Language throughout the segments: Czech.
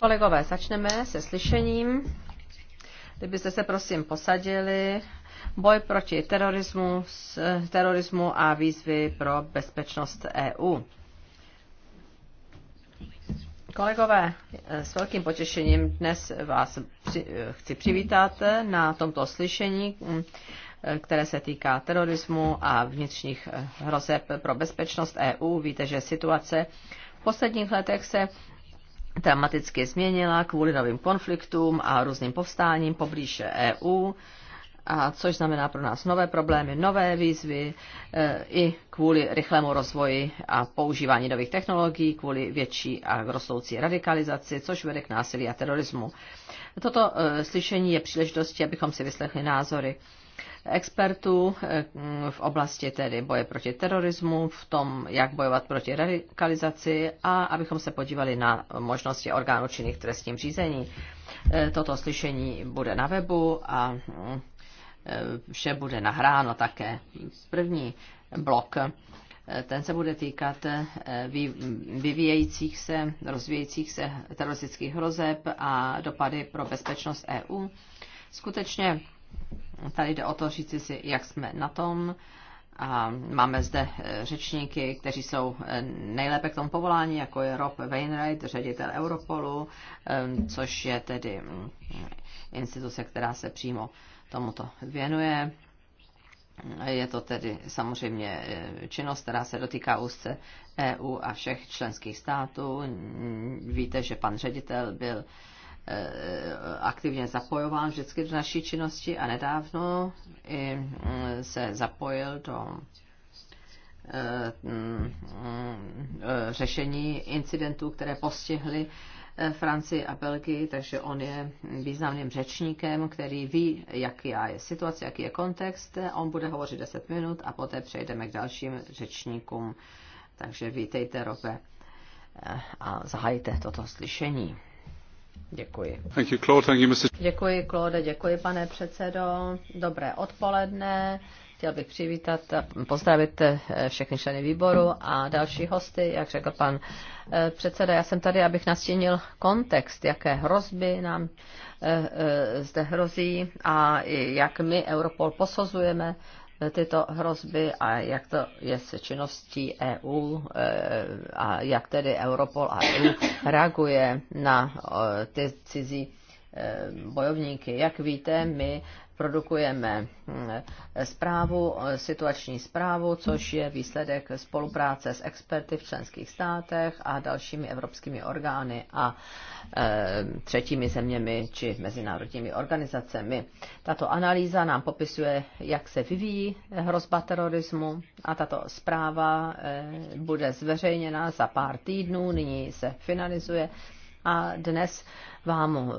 Kolegové, začneme se slyšením. Kdybyste se prosím posadili, boj proti terorismu, terorismu a výzvy pro bezpečnost EU. Kolegové, s velkým potěšením dnes vás při, chci přivítat na tomto slyšení, které se týká terorismu a vnitřních hrozeb pro bezpečnost EU. Víte, že situace posledních letech se dramaticky změnila kvůli novým konfliktům a různým povstáním poblíž EU, a což znamená pro nás nové problémy, nové výzvy e, i kvůli rychlému rozvoji a používání nových technologií, kvůli větší a rostoucí radikalizaci, což vede k násilí a terorismu. Toto e, slyšení je příležitostí, abychom si vyslechli názory expertů eh, v oblasti tedy boje proti terorismu, v tom, jak bojovat proti radikalizaci a abychom se podívali na možnosti orgánů činných trestním řízení. Eh, toto slyšení bude na webu a eh, vše bude nahráno také. První blok ten se bude týkat vyvíjejících se, rozvíjejících se teroristických hrozeb a dopady pro bezpečnost EU. Skutečně tady jde o to říci si, jak jsme na tom. A máme zde eh, řečníky, kteří jsou eh, nejlépe k tomu povolání, jako je Rob Wainwright, ředitel Europolu, eh, což je tedy mm, instituce, která se přímo tomuto věnuje. Je to tedy samozřejmě činnost, která se dotýká úzce EU a všech členských států. Víte, že pan ředitel byl Eh, eh, aktivně zapojován vždycky do naší činnosti a nedávno i mm, se zapojil do eh, mm, řešení incidentů, které postihly Francii a Belgii, takže on je významným řečníkem, který ví, jaký je situace, jaký je kontext. On bude hovořit 10 minut a poté přejdeme k dalším řečníkům. Takže vítejte, Robe, a zahajte toto slyšení. Děkuji. Thank you, Claude. Thank you, Mr. Děkuji, Claude, děkuji, pane předsedo. Dobré odpoledne. Chtěl bych přivítat a pozdravit eh, všechny členy výboru a další hosty. Jak řekl pan eh, předseda, já jsem tady, abych nastínil kontext, jaké hrozby nám eh, zde hrozí a jak my Europol posozujeme tyto hrozby a jak to je se činností EU eh, a jak tedy Europol a EU reaguje na ty cizí eh, bojovníky. Jak víte, my produkujeme hm, zprávu, situační zprávu, což je výsledek spolupráce s experty v členských státech a dalšími evropskými orgány a eh, třetími zeměmi či mezinárodními organizacemi. Tato analýza nám popisuje, jak se vyvíjí hrozba terorismu a tato zpráva eh, bude zveřejněna za pár týdnů, nyní se finalizuje a dnes vám eh,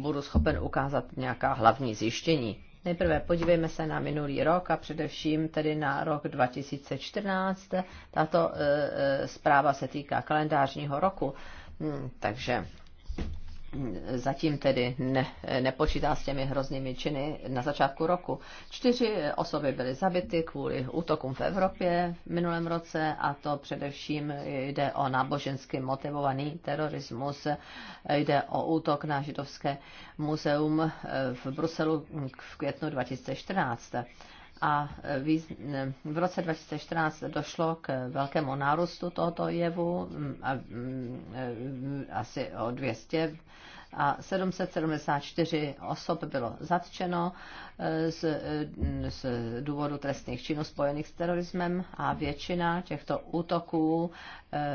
budu schopen ukázat nějaká hlavní zjištění. Nejprve podívejme se na minulý rok a především tedy na rok 2014. Tato e, zpráva se týká kalendářního roku, hmm, takže zatím tedy ne, nepočítá s těmi hroznými činy na začátku roku. Čtyři osoby byly zabity kvůli útokům v Evropě v minulém roce a to především jde o nábožensky motivovaný terorismus, jde o útok na židovské muzeum v Bruselu v květnu 2014. A e, e, v roce 2014 došlo k velkému nárůstu tohoto jevu, e, asi o 200 a 774 osob bylo zatčeno z, z důvodu trestných činů spojených s terorismem a většina těchto útoků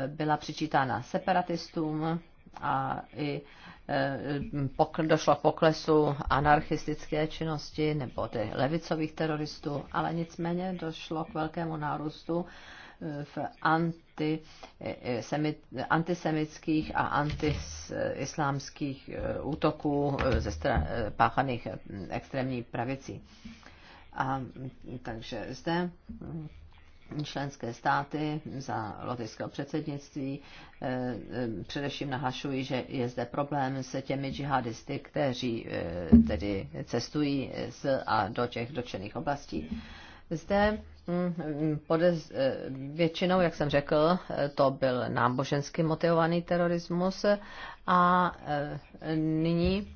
byla přičítána separatistům a i Eh, došlo k poklesu anarchistické činnosti nebo ty levicových teroristů, ale nicméně došlo k velkému nárůstu eh, v anti, eh, semit, antisemických a antiislámských útoků ze stran, páchaných extrémní pravicí. A, takže zde hm, členské státy za lotyšského předsednictví eh, eh, především nahlašují, že je zde problém se těmi džihadisty, kteří eh, tedy cestují z a do těch dotčených oblastí. Zde mm, pod většinou, jak jsem řekl, to byl nábožensky motivovaný terorismus a nyní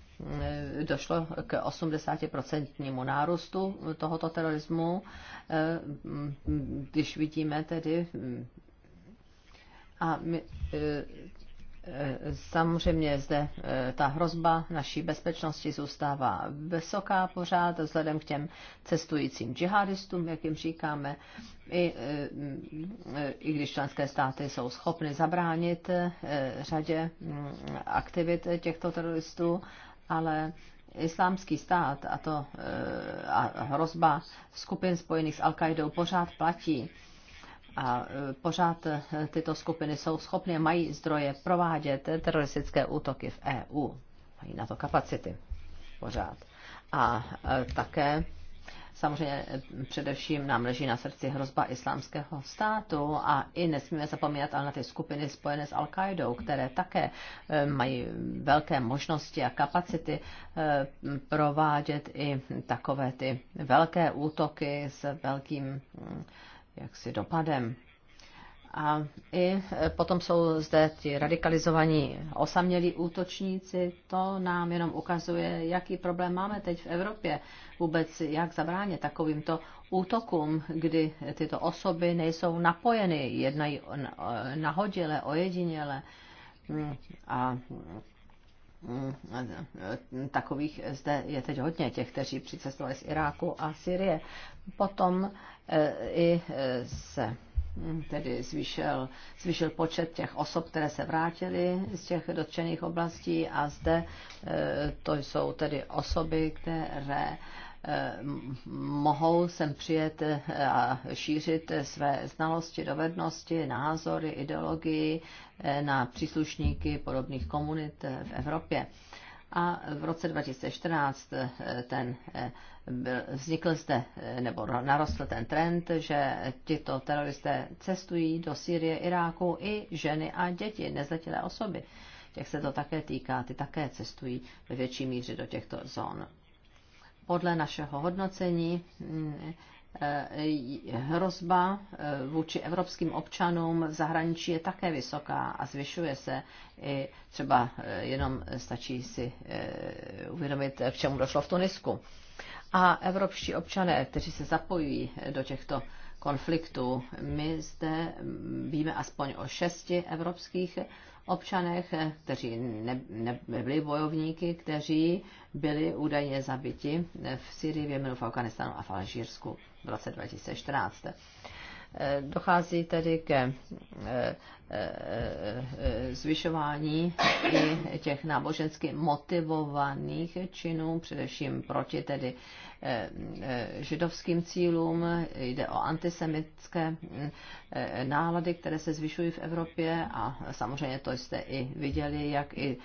došlo k 80% nárůstu tohoto terorismu, když vidíme tedy a my, Samozřejmě zde ta hrozba naší bezpečnosti zůstává vysoká pořád vzhledem k těm cestujícím džihadistům, jak jim říkáme. I, I když členské státy jsou schopny zabránit eh, řadě mm, aktivit těchto teroristů, ale islámský stát a, to, eh, a hrozba skupin spojených s al kaidou pořád platí. A eh, pořád eh, tyto skupiny jsou schopny, mají zdroje provádět teroristické útoky v EU. Mají na to kapacity. Pořád. A také Samozřejmě eh, především nám leží na srdci hrozba islámského státu a i nesmíme zapomínat ale na ty skupiny spojené s al qaidou které také eh, mají velké možnosti a kapacity eh, provádět i takové ty velké útoky s velkým hm, jaksi dopadem. A i e, potom jsou zde ti radikalizovaní osamělí útočníci. To nám jenom ukazuje, jaký problém máme teď v Evropě. Vůbec jak zabránit takovýmto útokům, kdy tyto osoby nejsou napojeny, jednají nahodile, ojediněle. Mm, a mm, e, takových zde je teď hodně, těch, kteří přicestovali z Iráku a Syrie. Potom e, i se Hm, tedy zvýšil, zvýšil počet těch osob, které se vrátily z těch dotčených oblastí a zde eh, to jsou tedy osoby, které eh, mohou sem přijet eh, a šířit své znalosti, dovednosti, názory, ideologii na příslušníky podobných komunit v Evropě a v roce 2014 eh, ten eh, vznikl zde, eh, nebo narostl ten trend, že tyto teroristé cestují do Sýrie, Iráku i ženy a děti, nezletilé osoby. Těch se to také týká, ty také cestují ve větší míře do těchto zón. Podle našeho hodnocení mm, Eh, hrozba eh, vůči evropským občanům v zahraničí je také vysoká a zvyšuje se. I třeba eh, jenom stačí si uvědomit, k čemu došlo v Tunisku. A evropští občané, kteří se zapojují do těchto konfliktů, my zde mm, víme aspoň o šesti evropských občanech, kteří ne, nebyli bojovníky, kteří byli údajně zabiti v Syrii, v Jemenu, v Afganistánu a v Alžírsku v roce 2014. Eh, dochází tedy ke eh, eh, zvyšování i těch nábožensky motivovaných činů, především proti tedy Eh, eh, židovským cílům, jde o antisemitské eh, nálady, které se zvyšují v Evropě a samozřejmě to jste i viděli, jak i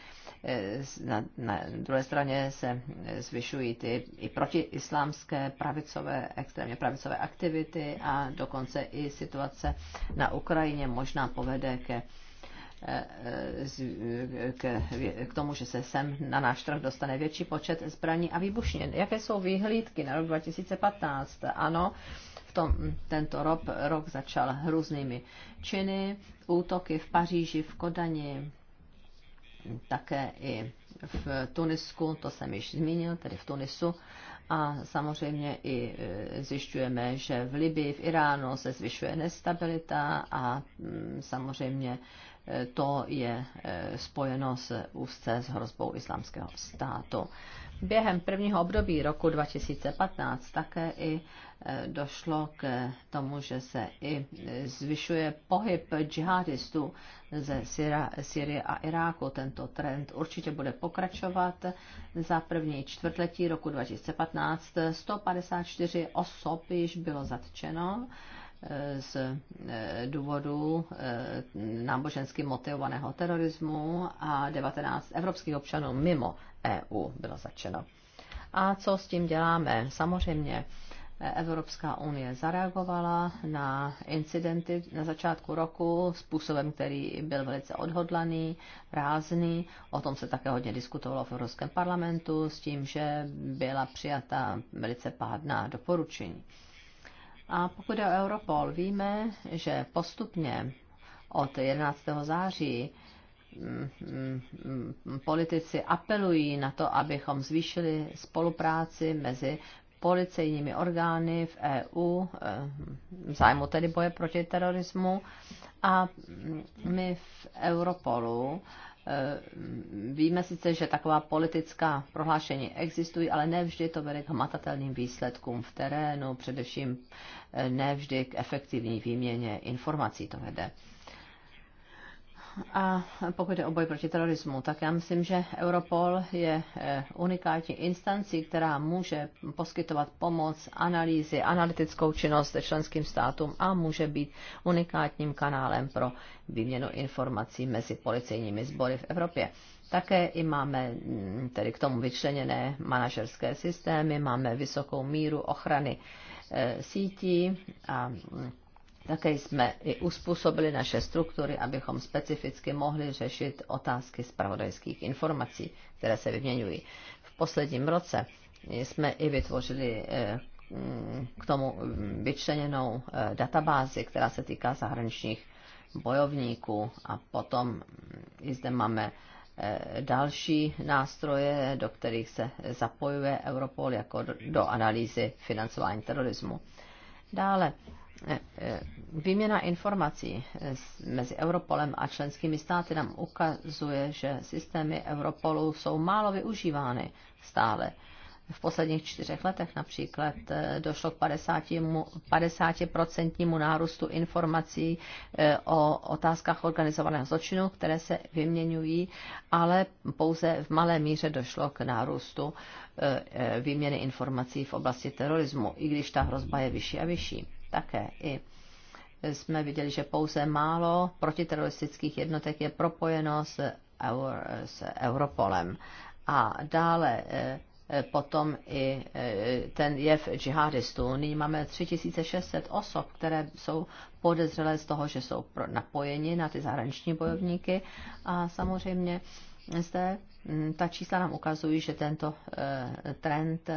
na, na druhé straně se zvyšují ty i protiislámské pravicové, extrémně pravicové aktivity a dokonce i situace na Ukrajině možná povede ke k tomu, že se sem na náš trh dostane větší počet zbraní a výbušně. Jaké jsou výhlídky na rok 2015? Ano, v tom, tento rok, rok začal hrůznými činy, útoky v Paříži, v Kodani, také i v Tunisku, to jsem již zmínil, tedy v Tunisu. A samozřejmě i e, zjišťujeme, že v Libii, v Iránu se zvyšuje nestabilita a mm, samozřejmě to je e, spojeno s úzce s hrozbou islámského státu. Během prvního období roku 2015 také i e, došlo k tomu, že se i e, zvyšuje pohyb džihadistů ze Syrie a Iráku. Tento trend určitě bude pokračovat. Za první čtvrtletí roku 2015 154 osob již bylo zatčeno z eh, důvodu eh, nábožensky motivovaného terorismu a 19 evropských občanů mimo EU bylo začeno. A co s tím děláme? Samozřejmě eh, Evropská unie zareagovala na incidenty na začátku roku způsobem, který byl velice odhodlaný, rázný. O tom se také hodně diskutovalo v Evropském parlamentu s tím, že byla přijata velice pádná doporučení. A pokud je o Europol, víme, že postupně od 11. září mm, mm, mm, politici apelují na to, abychom zvýšili spolupráci mezi policejními orgány v EU, eh, v zájmu tedy boje proti terorismu. A my v Europolu Eh, víme sice, že taková politická prohlášení existují, ale nevždy to vede k hmatatelným výsledkům v terénu, především eh, nevždy k efektivní výměně informací to vede. A pokud je o boj proti terorismu, tak já myslím, že Europol je eh, unikátní instancí, která může poskytovat pomoc, analýzy, analytickou činnost členským státům a může být unikátním kanálem pro výměnu informací mezi policejními sbory v Evropě. Také i máme mm, tedy k tomu vyčleněné manažerské systémy, máme vysokou míru ochrany eh, sítí a mm, také jsme i uspůsobili naše struktury, abychom specificky mohli řešit otázky zpravodajských informací, které se vyměňují. V posledním roce jsme i vytvořili eh, mm, k tomu vyčleněnou eh, databázi, která se týká zahraničních bojovníků a potom i zde máme eh, další nástroje, do kterých se zapojuje Europol jako do analýzy financování terorismu. Dále Eh, eh, výměna informací eh, mezi Europolem a členskými státy nám ukazuje, že systémy Europolu jsou málo využívány stále. V posledních čtyřech letech například došlo k 50%, 50% nárůstu informací o otázkách organizovaného zločinu, které se vyměňují, ale pouze v malé míře došlo k nárůstu výměny informací v oblasti terorismu, i když ta hrozba je vyšší a vyšší také i jsme viděli, že pouze málo protiteroristických jednotek je propojeno s, Eur, s Europolem. A dále e, e, potom i e, ten jev džihadistů. Nyní máme 3600 osob, které jsou podezřelé z toho, že jsou napojeni na ty zahraniční bojovníky. A samozřejmě zde ta čísla nám ukazují, že tento trend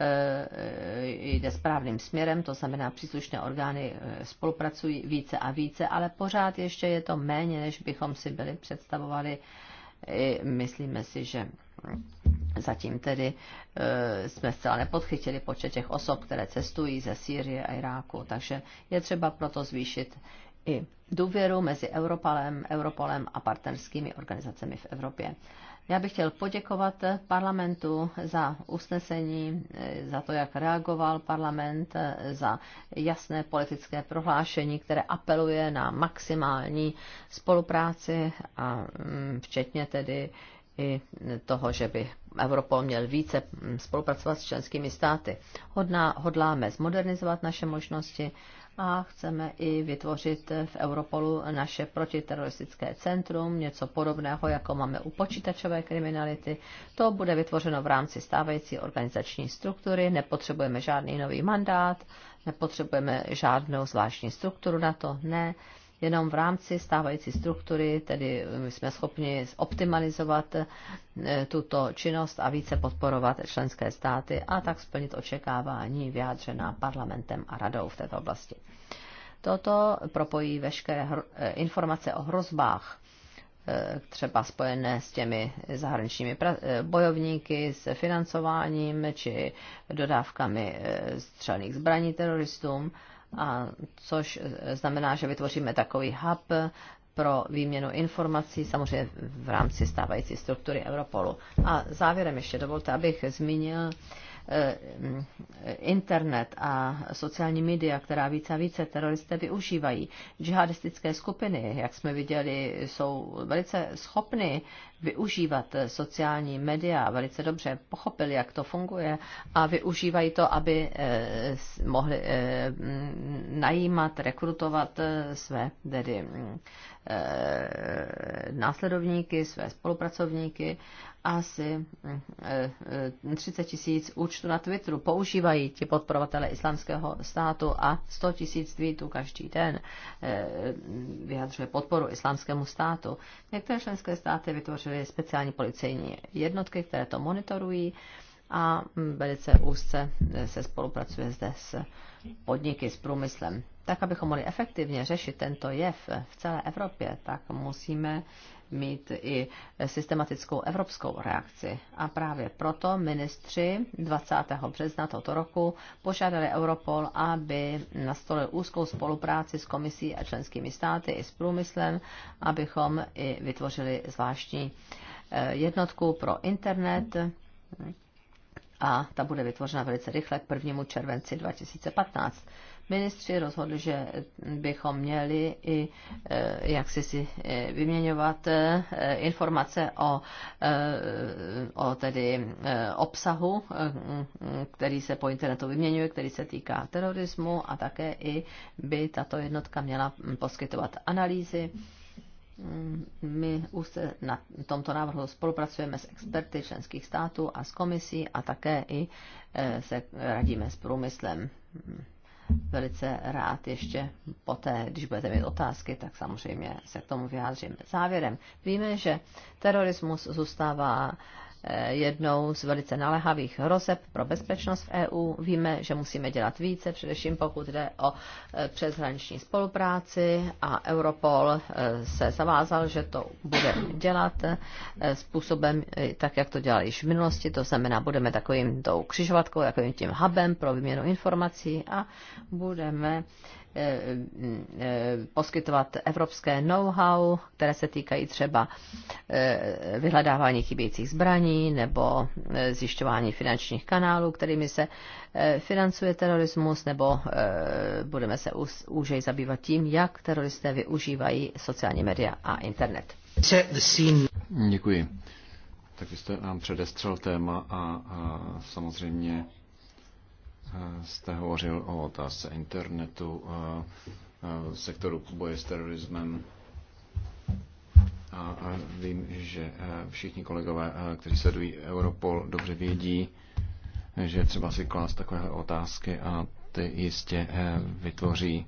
Eh, jde správným směrem, to znamená, příslušné orgány eh, spolupracují více a více, ale pořád ještě je to méně, než bychom si byli představovali. Myslíme si, že zatím tedy eh, jsme zcela nepodchytili počet těch osob, které cestují ze Sýrie a Iráku, takže je třeba proto zvýšit i důvěru mezi Europolem, Europolem a partnerskými organizacemi v Evropě. Já bych chtěl poděkovat parlamentu za usnesení, za to, jak reagoval parlament, za jasné politické prohlášení, které apeluje na maximální spolupráci, a mm, včetně tedy i toho, že by Europol měl více spolupracovat s členskými státy. Hodná, hodláme zmodernizovat naše možnosti a chceme i vytvořit v Europolu naše protiteroristické centrum, něco podobného, jako máme u počítačové kriminality. To bude vytvořeno v rámci stávající organizační struktury, nepotřebujeme žádný nový mandát, nepotřebujeme žádnou zvláštní strukturu na to, ne jenom v rámci stávající struktury, tedy jsme schopni optimalizovat eh, tuto činnost a více podporovat členské státy a tak splnit očekávání vyjádřená parlamentem a radou v této oblasti. Toto propojí veškeré eh, informace o hrozbách eh, třeba spojené s těmi zahraničními bojovníky, s financováním či dodávkami střelných zbraní teroristům a což e, znamená, že vytvoříme takový hub pro výměnu informací, samozřejmě v rámci stávající struktury Europolu. A závěrem ještě dovolte, abych zmínil Eh, internet a sociální média, která více a více teroristé využívají. Džihadistické skupiny, jak jsme viděli, jsou velice schopny využívat sociální média, velice dobře pochopili, jak to funguje a využívají to, aby eh, mohli eh, najímat, rekrutovat své tedy Eh, následovníky, své spolupracovníky. Asi 30 eh, eh, tisíc účtů na Twitteru používají ti podporovatele islamského státu a 100 tisíc tweetů každý den vyjadřuje podporu islamskému státu. Některé členské státy vytvořily speciální policejní jednotky, které to monitorují a mm, velice úzce se spolupracuje zde s podniky, s průmyslem tak abychom mohli efektivně řešit tento jev v celé Evropě, tak musíme mít i systematickou evropskou reakci. A právě proto ministři 20. března tohoto roku požádali Europol, aby nastolil úzkou spolupráci s komisí a členskými státy i s průmyslem, abychom i vytvořili zvláštní eh, jednotku pro internet a ta bude vytvořena velice rychle k 1. červenci 2015 ministři rozhodli, že bychom měli i e, jak si, si e, vyměňovat e, informace o, o tedy obsahu, který se po internetu vyměňuje, který se týká terorismu a také i by tato jednotka měla poskytovat analýzy my už se na tomto návrhu spolupracujeme s experty členských států a s komisí a také i se radíme s průmyslem velice rád ještě poté, když budete mít otázky, tak samozřejmě se k tomu vyjádřím. Závěrem, víme, že terorismus zůstává Eh, jednou z velice naléhavých hrozeb pro bezpečnost v EU. Víme, že musíme dělat více, především pokud jde o eh, přeshraniční spolupráci a Europol eh, se zavázal, že to bude dělat způsobem, tak jak to dělali již v minulosti, to znamená, budeme takovým tou křižovatkou, takovým tím hubem pro výměnu informací a budeme Eh, eh, poskytovat evropské know-how, které se týkají třeba eh, vyhledávání chybějících zbraní nebo zjišťování finančních kanálů, kterými se financuje terorismus, nebo budeme se úžej zabývat tím, jak teroristé využívají sociální média a internet. Děkuji. Tak jste nám předestřel téma a, a samozřejmě jste hovořil o otázce internetu, sektoru boje s terorismem. A vím, že e, všichni kolegové, e, kteří sledují Europol, dobře vědí, že třeba si klást takové otázky a ty jistě e, vytvoří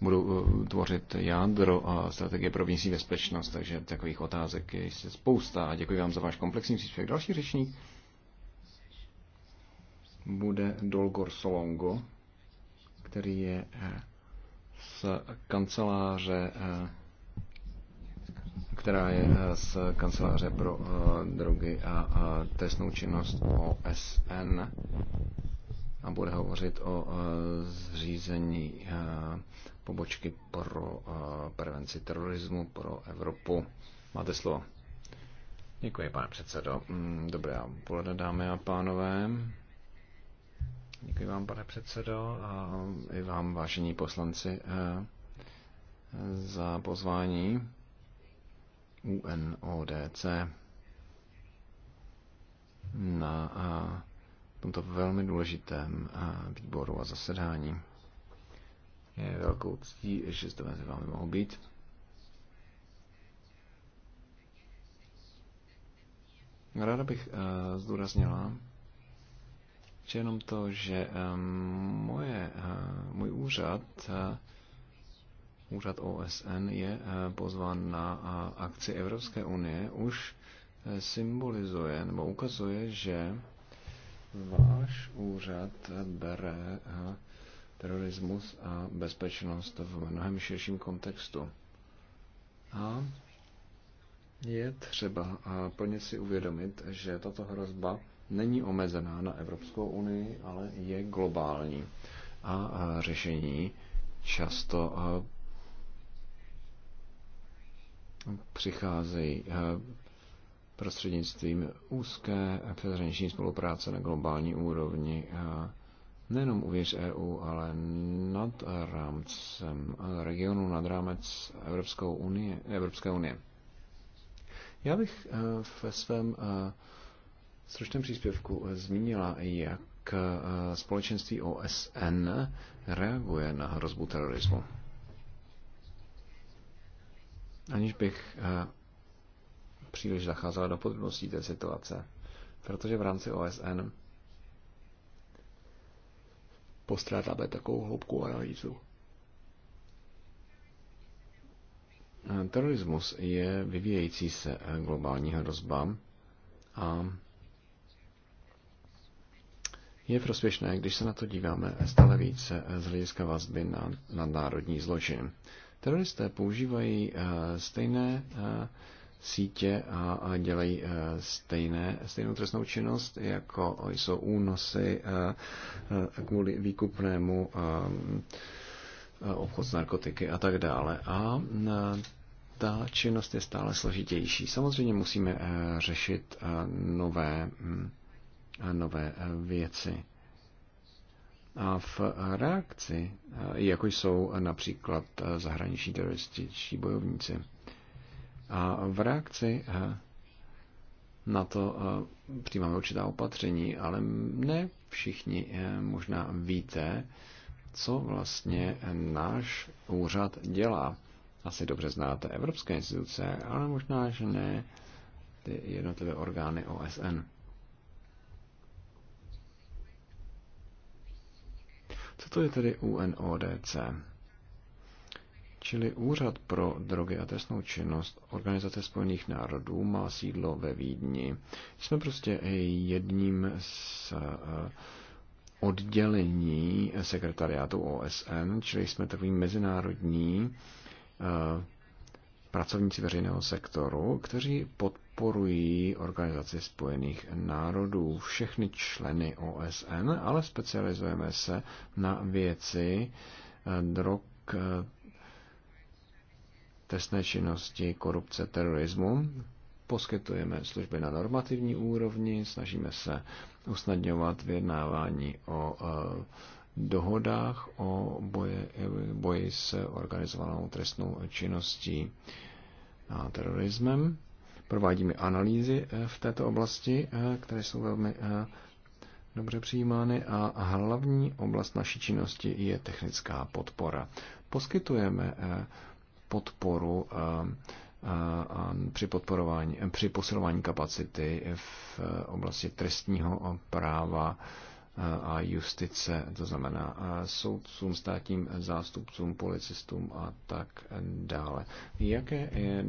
budou tvořit jádro a strategie pro vnitřní bezpečnost, takže takových otázek je jistě spousta. A děkuji vám za váš komplexní příspěvek. Další řečník bude Dolgor Solongo, který je eh, z kanceláře eh, která je eh, z kanceláře pro drogy a trestnou činnost OSN a bude hovořit o zřízení pobočky pro prevenci terorismu pro Evropu. Máte slovo. Děkuji, pane předsedo. Mm, dobré poledne, dámy a pánové. Děkuji vám, pane předsedo, a i vám, vážení poslanci, eh, za pozvání UNODC na eh, tomto velmi důležitém eh, výboru a zasedání. Je velkou ctí, že zde mezi vámi mohou být. Ráda bych zdůraznila, ještě jenom to, že ehm, moje, eh, můj úřad, eh, úřad OSN, je eh, pozván na akci Evropské unie, už symbolizuje nebo ukazuje, že váš úřad bere terorismus a bezpečnost v mnohem širším kontextu. A je třeba plně si uvědomit, že tato hrozba není omezená na Evropskou unii, ale je globální. A řešení často přicházejí prostřednictvím úzké přeshraniční spolupráce na globální úrovni nejenom uvěř EU, ale nad rámcem regionu, nad rámec Evropskou unie, Evropské unie. Já bych ve svém stručném příspěvku zmínila, jak eh, společenství OSN reaguje na hrozbu terorismu. Aniž bych eh, příliš zacházela do podrobností té situace, protože v rámci OSN postrádáme takovou hloubku analýzu. Eh, terorismus je vyvíjející se globální hrozba a je prospěšné, když se na to díváme stále více eh, z hlediska vazby na, na národní zločin. Teroristé používají eh, stejné eh, sítě a, a dělají stejné, stejnou trestnou činnost, jako jsou únosy kvůli výkupnému obchod s narkotiky a tak dále. A ta činnost je stále složitější. Samozřejmě musíme řešit nové hm, nové eh, věci. A v reakci, eh, jako jsou například eh, zahraniční terorističtí bojovníci, a v reakci na to přijímáme určitá opatření, ale ne všichni možná víte, co vlastně náš úřad dělá. Asi dobře znáte evropské instituce, ale možná, že ne ty jednotlivé orgány OSN. to je tedy UNODC. Čili Úřad pro drogy a trestnou činnost Organizace spojených národů má sídlo ve Vídni. Jsme prostě jedním z eh, oddělení sekretariátu OSN, čili jsme takový mezinárodní eh, pracovníci veřejného sektoru, kteří podporují Organizaci spojených národů, všechny členy OSN, ale specializujeme se na věci eh, drog, eh, trestné činnosti, korupce, terorismu. Poskytujeme služby na normativní úrovni, snažíme se usnadňovat vyjednávání o eh, dohodách o boje, boji s organizovanou trestnou činností a terorismem. Provádíme analýzy eh, v této oblasti, eh, které jsou velmi eh, dobře přijímány a hlavní oblast naší činnosti je technická podpora. Poskytujeme podporu při, podporování, při posilování kapacity v oblasti trestního práva, a justice, to znamená soudcům, státním zástupcům, policistům a tak dále. Jaké eh,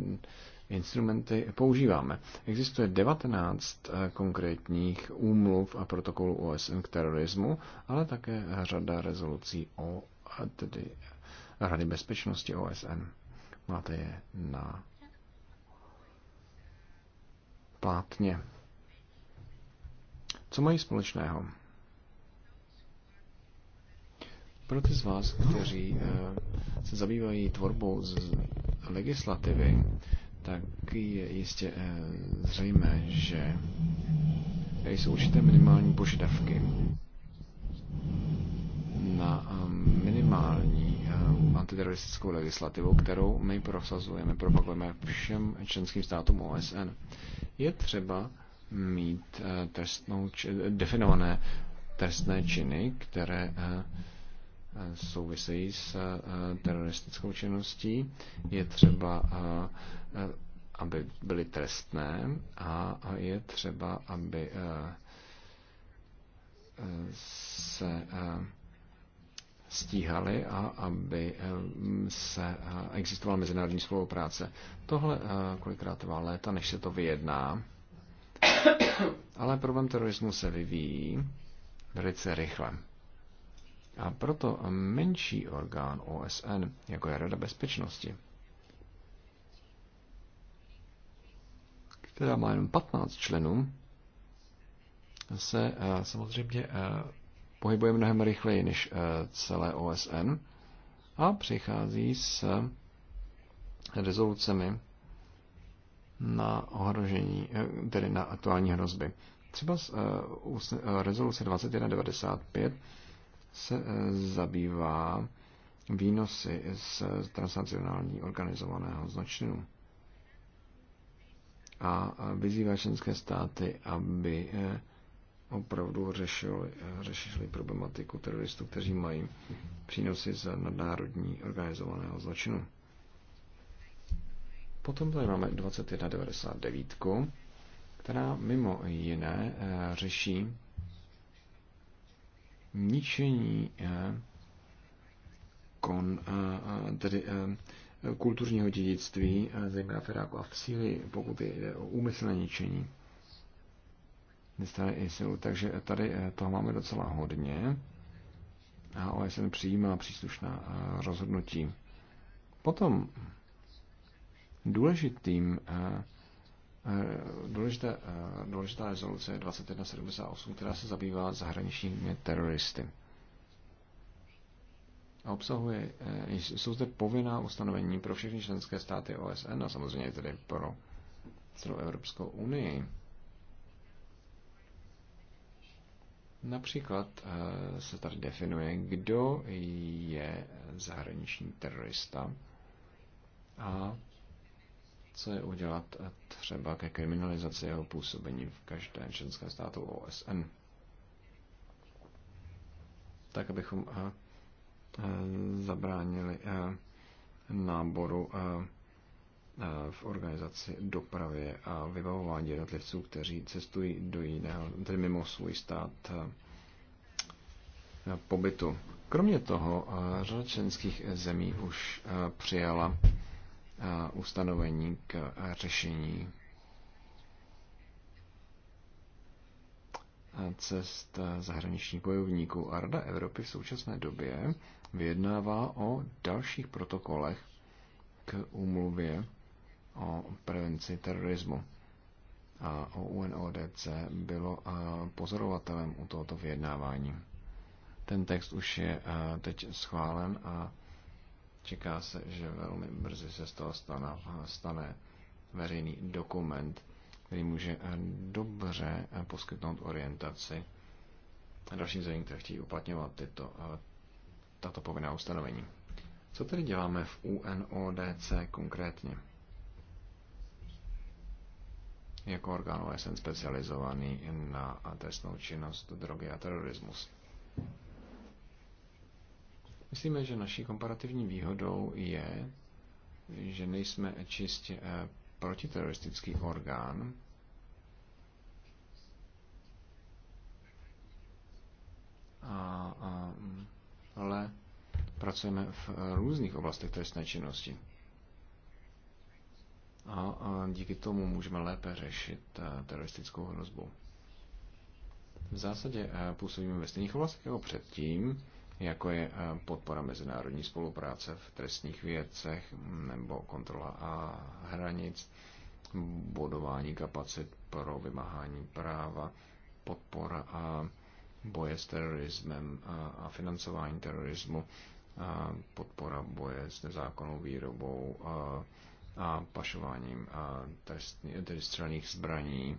instrumenty používáme? Existuje 19 eh, konkrétních úmluv a protokolů OSN k terorismu, ale také řada rezolucí o tedy Rady bezpečnosti OSN. Máte je na plátně. Co mají společného? Pro ty z vás, kteří eh, se zabývají tvorbou z legislativy, tak je jistě eh, zřejmé, že jsou určité minimální požadavky na ehm, minimální ehm, antiteroristickou legislativu, kterou my prosazujeme, propagujeme všem členským státům OSN. Je třeba mít eh, trestnou, definované trestné činy, které souvisejí s eh, teroristickou činností, je třeba, eh, aby byly trestné a je třeba, aby eh, se stíhali a aby se existovala mezinárodní spolupráce. Tohle kolikrát trvá léta, než se to vyjedná. Ale problém terorismu se vyvíjí velice rychle. A proto menší orgán OSN, jako je Rada bezpečnosti, která má jenom 15 členů, se eh, samozřejmě eh, pohybuje mnohem rychleji než eh, celé OSN a přichází s rezolucemi na ohrožení, tedy na aktuální hrozby. Třeba z rezoluce 2195 se eh, zabývá výnosy z transnacionální organizovaného zločinu a vyzývá členské státy, aby eh, opravdu řešili, eh, řešili problematiku teroristů, kteří mají přínosy z nadnárodní organizovaného zločinu. Potom tady máme 2199, která mimo jiné řeší ničení eh, kon, eh, eh, tedy kulturního dědictví, zejména v Iráku a v Sýrii, pokud jde o úmyslné ničení Takže tady toho máme docela hodně a OSN přijímá příslušná rozhodnutí. Potom důležitým Eh, důležitá, eh, důležitá rezoluce 2178, která se zabývá zahraničními teroristy. A obsahuje, eh, jsou zde povinná ustanovení pro všechny členské státy OSN a samozřejmě tedy pro celou Evropskou unii. Například se tady definuje, kdo je zahraniční terorista a co je udělat třeba ke kriminalizaci jeho působení v každém členském státu OSN. Tak, abychom eh, eh, zabránili eh, náboru v organizaci dopravy a vybavování jednotlivců, kteří cestují do jiného, tedy mimo svůj stát pobytu. Kromě toho řada členských zemí už přijala ustanovení k řešení cest zahraničních bojovníků. A Rada Evropy v současné době vyjednává o dalších protokolech k úmluvě o prevenci terorismu. A o UNODC bylo pozorovatelem u tohoto vyjednávání. Ten text už je teď schválen a Čeká se, že velmi brzy se z toho stane, stane veřejný dokument, který může dobře poskytnout orientaci dalším zemím, které chtějí uplatňovat tyto, tato povinná ustanovení. Co tedy děláme v UNODC konkrétně? Jako orgán OSN specializovaný na trestnou činnost, drogy a terorismus. Myslíme, že naší komparativní výhodou je, že nejsme čistě eh, protiteroristický orgán, a, a, ale pracujeme v eh, různých oblastech trestné činnosti. A, a díky tomu můžeme lépe řešit eh, teroristickou hrozbu. V zásadě působíme ve stejných oblastech jako předtím, jako je eh, podpora mezinárodní spolupráce v trestních věcech nebo kontrola a hranic, budování kapacit pro vymáhání práva, podpora a boje s terorismem a financování terorismu, a podpora boje s nezákonnou výrobou a, a pašováním a trestný, tedy střelných zbraní,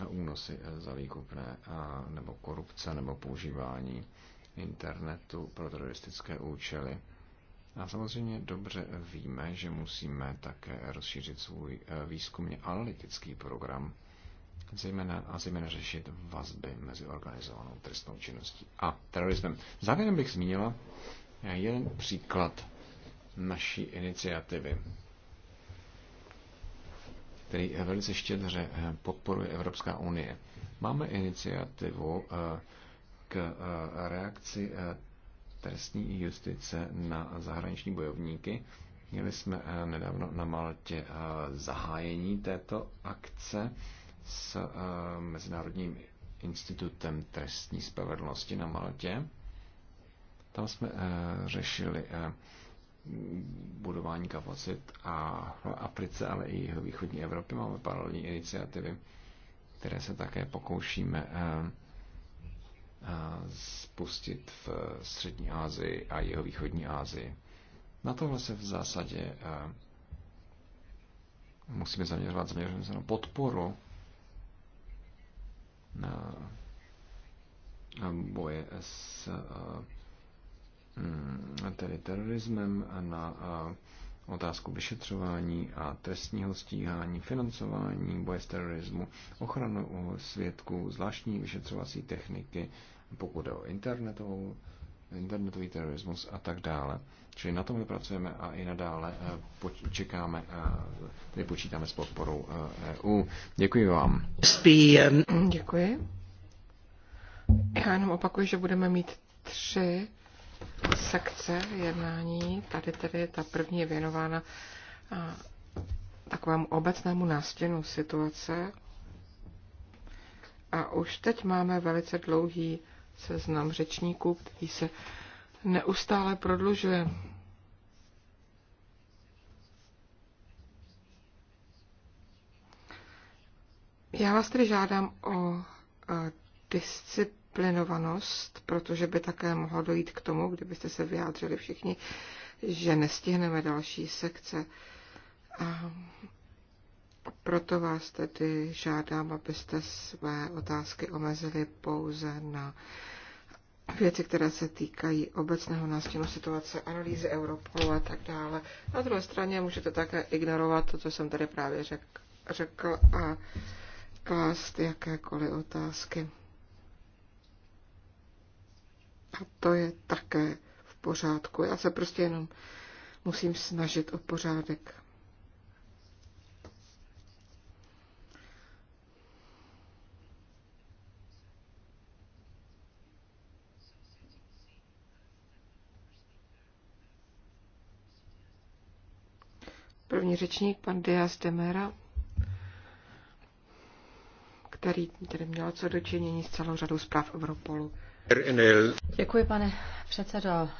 a únosy za výkupné a, nebo korupce nebo používání internetu pro teroristické účely. A samozřejmě dobře víme, že musíme také rozšířit svůj eh, výzkumně analytický program zejména, a zejména řešit vazby mezi organizovanou trestnou činností a terorismem. Závěrem bych zmínila eh, jeden příklad naší iniciativy, který eh, velice štědře podporuje Evropská unie. Máme iniciativu k eh, reakci eh, trestní justice na zahraniční bojovníky. Měli jsme eh, nedávno na Maltě zahájení této akce s Mezinárodním institutem trestní spravedlnosti na Maltě. Tam jsme řešili budování kapacit a v Africe, ale i v východní Evropě máme paralelní iniciativy, které se také pokoušíme spustit v střední Asii a jeho východní Asii. Na tohle se v zásadě musíme zaměřovat, zaměřujeme se na podporu na boje s mm, tedy terorismem, na otázku vyšetřování a trestního stíhání, financování boje s terorismu, ochranu svědků, zvláštní vyšetřovací techniky, pokud jde o internetovou, internetový terorismus a tak dále. Čili na tom pracujeme a i nadále eh, čekáme a eh, počítáme s podporou eh, EU. Děkuji vám. Děkuji. Já jenom opakuju, že budeme mít tři sekce jednání. Tady tedy ta první je věnována takovému obecnému nástěnu situace. A už teď máme velice dlouhý seznam řečníků, který se neustále prodlužuje. Já vás tedy žádám o disciplinu disciplinovanost, protože by také mohlo dojít k tomu, kdybyste se vyjádřili všichni, že nestihneme další sekce. A proto vás tedy žádám, abyste své otázky omezili pouze na věci, které se týkají obecného nástěnu situace, analýzy Europolu a tak dále. Na druhé straně můžete také ignorovat to, co jsem tady právě řekl, řekl a klást jakékoliv otázky. A to je také v pořádku. Já se prostě jenom musím snažit o pořádek. První řečník, pan Diaz Demera, který tedy měl co dočinění s celou řadou zpráv Europolu. Děkuji, pane předsedo. Eh,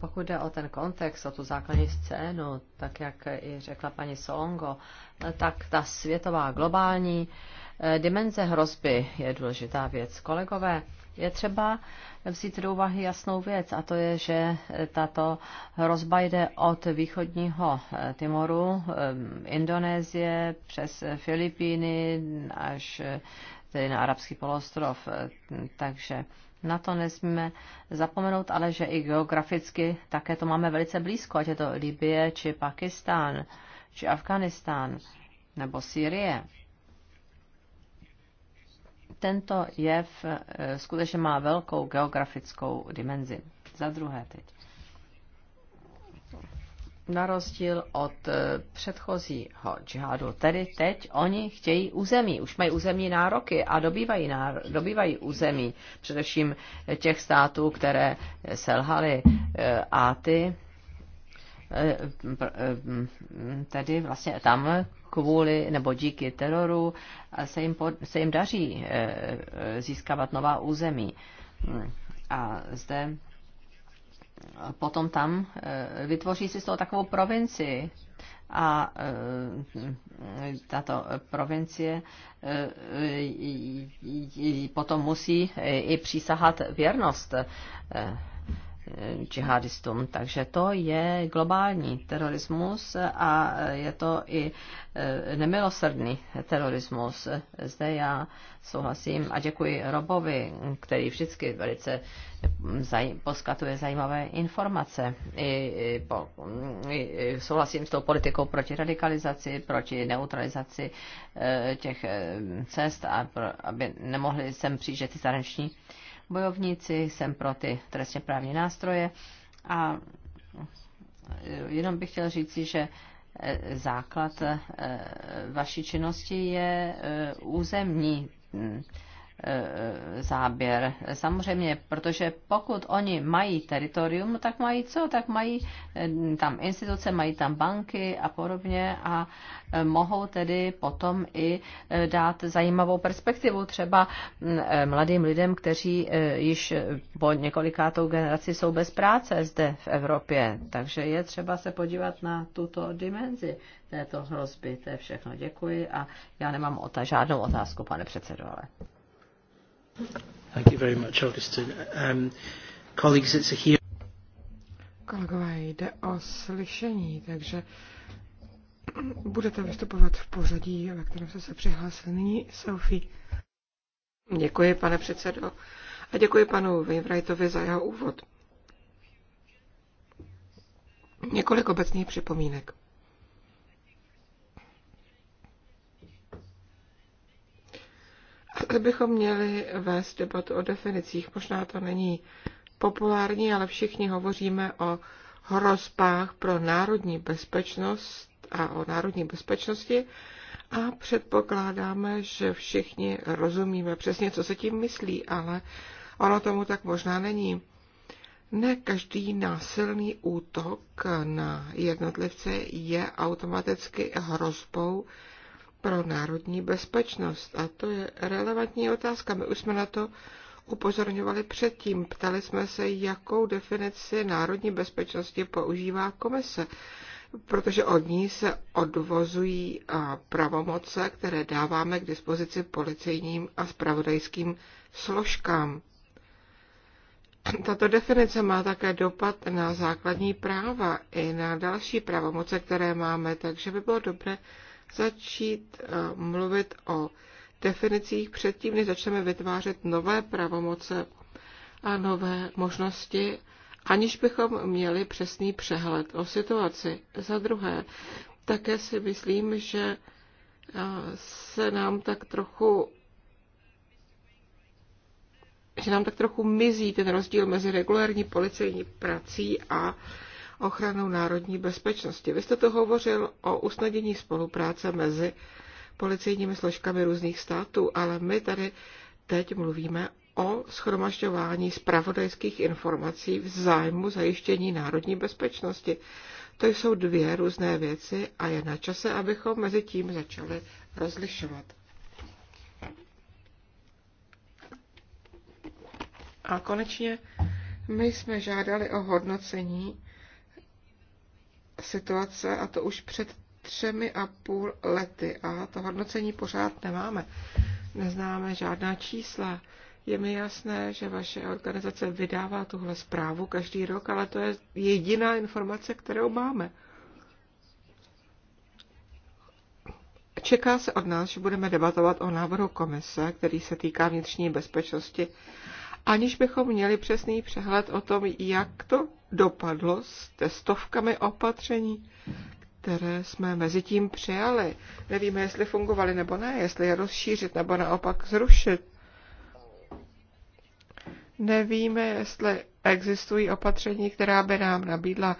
pokud jde o ten kontext, o tu základní scénu, tak jak i řekla paní Songo, eh, tak ta světová globální eh, dimenze hrozby je důležitá věc. Kolegové, je třeba vzít do úvahy jasnou věc, a to je, že tato hrozba jde od východního Timoru, Indonésie, přes Filipíny až tedy na arabský polostrov. Takže na to nesmíme zapomenout, ale že i geograficky také to máme velice blízko, ať je to Libie, či Pakistán, či Afganistán, nebo Sýrie. Tento jev eh, skutečně má velkou geografickou dimenzi. Za druhé teď na rozdíl od eh, předchozího džihadu. Tedy teď oni chtějí území, už mají územní nároky a dobývají, náro, dobývají území, především těch států, které selhaly eh, a ty eh, tedy vlastně tam kvůli nebo díky teroru se jim, pod, se jim daří získávat nová území. A zde potom tam e, vytvoří si z toho takovou provincii. A e, tato provincie e, potom musí i přísahat věrnost Eh, džihadistům. Takže to je globální terorismus a je to i eh, nemilosrdný terorismus. Zde já souhlasím a děkuji Robovi, který vždycky velice zaj- poskatuje zajímavé informace. I, i, po, i, souhlasím s tou politikou proti radikalizaci, proti neutralizaci e, těch e, cest, a pro, aby nemohli sem přijít ty zahraniční e, bojovníci, jsem pro ty trestně právní nástroje a e, jenom bych chtěl říci, že e, základ e, vaší činnosti je územní Eh, záběr. Samozřejmě, protože pokud oni mají teritorium, tak mají co? Tak mají eh, tam instituce, mají tam banky a podobně a eh, mohou tedy potom i dát zajímavou perspektivu třeba mm, mladým lidem, kteří již po několikátou generaci jsou bez práce zde v Evropě. Takže je třeba se podívat na tuto dimenzi této hrozby. To je všechno. Děkuji a já nemám ota- žádnou otázku, pane předsedo, ale. Thank you very much, Augustine. Um, colleagues, it's a Kolegové, jde o slyšení, takže budete vystupovat v pořadí, ve kterém jste se přihlásil. Nyní Sophie. Děkuji, pane předsedo. A děkuji panu Wainwrightovi za jeho úvod. Několik obecných připomínek. Jestli bychom, měli vést debatu o definicích. Možná to není populární, ale všichni hovoříme o hrozbách pro národní bezpečnost a o národní bezpečnosti a předpokládáme, že všichni rozumíme přesně, co se tím myslí, ale ono tomu tak možná není. Ne každý násilný útok na jednotlivce je automaticky hrozbou pro národní bezpečnost. A to je relevantní otázka. My už jsme na to upozorňovali předtím. Ptali jsme se, jakou definici národní bezpečnosti používá komise, protože od ní se odvozují pravomoce, které dáváme k dispozici policejním a spravodajským složkám. Tato definice má také dopad na základní práva i na další pravomoce, které máme, takže by bylo dobré začít eh, mluvit o definicích předtím, než začneme vytvářet nové pravomoce a nové možnosti, aniž bychom měli přesný přehled o situaci. Za druhé, také si myslím, že eh, se nám tak trochu že nám tak trochu mizí ten rozdíl mezi regulární policejní prací a ochranou národní bezpečnosti. Vy jste to hovořil o usnadnění spolupráce mezi policejními složkami různých států, ale my tady teď mluvíme o schromažďování spravodajských informací v zájmu zajištění národní bezpečnosti. To jsou dvě různé věci a je na čase, abychom mezi tím začali rozlišovat. A konečně my jsme žádali o hodnocení situace a to už před třemi a půl lety a to hodnocení pořád nemáme. Neznáme žádná čísla. Je mi jasné, že vaše organizace vydává tuhle zprávu každý rok, ale to je jediná informace, kterou máme. Čeká se od nás, že budeme debatovat o návrhu komise, který se týká vnitřní bezpečnosti, aniž bychom měli přesný přehled o tom, jak to dopadlo s testovkami opatření, které jsme mezi tím přijali. Nevíme, jestli fungovaly nebo ne, jestli je rozšířit nebo naopak zrušit. Nevíme, jestli existují opatření, která by nám nabídla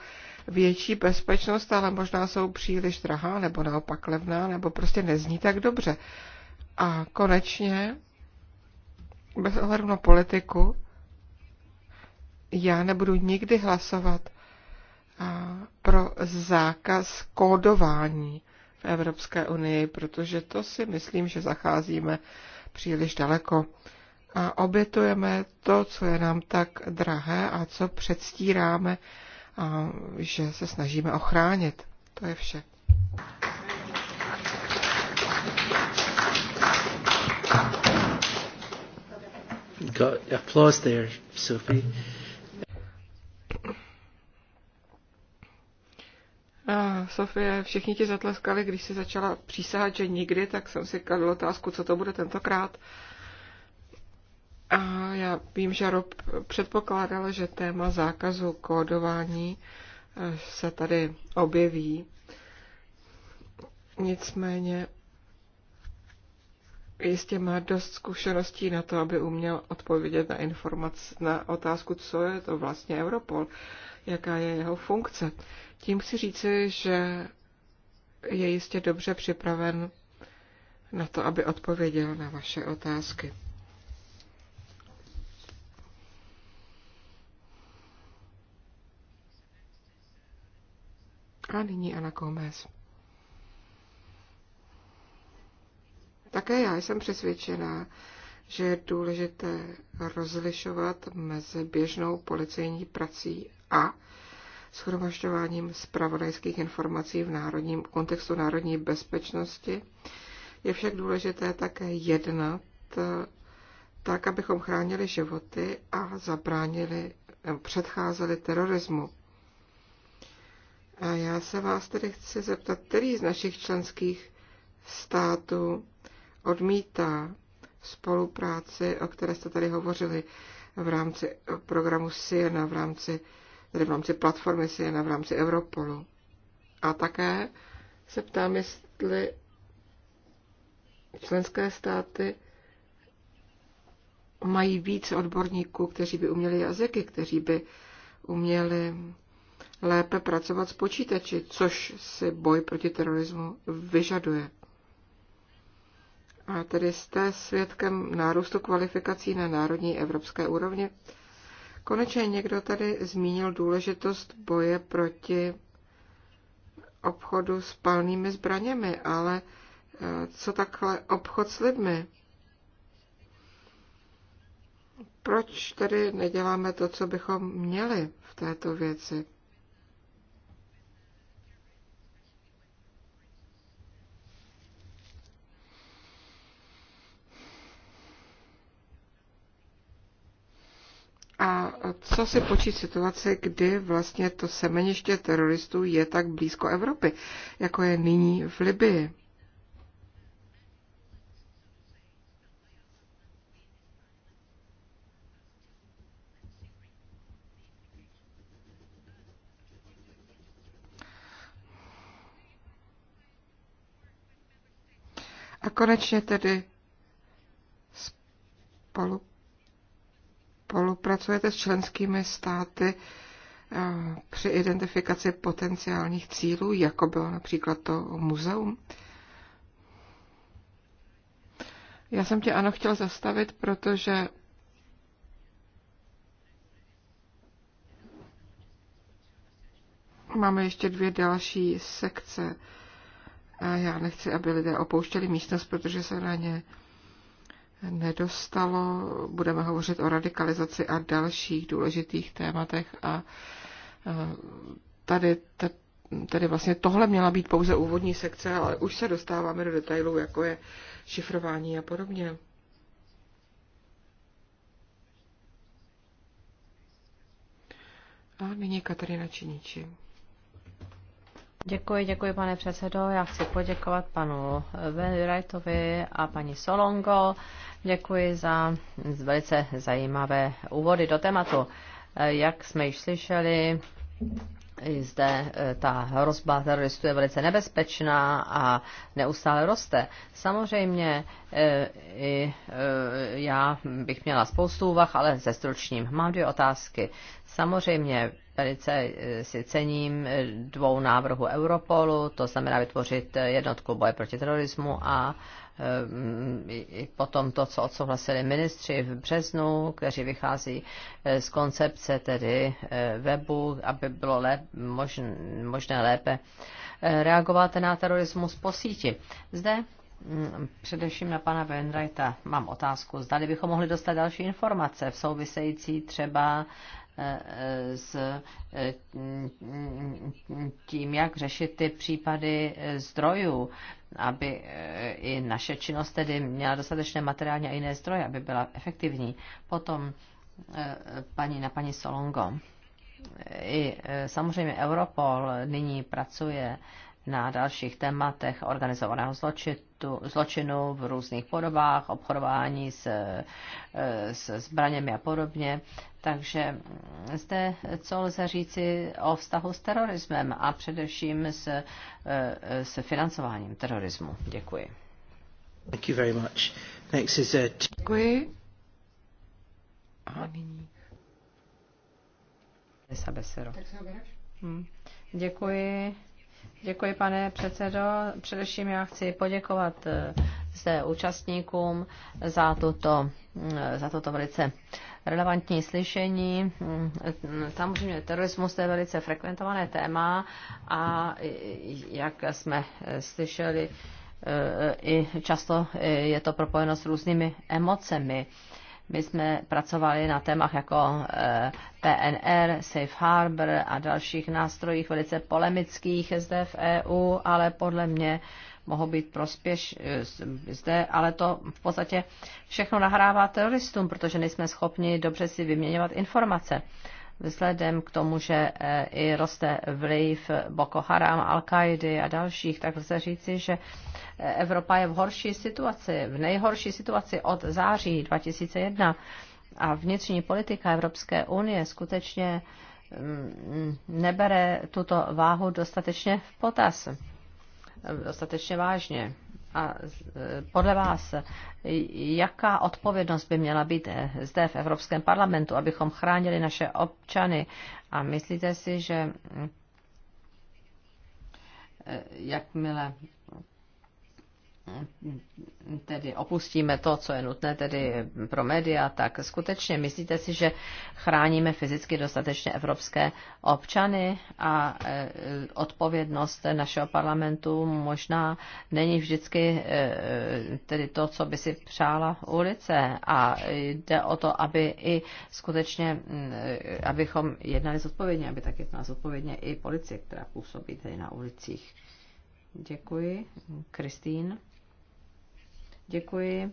větší bezpečnost, ale možná jsou příliš drahá, nebo naopak levná, nebo prostě nezní tak dobře. A konečně, bez ohledu na politiku, já nebudu nikdy hlasovat pro zákaz kódování v Evropské unii, protože to si myslím, že zacházíme příliš daleko a obětujeme to, co je nám tak drahé a co předstíráme, a že se snažíme ochránit. To je vše. Got applause there, Sophie. Sofie, všichni ti zatleskali, když si začala přísahat, že nikdy, tak jsem si kladl otázku, co to bude tentokrát. A já vím, že Rob předpokládala, že téma zákazu kódování eh, se tady objeví. Nicméně jistě má dost zkušeností na to, aby uměl odpovědět na, informace, na otázku, co je to vlastně Europol, jaká je jeho funkce. Tím chci říci, že je jistě dobře připraven na to, aby odpověděl na vaše otázky. A nyní Ana Gomez. Také já jsem přesvědčená, že je důležité rozlišovat mezi běžnou policejní prací a shromažďováním zpravodajských informací v národním v kontextu národní bezpečnosti. Je však důležité také jednat eh, tak, abychom chránili životy a zabránili, eh, předcházeli terorismu. A já se vás tedy chci zeptat, který z našich členských států odmítá spolupráci, o které jste tady hovořili v rámci programu SIENA, v rámci tedy v rámci platformy Siena, v rámci Europolu. A také se ptám, jestli členské státy mají víc odborníků, kteří by uměli jazyky, kteří by uměli lépe pracovat s počítači, což si boj proti terorismu vyžaduje. A tedy jste svědkem nárůstu kvalifikací na národní evropské úrovni. Konečně někdo tady zmínil důležitost boje proti obchodu s palnými zbraněmi, ale e, co takhle obchod s lidmi? Proč tedy neděláme to, co bychom měli v této věci? A co si počít situace, kdy vlastně to semeniště teroristů je tak blízko Evropy, jako je nyní v Libii? A konečně tedy spolu spolupracujete s členskými státy eh, při identifikaci potenciálních cílů, jako bylo například to muzeum? Já jsem tě ano chtěl zastavit, protože máme ještě dvě další sekce. A já nechci, aby lidé opouštěli místnost, protože se na ně nedostalo. Budeme hovořit o radikalizaci a dalších důležitých tématech a tady, tady vlastně tohle měla být pouze úvodní sekce, ale už se dostáváme do detailů, jako je šifrování a podobně. A nyní Katarina Činíči. Děkuji, děkuji, pane předsedo. Já chci poděkovat panu Wrightovi a paní Solongo. Děkuji za velice zajímavé úvody do tématu. Jak jsme již slyšeli, zde eh, ta hrozba teroristů je velice nebezpečná a neustále roste. Samozřejmě eh, i eh, já bych měla spoustu úvah, ale ze stručním. Mám dvě otázky. Samozřejmě Velice eh, si cením eh, dvou návrhů Europolu, to znamená vytvořit eh, jednotku boje proti terorismu a potom to, co odsouhlasili ministři v březnu, kteří vychází z koncepce tedy webu, aby bylo lép, možné, možné lépe reagovat na terorismus po síti. Zde mm, Především na pana Wainwrighta mám otázku. Zdali bychom mohli dostat další informace v související třeba s tím, jak řešit ty případy zdrojů, aby i naše činnost tedy měla dostatečné materiální a jiné zdroje, aby byla efektivní. Potom paní na paní Solongo. I samozřejmě Europol nyní pracuje na dalších tématech organizovaného zločitu, zločinu v různých podobách, obchodování s, s zbraněmi a podobně. Takže zde, co lze říci o vztahu s terorismem a především s, eh, s financováním terorismu. Děkuji. Thank you very much. Next is, it. Uh, Děkuji. A nyní. Hmm. Děkuji. Děkuji, pane předsedo. Především já chci poděkovat eh, zde účastníkům za toto, za toto velice relevantní slyšení. Samozřejmě terorismus to je velice frekventované téma a jak jsme slyšeli, eh, i často eh, je to propojeno s různými emocemi. My jsme pracovali na témach jako eh, PNR, Safe Harbor a dalších nástrojích velice polemických zde v EU, ale podle mě mohou být prospěš eh, zde, ale to v podstatě všechno nahrává teroristům, protože nejsme schopni dobře si vyměňovat informace. Vzhledem k tomu, že eh, i roste vliv Boko Haram, al qaidy a dalších, tak lze říci, že eh, Evropa je v horší situaci, v nejhorší situaci od září 2001 a vnitřní politika Evropské unie skutečně mm, nebere tuto váhu dostatečně v potaz dostatečně vážně. A e, podle vás, jaká odpovědnost by měla být e, zde v Evropském parlamentu, abychom chránili naše občany? A myslíte si, že e, jakmile tedy opustíme to, co je nutné tedy pro média, tak skutečně myslíte si, že chráníme fyzicky dostatečně evropské občany a e, odpovědnost našeho parlamentu možná není vždycky e, tedy to, co by si přála ulice a jde o to, aby i skutečně, e, abychom jednali zodpovědně, aby taky nás zodpovědně i policie, která působí tady na ulicích. Děkuji. Kristýn. Děkuji.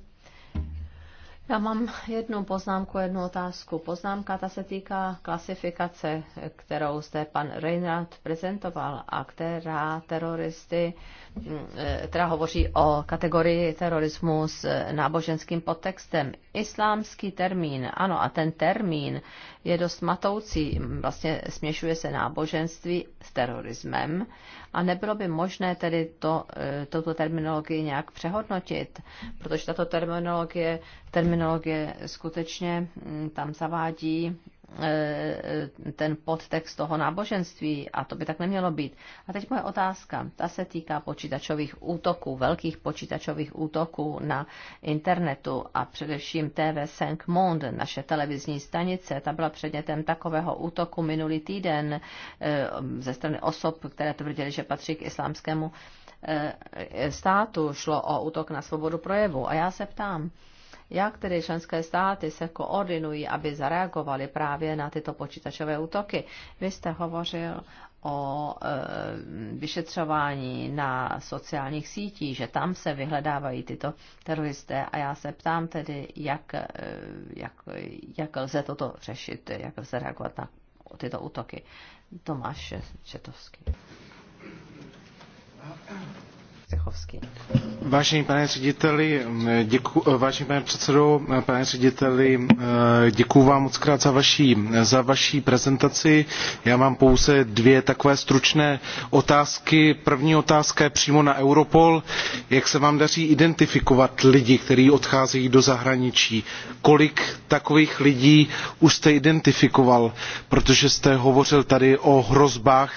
Já mám jednu poznámku, jednu otázku. Poznámka ta se týká klasifikace, kterou zde pan Reinhardt prezentoval a která teroristy, mm, eh, která hovoří o kategorii terorismu s eh, náboženským podtextem islámský termín. Ano, a ten termín je dost matoucí. Vlastně směšuje se náboženství s terorismem a nebylo by možné tedy to, e, toto terminologii nějak přehodnotit, protože tato terminologie, terminologie skutečně mm, tam zavádí Eh, ten podtext toho náboženství a to by tak nemělo být. A teď moje otázka, ta se týká počítačových útoků, velkých počítačových útoků na internetu a především TV 5 Monde, naše televizní stanice, ta byla předmětem takového útoku minulý týden eh, ze strany osob, které tvrdili, že patří k islámskému eh, státu. Šlo o útok na svobodu projevu. A já se ptám, jak tedy členské státy se koordinují, aby zareagovaly právě na tyto počítačové útoky? Vy jste hovořil o e, vyšetřování na sociálních sítích, že tam se vyhledávají tyto teroristé a já se ptám tedy, jak, e, jak, jak lze toto řešit, jak lze reagovat na tyto útoky. Tomáš Četovský. Vojtěchovský. Vážený pane řediteli, děku, vážený pane předsedo, pane řediteli, děkuji vám moc krát za vaší, za vaší prezentaci. Já mám pouze dvě takové stručné otázky. První otázka je přímo na Europol. Jak se vám daří identifikovat lidi, kteří odcházejí do zahraničí? Kolik takových lidí už jste identifikoval? Protože jste hovořil tady o hrozbách,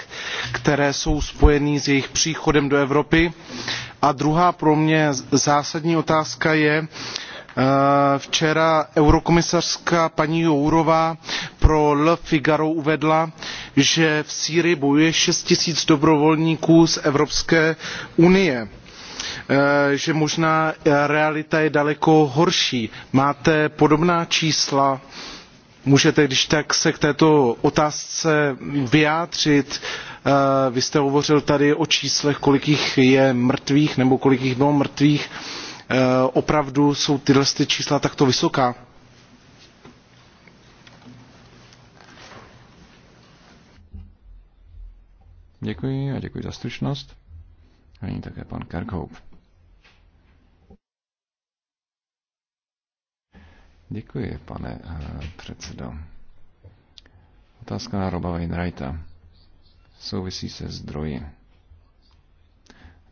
které jsou spojené s jejich příchodem do Evropy. A druhá pro mě zásadní otázka je, eh, včera eurokomisařka paní jourová pro le figaro uvedla že v sýrii bojuje 6 tisíc dobrovolníků z evropské unie eh, že možná eh, realita je daleko horší. máte podobná čísla? můžete když tak se k této otázce vyjádřit? Eh, vy jste hovořil tady o číslech, kolik jich je mrtvých nebo kolik jich bylo mrtvých. Eh, opravdu jsou tyhle ty čísla takto vysoká? Děkuji a děkuji za stručnost. A nyní také pan Kerkhoop. Děkuji, pane eh, předsedo. Otázka na Roba Wainwrighta souvisí se zdroji.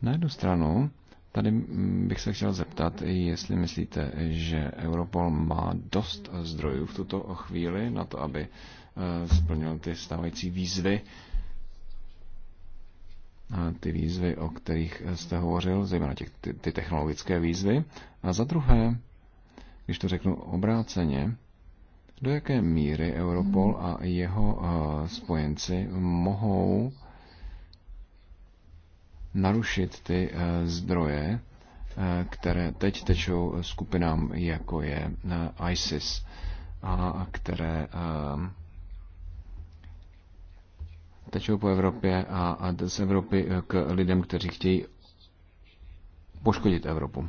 Na jednu stranu, tady bych se chtěl zeptat, jestli myslíte, že Europol má dost zdrojů v tuto chvíli na to, aby eh, splnil ty stávající výzvy, ty výzvy, o kterých jste hovořil, zejména těch, ty, ty technologické výzvy. A za druhé, když to řeknu obráceně, do jaké míry Europol a jeho eh, spojenci mohou narušit ty eh, zdroje, eh, které teď tečou skupinám, jako je ISIS, a které tečou po Evropě a z Evropy k lidem, kteří chtějí poškodit Evropu.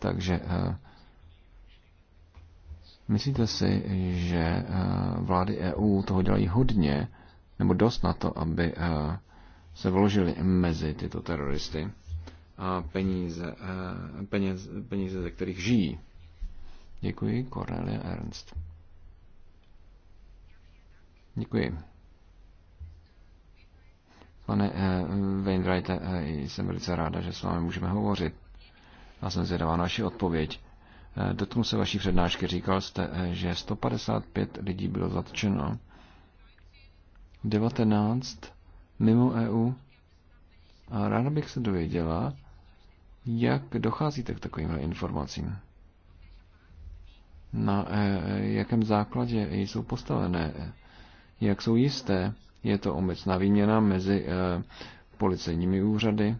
Takže Myslíte si, že eh, vlády EU toho dělají hodně, nebo dost na to, aby eh, se vložili mezi tyto teroristy a peníze, eh, peněz, peníze ze kterých žijí? Děkuji, Cornelia Ernst. Děkuji. Pane Wainwright, jsem velice ráda, že s vámi můžeme hovořit. A jsem zvědavá naši odpověď. Eh, dotknu se vaší přednášky. Říkal jste, eh, že 155 lidí bylo zatčeno. 19 mimo EU. A ráda bych se dověděla, jak docházíte k takovýmhle informacím. Na eh, jakém základě jsou postavené? Jak jsou jisté? Je to obecná výměna mezi policejními úřady,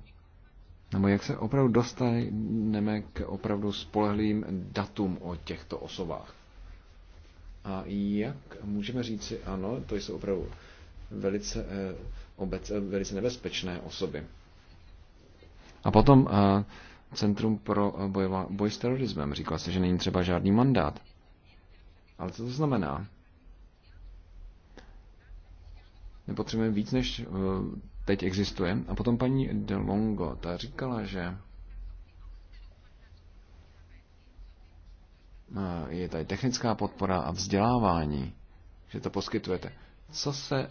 nebo jak se opravdu dostaneme k opravdu spolehlým datům o těchto osobách. A jak můžeme říci, ano, to jsou opravdu velice, eh, obec, eh, velice nebezpečné osoby. A potom eh, Centrum pro boj, boj s terorismem. Říkal se, že není třeba žádný mandát. Ale co to znamená? Nepotřebujeme víc než teď existuje. A potom paní De Longo, ta říkala, že je tady technická podpora a vzdělávání, že to poskytujete. Co se e,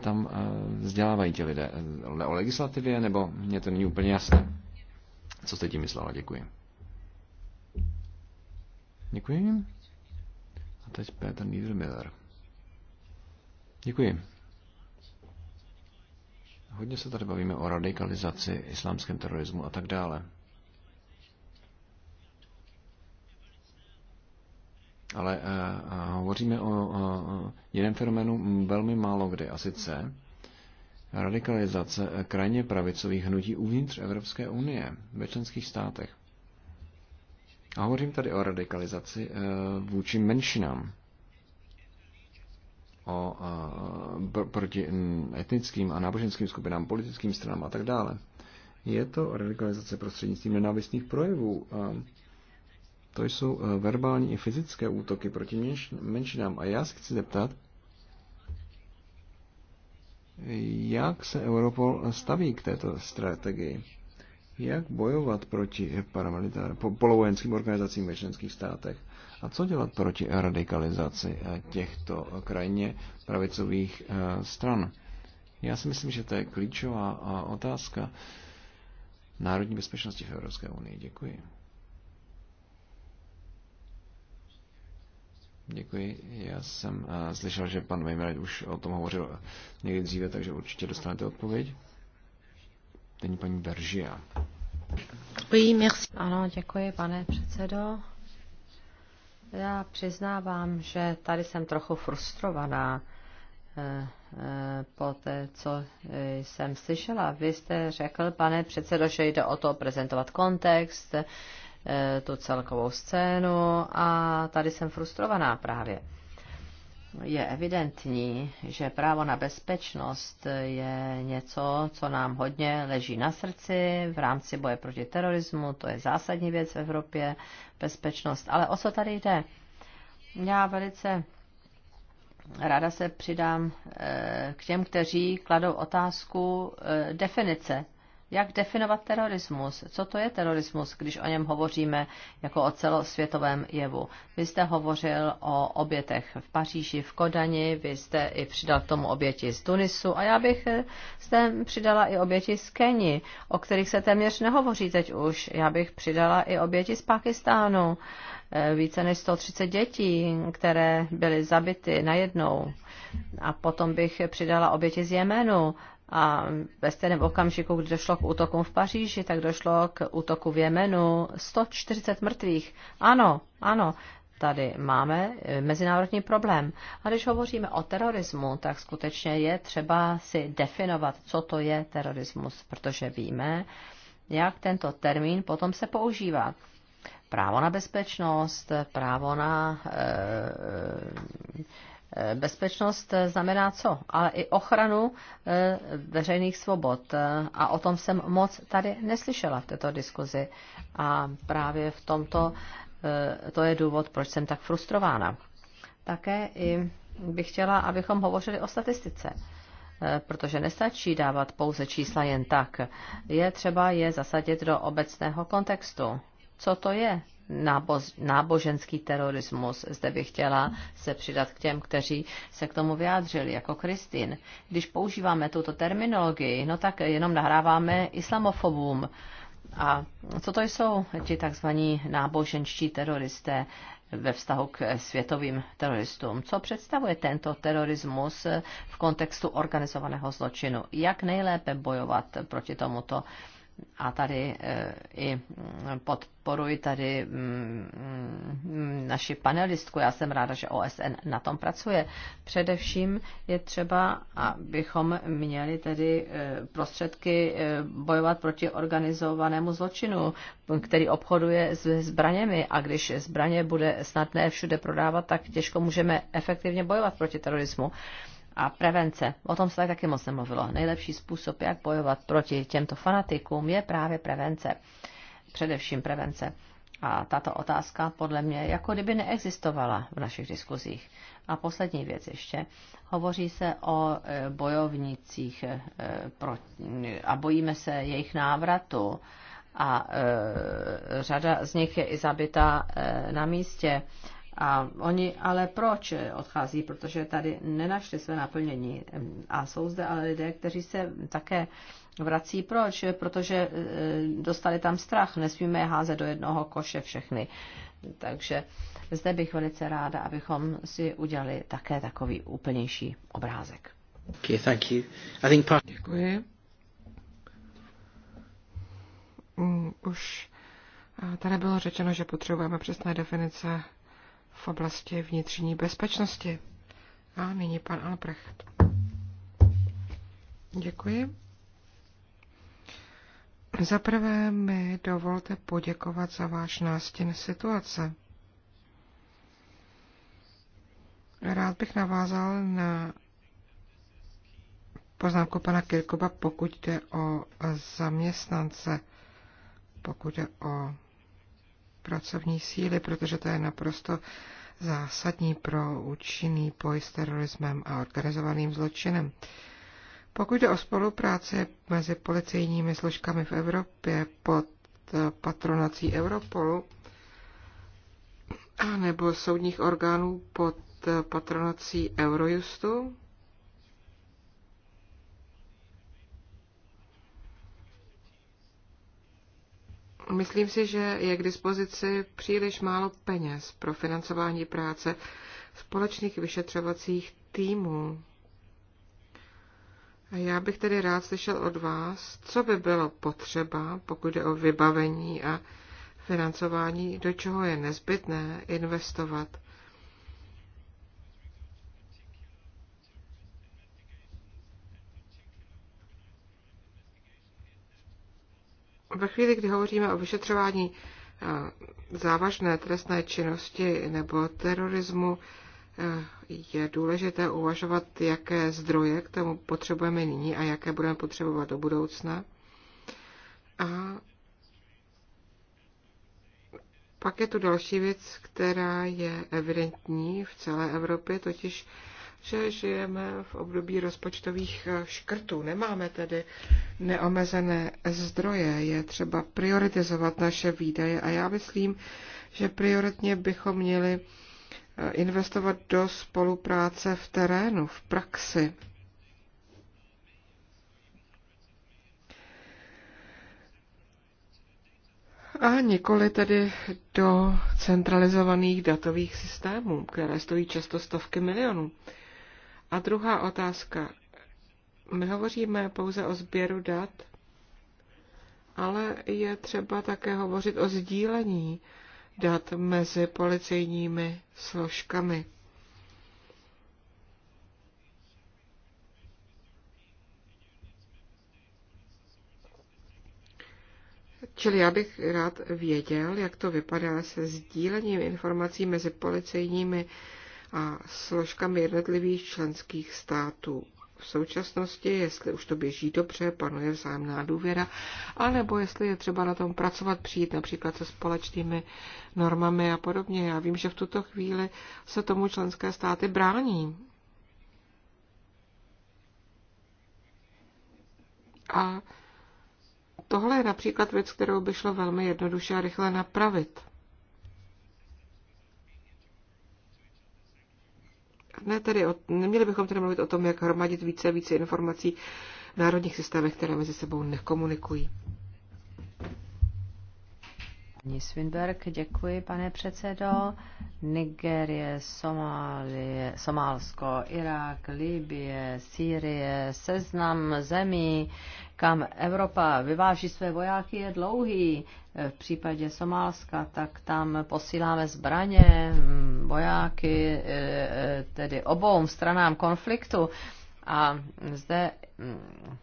tam e, vzdělávají ti lidé? E, o legislativě, nebo mě to není úplně jasné? Co jste tím myslela? Děkuji. Děkuji. A teď Petr Niedermiller. Děkuji. Hodně se tady bavíme o radikalizaci, islámském terorismu a tak dále. Ale uh, hovoříme o uh, jiném fenoménu velmi málo kdy, a sice radikalizace krajně pravicových hnutí uvnitř Evropské unie ve členských státech. A hovořím tady o radikalizaci uh, vůči menšinám o, proti etnickým a náboženským skupinám, politickým stranám a tak dále. Je to radikalizace prostřednictvím nenávistných projevů. To jsou e, verbální i fyzické útoky proti menšinám. A já se chci zeptat, jak se Europol staví k této strategii? Jak bojovat proti paramilitárním, polovojenským organizacím ve členských státech? A co dělat proti radikalizaci eh, těchto krajně pravicových eh, stran? Já si myslím, že to je klíčová eh, otázka národní bezpečnosti v Evropské unii. Děkuji. Děkuji. Já jsem uh, slyšel, že pan Vejmer už o tom hovořil někdy dříve, takže určitě dostanete odpověď. Není paní merci. Ano, děkuji, pane předsedo. Já přiznávám, že tady jsem trochu frustrovaná eh, eh, po té, co eh, jsem slyšela. Vy jste řekl, pane předsedo, že jde o to prezentovat kontext, tu celkovou scénu a tady jsem frustrovaná právě je evidentní, že právo na bezpečnost je něco, co nám hodně leží na srdci v rámci boje proti terorismu, to je zásadní věc v Evropě, bezpečnost. Ale o co tady jde? Já velice ráda se přidám eh, k těm, kteří kladou otázku eh, definice jak definovat terorismus? Co to je terorismus, když o něm hovoříme jako o celosvětovém jevu? Vy jste hovořil o obětech v Paříži, v Kodani, vy jste i přidal k tomu oběti z Tunisu a já bych jste eh, přidala i oběti z Keni, o kterých se téměř nehovoří teď už. Já bych přidala i oběti z Pakistánu, eh, více než 130 dětí, které byly zabity najednou. A potom bych přidala oběti z Jemenu a ve stejném okamžiku, kdy došlo k útokům v Paříži, tak došlo k útoku v Jemenu 140 mrtvých. Ano, ano, tady máme e, mezinárodní problém. A když hovoříme o terorismu, tak skutečně je třeba si definovat, co to je terorismus, protože víme, jak tento termín potom se používá. Právo na bezpečnost, právo na. Eh, Bezpečnost znamená co? Ale i ochranu eh, veřejných svobod. Eh, a o tom jsem moc tady neslyšela v této diskuzi. A právě v tomto eh, to je důvod, proč jsem tak frustrována. Také i bych chtěla, abychom hovořili o statistice, protože nestačí dávat pouze čísla jen tak. Je třeba je zasadit do obecného kontextu. Co to je? náboz, náboženský terorismus. Zde bych chtěla se přidat k těm, kteří se k tomu vyjádřili, jako Kristin. Když používáme tuto terminologii, no tak jenom nahráváme islamofobům. A co to jsou ti takzvaní náboženští teroristé ve vztahu k světovým teroristům? Co představuje tento terorismus v kontextu organizovaného zločinu? Jak nejlépe bojovat proti tomuto? a tady eh, i mm, podporuji tady mm, naši panelistku. Já jsem ráda, že OSN na tom pracuje. Především je třeba, abychom měli tedy eh, prostředky eh, bojovat proti organizovanému zločinu, který obchoduje s zbraněmi a když zbraně bude snadné všude prodávat, tak těžko můžeme efektivně bojovat proti terorismu a prevence. O tom se tak taky moc nemluvilo. Nejlepší způsob, jak bojovat proti těmto fanatikům, je právě prevence. Především prevence. A tato otázka podle mě jako kdyby neexistovala v našich diskuzích. A poslední věc ještě. Hovoří se o e, bojovnicích e, a bojíme se jejich návratu. A e, řada z nich je i zabita na místě. A oni ale proč odchází? Protože tady nenašli své naplnění. A jsou zde ale lidé, kteří se také vrací. Proč? Protože e, dostali tam strach. Nesmíme je házet do jednoho koše všechny. Takže zde bych velice ráda, abychom si udělali také takový úplnější obrázek. Okay, thank you. I think part... Děkuji. Mm, už eh, tady bylo řečeno, že potřebujeme přesné definice v oblasti vnitřní bezpečnosti. A nyní pan Albrecht. Děkuji. Za prvé mi dovolte poděkovat za váš nástěn situace. Rád bych navázal na poznámku pana Kirkoba, pokud jde o zaměstnance, pokud jde o pracovní síly, protože to je naprosto zásadní pro účinný boj s terorismem a organizovaným zločinem. Pokud jde o spolupráci mezi policejními složkami v Evropě pod eh, patronací Europolu a nebo soudních orgánů pod eh, patronací Eurojustu, Myslím si, že je k dispozici příliš málo peněz pro financování práce společných vyšetřovacích týmů. A já bych tedy rád slyšel od vás, co by bylo potřeba, pokud jde o vybavení a financování, do čeho je nezbytné investovat Ve chvíli, kdy hovoříme o vyšetřování eh, závažné trestné činnosti nebo terorismu, eh, je důležité uvažovat, jaké zdroje k tomu potřebujeme nyní a jaké budeme potřebovat do budoucna. A pak je tu další věc, která je evidentní v celé Evropě, totiž že žijeme v období rozpočtových eh, škrtů. Nemáme tedy neomezené zdroje, je třeba prioritizovat naše výdaje a já myslím, že prioritně bychom měli eh, investovat do spolupráce v terénu, v praxi. A nikoli tedy do centralizovaných datových systémů, které stojí často stovky milionů. A druhá otázka. My hovoříme pouze o sběru dat, ale je třeba také hovořit o sdílení dat mezi policejními složkami. Čili já bych rád věděl, jak to vypadá se sdílením informací mezi policejními a složkami jednotlivých členských států. V současnosti, jestli už to běží dobře, panuje vzájemná důvěra, anebo jestli je třeba na tom pracovat, přijít například se společnými normami a podobně. Já vím, že v tuto chvíli se tomu členské státy brání. A tohle je například věc, kterou by šlo velmi jednoduše a rychle napravit. Ne tedy o, neměli bychom tedy mluvit o tom, jak hromadit více a více informací v národních systémech, které mezi sebou nekomunikují. Paní děkuji, pane předsedo. Nigerie, Somálie, Somálsko, Irák, Libie, Sýrie, seznam zemí, kam Evropa vyváží své vojáky, je dlouhý. E, v případě Somálska, tak tam posíláme zbraně, mm, vojáky, e, e, tedy obou stranám konfliktu. A zde mm,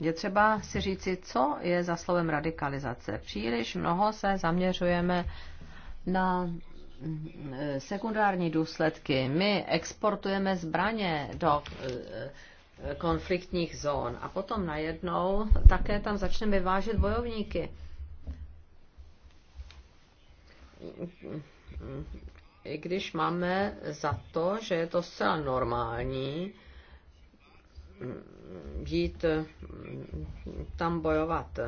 je třeba si říci, co je za slovem radikalizace. Příliš mnoho se zaměřujeme na mm, sekundární důsledky. My exportujeme zbraně do konfliktních zón a potom najednou také tam začneme vyvážet bojovníky i když máme za to, že je to zcela normální jít mm, tam bojovat.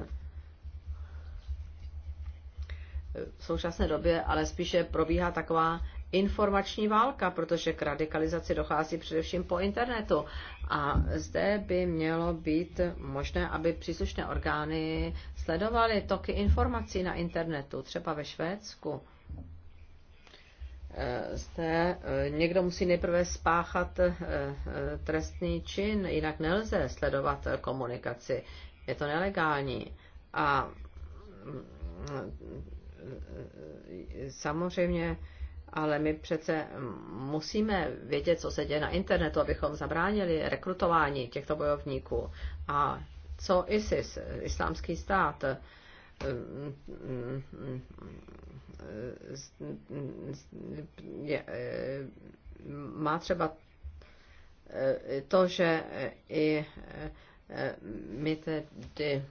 V současné době ale spíše probíhá taková informační válka, protože k radikalizaci dochází především po internetu. A zde by mělo být možné, aby příslušné orgány sledovali toky informací na internetu, třeba ve Švédsku, eh, zde eh, někdo musí nejprve spáchat eh, trestný čin, jinak nelze sledovat komunikaci. Je to nelegální. A mm, samozřejmě, ale my přece musíme vědět, co se děje na internetu, abychom zabránili rekrutování těchto bojovníků. A co ISIS, islámský stát, eh, eh, eh, má třeba to, že i my tedy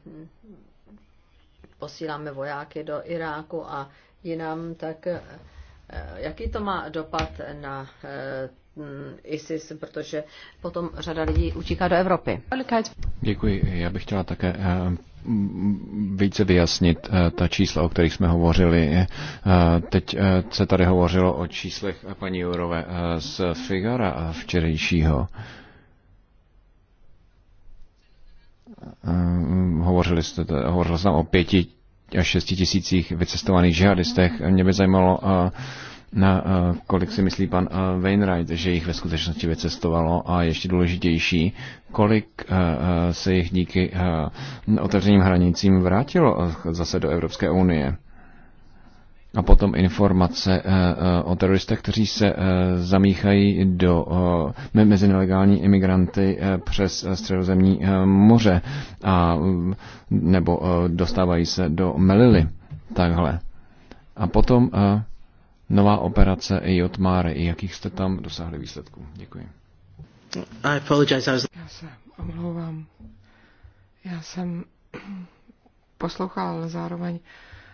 posíláme vojáky do Iráku a jinam, tak jaký to má dopad na Mm, ISIS, protože potom řada lidí utíká do Evropy. Děkuji. Já bych chtěla také eh, mm, více vyjasnit eh, ta čísla, o kterých jsme hovořili. Eh, teď se tady hovořilo o číslech paní Jurové z Figara včerejšího. Hovořili jste, hovořil jsem o pěti až šesti tisících vycestovaných žihadistech. Mě by zajímalo, na eh, kolik si myslí pan eh, Wainwright, že jich ve skutečnosti vycestovalo a ještě důležitější, kolik eh, se jich díky otevřeným hranicím vrátilo zase do Evropské unie. A potom informace o teroristech, kteří se zamíchají do, mezi nelegální imigranty přes středozemní moře a, nebo dostávají se do Melily. Takhle. A potom nová operace i od i Jakých jste tam dosáhli výsledků? Děkuji. I apologize, I was... Já se omlouvám. Já jsem poslouchal, ale zároveň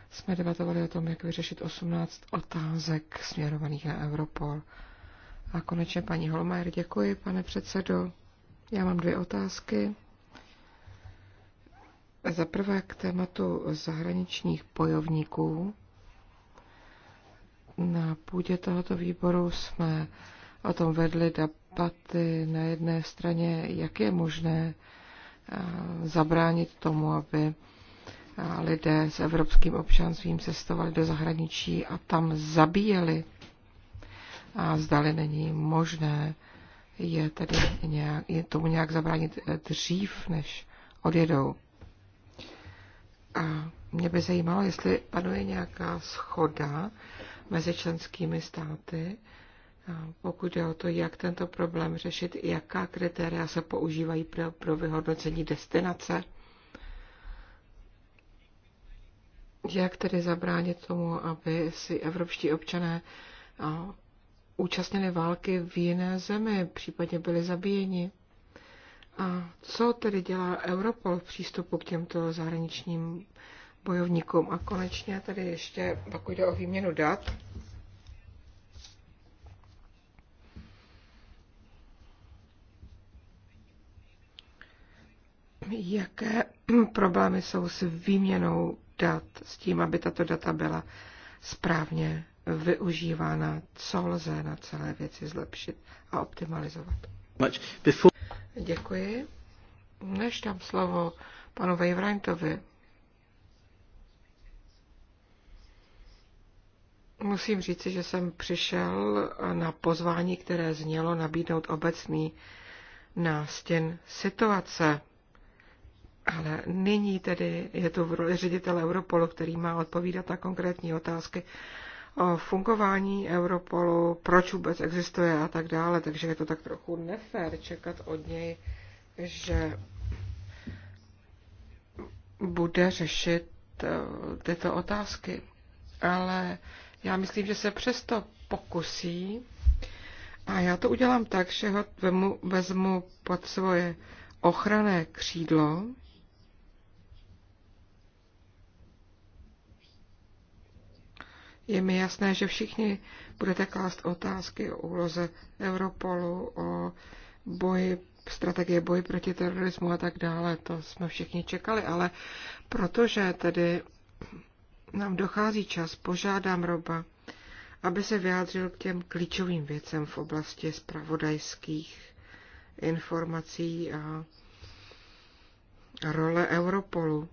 jsme debatovali o tom, jak vyřešit 18 otázek směrovaných na Europol. A konečně paní Holmajer, děkuji, pane předsedo. Já mám dvě otázky. Za prvé k tématu zahraničních bojovníků. Na půdě tohoto výboru jsme o tom vedli debaty na jedné straně, jak je možné eh, zabránit tomu, aby eh, lidé s evropským občanstvím cestovali do zahraničí a tam zabíjeli. A zdali není možné je tedy nějak, je tomu nějak zabránit eh, dřív, než odjedou. A mě by zajímalo, jestli panuje nějaká schoda mezi členskými státy, pokud je o to, jak tento problém řešit, jaká kritéria se používají pro, pro vyhodnocení destinace, jak tedy zabránit tomu, aby si evropští občané účastnili války v jiné zemi, případně byli zabíjeni. A co tedy dělá Europol v přístupu k těmto zahraničním bojovníkům. A konečně tady ještě, pokud jde o výměnu dat, jaké problémy jsou s výměnou dat, s tím, aby tato data byla správně využívána, co lze na celé věci zlepšit a optimalizovat. Děkuji. Než dám slovo panu Vejvrantovi, Musím říci, že jsem přišel na pozvání, které znělo nabídnout obecný nástěn situace. Ale nyní tedy je to v roli ředitele Europolu, který má odpovídat na konkrétní otázky o fungování Europolu, proč vůbec existuje a tak dále, takže je to tak trochu nefér čekat od něj, že bude řešit eh, tyto otázky. Ale já myslím, že se přesto pokusí. A já to udělám tak, že ho vezmu, vezmu pod svoje ochranné křídlo. Je mi jasné, že všichni budete klást otázky o úloze Europolu, o boji, strategie boji proti terorismu a tak dále. To jsme všichni čekali, ale protože tedy nám dochází čas, požádám Roba, aby se vyjádřil k těm klíčovým věcem v oblasti spravodajských informací a role Europolu.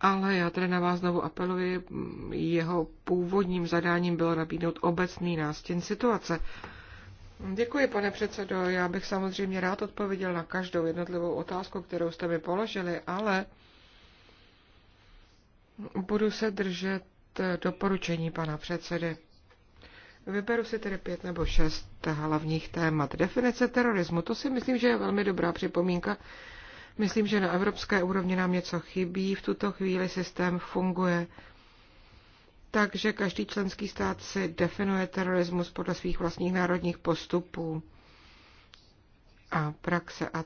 Ale já tedy na vás znovu apeluji, jeho původním zadáním bylo nabídnout obecný nástěn situace. Děkuji, pane předsedo. Já bych samozřejmě rád odpověděl na každou jednotlivou otázku, kterou jste mi položili, ale budu se držet doporučení pana předsedy. Vyberu si tedy pět nebo šest hlavních témat. Definice terorismu, to si myslím, že je velmi dobrá připomínka. Myslím, že na evropské úrovni nám něco chybí. V tuto chvíli systém funguje tak, že každý členský stát si definuje terorismus podle svých vlastních národních postupů a praxe. A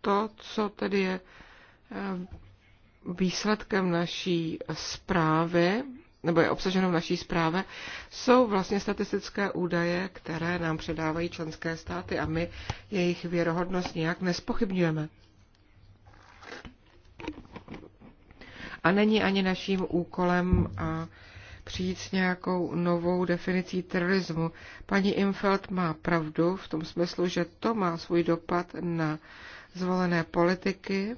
to, co tedy je eh, výsledkem naší zprávy, nebo je obsaženo v naší zprávě, jsou vlastně statistické údaje, které nám předávají členské státy a my jejich věrohodnost nějak nespochybňujeme. A není ani naším úkolem a přijít s nějakou novou definicí terorismu. Paní Imfeld má pravdu v tom smyslu, že to má svůj dopad na zvolené politiky,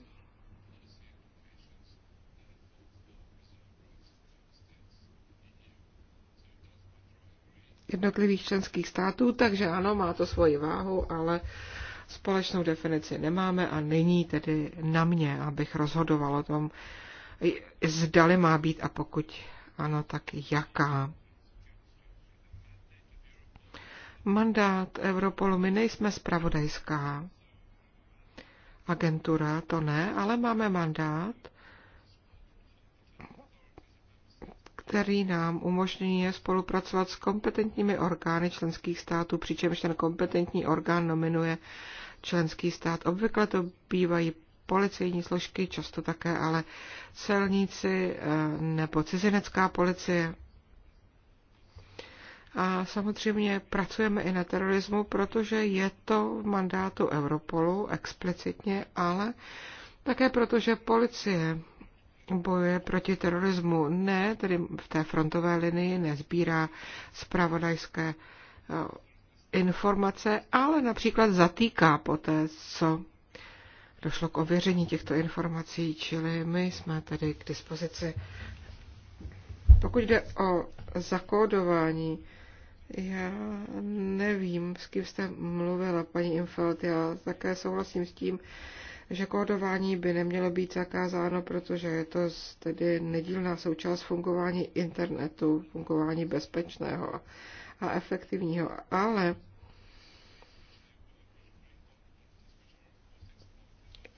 jednotlivých členských států, takže ano, má to svoji váhu, ale společnou definici nemáme a není tedy na mě, abych rozhodoval o tom, zdali má být a pokud ano, tak jaká? Mandát Europolu, my nejsme spravodajská agentura, to ne, ale máme mandát, který nám umožní spolupracovat s kompetentními orgány členských států, přičemž ten kompetentní orgán nominuje členský stát. Obvykle to bývají policejní složky, často také ale celníci eh, nebo cizinecká policie. A samozřejmě pracujeme i na terorismu, protože je to v mandátu Europolu explicitně, ale také protože policie boje proti terorismu ne, tedy v té frontové linii nezbírá zpravodajské eh, informace, ale například zatýká poté, co došlo k ověření těchto informací, čili my jsme tady k dispozici. Pokud jde o zakódování, já nevím, s kým jste mluvila, paní Infeld. Já také souhlasím s tím, že kódování by nemělo být zakázáno, protože je to tedy nedílná součást fungování internetu, fungování bezpečného a efektivního. Ale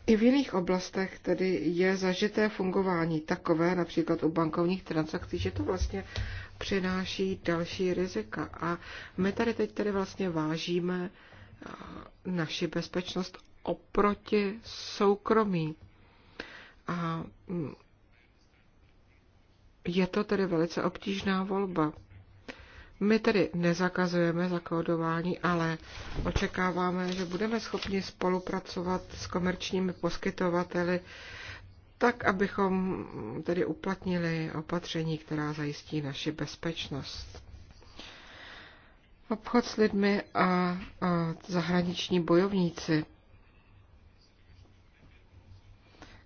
I v jiných oblastech tedy je zažité fungování takové, například u bankovních transakcí, že to vlastně přináší další rizika. A my tady teď tedy vlastně vážíme naši bezpečnost oproti soukromí. A mm, je to tedy velice obtížná volba. My tedy nezakazujeme zakódování, ale očekáváme, že budeme schopni spolupracovat s komerčními poskytovateli tak, abychom tedy uplatnili opatření, která zajistí naši bezpečnost. Obchod s lidmi a, a zahraniční bojovníci.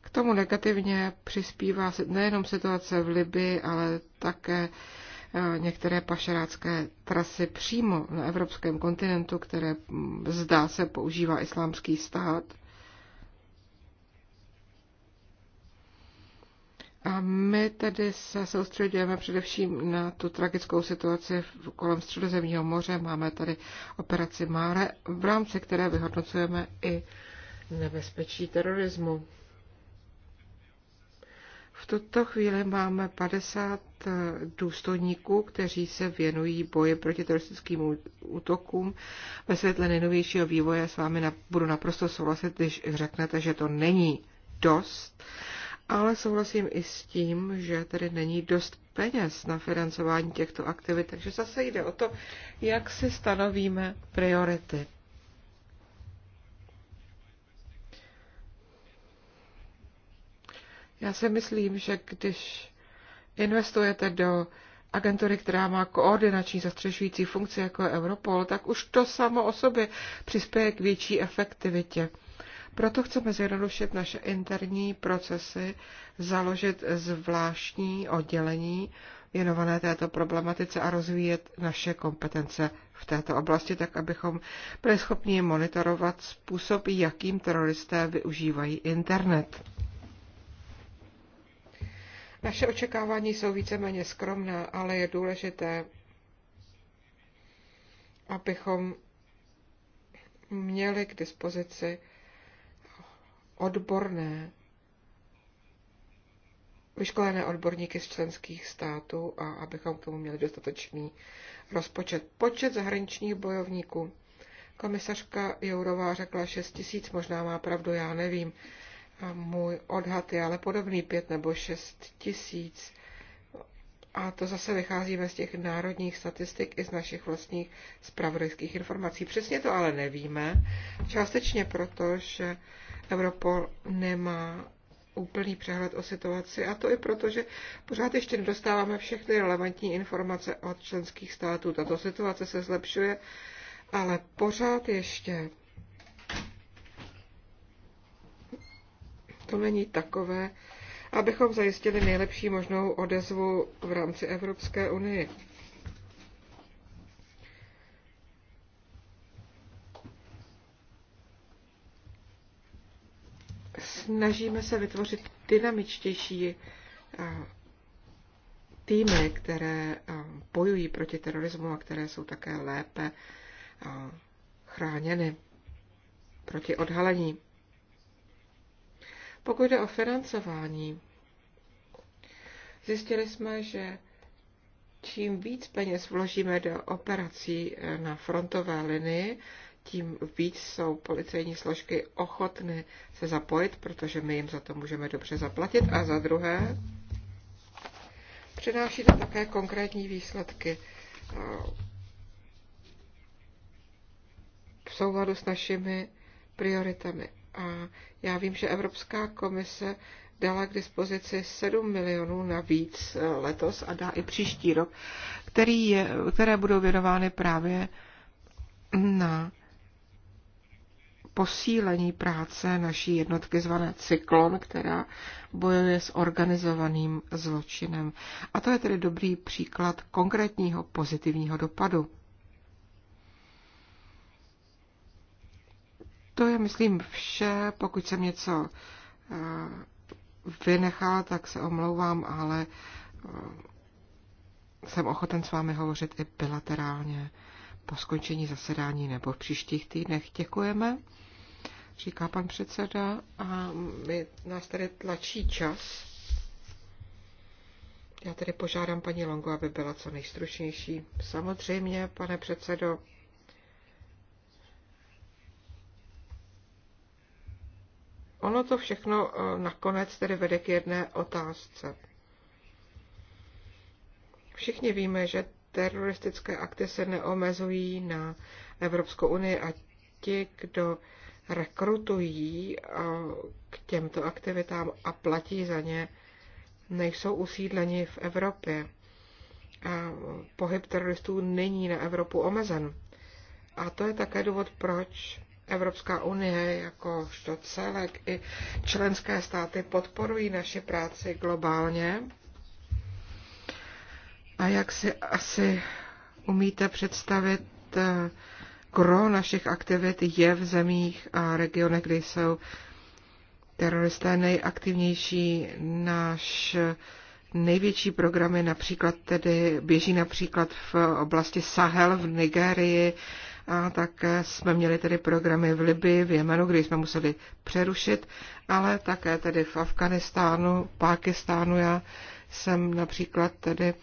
K tomu negativně přispívá nejenom situace v Libii, ale také Eh, některé pašerácké trasy přímo na evropském kontinentu, které hm, zdá se používá islámský stát. A my tedy se soustředujeme především na tu tragickou situaci kolem Středozemního moře. Máme tady operaci Máre, v rámci které vyhodnocujeme i nebezpečí terorismu. V tuto chvíli máme 50 eh, důstojníků, kteří se věnují boji proti teroristickým útokům. Ve světle nejnovějšího vývoje s vámi na, budu naprosto souhlasit, když řeknete, že to není dost, ale souhlasím i s tím, že tedy není dost peněz na financování těchto aktivit, takže zase jde o to, jak si stanovíme priority. Já si myslím, že když investujete do agentury, která má koordinační zastřešující funkci jako je Europol, tak už to samo o sobě přispěje k větší efektivitě. Proto chceme zjednodušit naše interní procesy, založit zvláštní oddělení věnované této problematice a rozvíjet naše kompetence v této oblasti, tak abychom byli schopni monitorovat způsob, jakým teroristé využívají internet. Naše očekávání jsou víceméně skromná, ale je důležité, abychom měli k dispozici odborné, vyškolené odborníky z členských států a abychom k tomu měli dostatečný rozpočet. Počet zahraničních bojovníků. Komisařka Jourová řekla 6 tisíc, možná má pravdu, já nevím. Můj odhad je ale podobný pět nebo šest tisíc. A to zase vycházíme z těch národních statistik i z našich vlastních spravodajských informací. Přesně to ale nevíme, částečně proto, že Europol nemá úplný přehled o situaci a to i proto, že pořád ještě nedostáváme všechny relevantní informace od členských států. Tato situace se zlepšuje, ale pořád ještě nastavení takové, abychom zajistili nejlepší možnou odezvu v rámci Evropské unie. Snažíme se vytvořit dynamičtější eh, týmy, které eh, bojují proti terorismu a které jsou také lépe eh, chráněny proti odhalení. Pokud jde o financování, zjistili jsme, že čím víc peněz vložíme do operací eh, na frontové linii, tím víc jsou policejní složky ochotny se zapojit, protože my jim za to můžeme dobře zaplatit. A za druhé, přináší to také konkrétní výsledky. Eh, v souladu s našimi prioritami a já vím, že Evropská komise dala k dispozici 7 milionů navíc eh, letos a dá i příští rok, který je, které budou věnovány právě na posílení práce naší jednotky zvané Cyklon, která bojuje s organizovaným zločinem. A to je tedy dobrý příklad konkrétního pozitivního dopadu. To je, myslím, vše. Pokud jsem něco eh, vynechala, tak se omlouvám, ale eh, jsem ochoten s vámi hovořit i bilaterálně po skončení zasedání nebo v příštích týdnech. Děkujeme, říká pan předseda a my, nás tady tlačí čas. Já tedy požádám paní Longo, aby byla co nejstručnější. Samozřejmě, pane předsedo, ono to všechno eh, nakonec tedy vede k jedné otázce. Všichni víme, že teroristické akty se neomezují na Evropskou unii a ti, kdo rekrutují eh, k těmto aktivitám a platí za ně, nejsou usídleni v Evropě. A pohyb teroristů není na Evropu omezen. A to je také důvod, proč Evropská unie jakožto celek i členské státy podporují naši práci globálně. A jak si asi umíte představit, kro našich aktivit je v zemích a regionech, kde jsou teroristé nejaktivnější. Náš největší programy například tedy běží například v oblasti Sahel v Nigérii, a také jsme měli tedy programy v Libii, v Jemenu, kde jsme museli přerušit, ale také tedy v Afganistánu, Pákistánu. Já jsem například tedy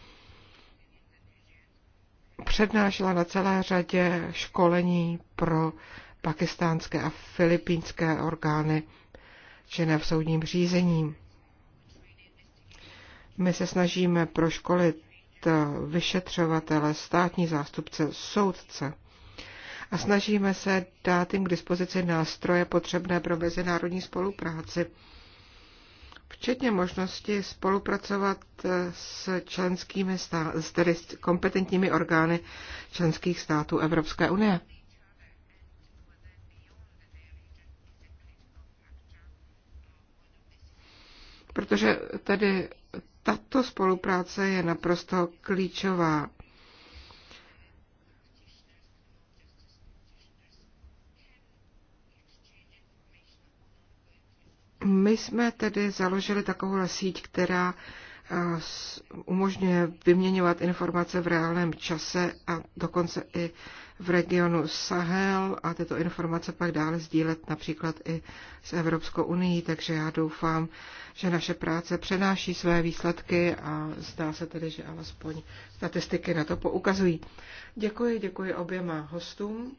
přednášela na celé řadě školení pro pakistánské a filipínské orgány činné v soudním řízení. My se snažíme proškolit vyšetřovatele, státní zástupce, soudce a snažíme se dát jim k dispozici nástroje potřebné pro mezinárodní spolupráci, včetně možnosti spolupracovat s členskými státy, tedy s kompetentními orgány členských států Evropské unie. protože tedy tato spolupráce je naprosto klíčová My jsme tedy založili takovou síť, která eh, umožňuje vyměňovat informace v reálném čase a dokonce i v regionu Sahel a tyto informace pak dále sdílet například i s Evropskou unii, takže já doufám, že naše práce přenáší své výsledky a zdá se tedy, že alespoň statistiky na to poukazují. Děkuji, děkuji oběma hostům.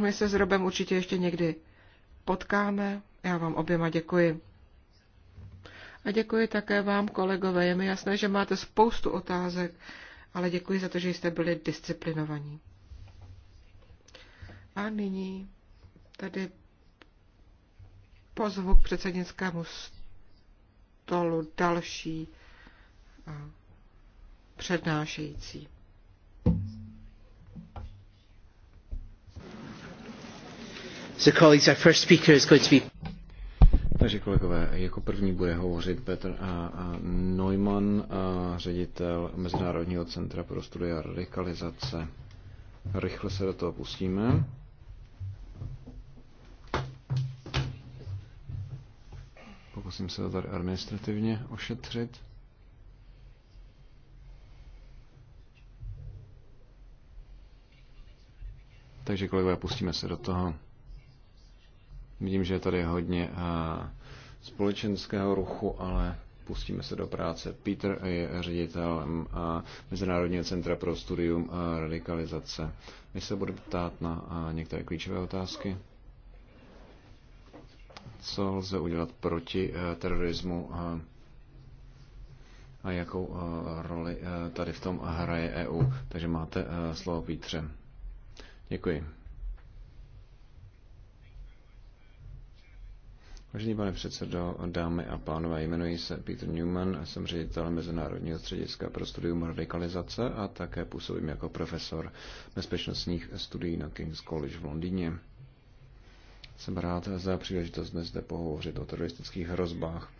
My se s Robem určitě ještě někdy potkáme. Já vám oběma děkuji. A děkuji také vám, kolegové. Je mi jasné, že máte spoustu otázek, ale děkuji za to, že jste byli disciplinovaní. A nyní tady pozvu k předsednickému stolu další přednášející. Takže kolegové, jako první bude hovořit Petr a Neumann, a ředitel Mezinárodního centra pro studia radikalizace. Rychle se do toho pustíme. Pokusím se to tady administrativně ošetřit. Takže kolegové, pustíme se do toho. Vidím, že je tady hodně eh, společenského ruchu, ale pustíme se do práce. Peter je ředitelem eh, Mezinárodního centra pro studium eh, radikalizace. My se budeme ptát na některé klíčové otázky. Co lze udělat proti terorismu a jakou roli tady v tom hraje EU. Takže máte slovo, Pítře. Děkuji. Vážený pane předsedo, dámy a pánové, jmenuji se Peter Newman, jsem ředitel Mezinárodního střediska pro studium radikalizace a také působím jako profesor bezpečnostních studií na King's College v Londýně. Jsem rád za příležitost dnes zde pohovořit o teroristických hrozbách.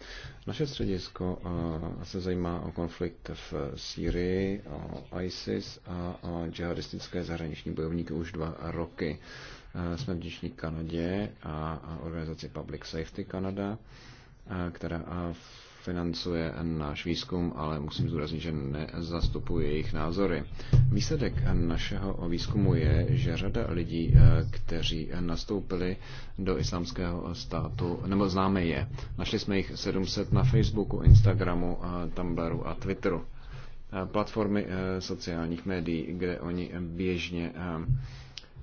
Naše středisko eh, se zajímá o konflikt v Sýrii, o ISIS a o džihadistické zahraniční bojovníky už dva roky. Eh, jsme vděční Kanadě a organizaci Public Safety Canada, eh, která eh, financuje náš výzkum, ale musím zdůraznit, že nezastupuje jejich názory. Výsledek našeho výzkumu je, že řada lidí, kteří nastoupili do islámského státu, nebo známe je, našli jsme jich 700 na Facebooku, Instagramu, Tumblru a Twitteru platformy sociálních médií, kde oni běžně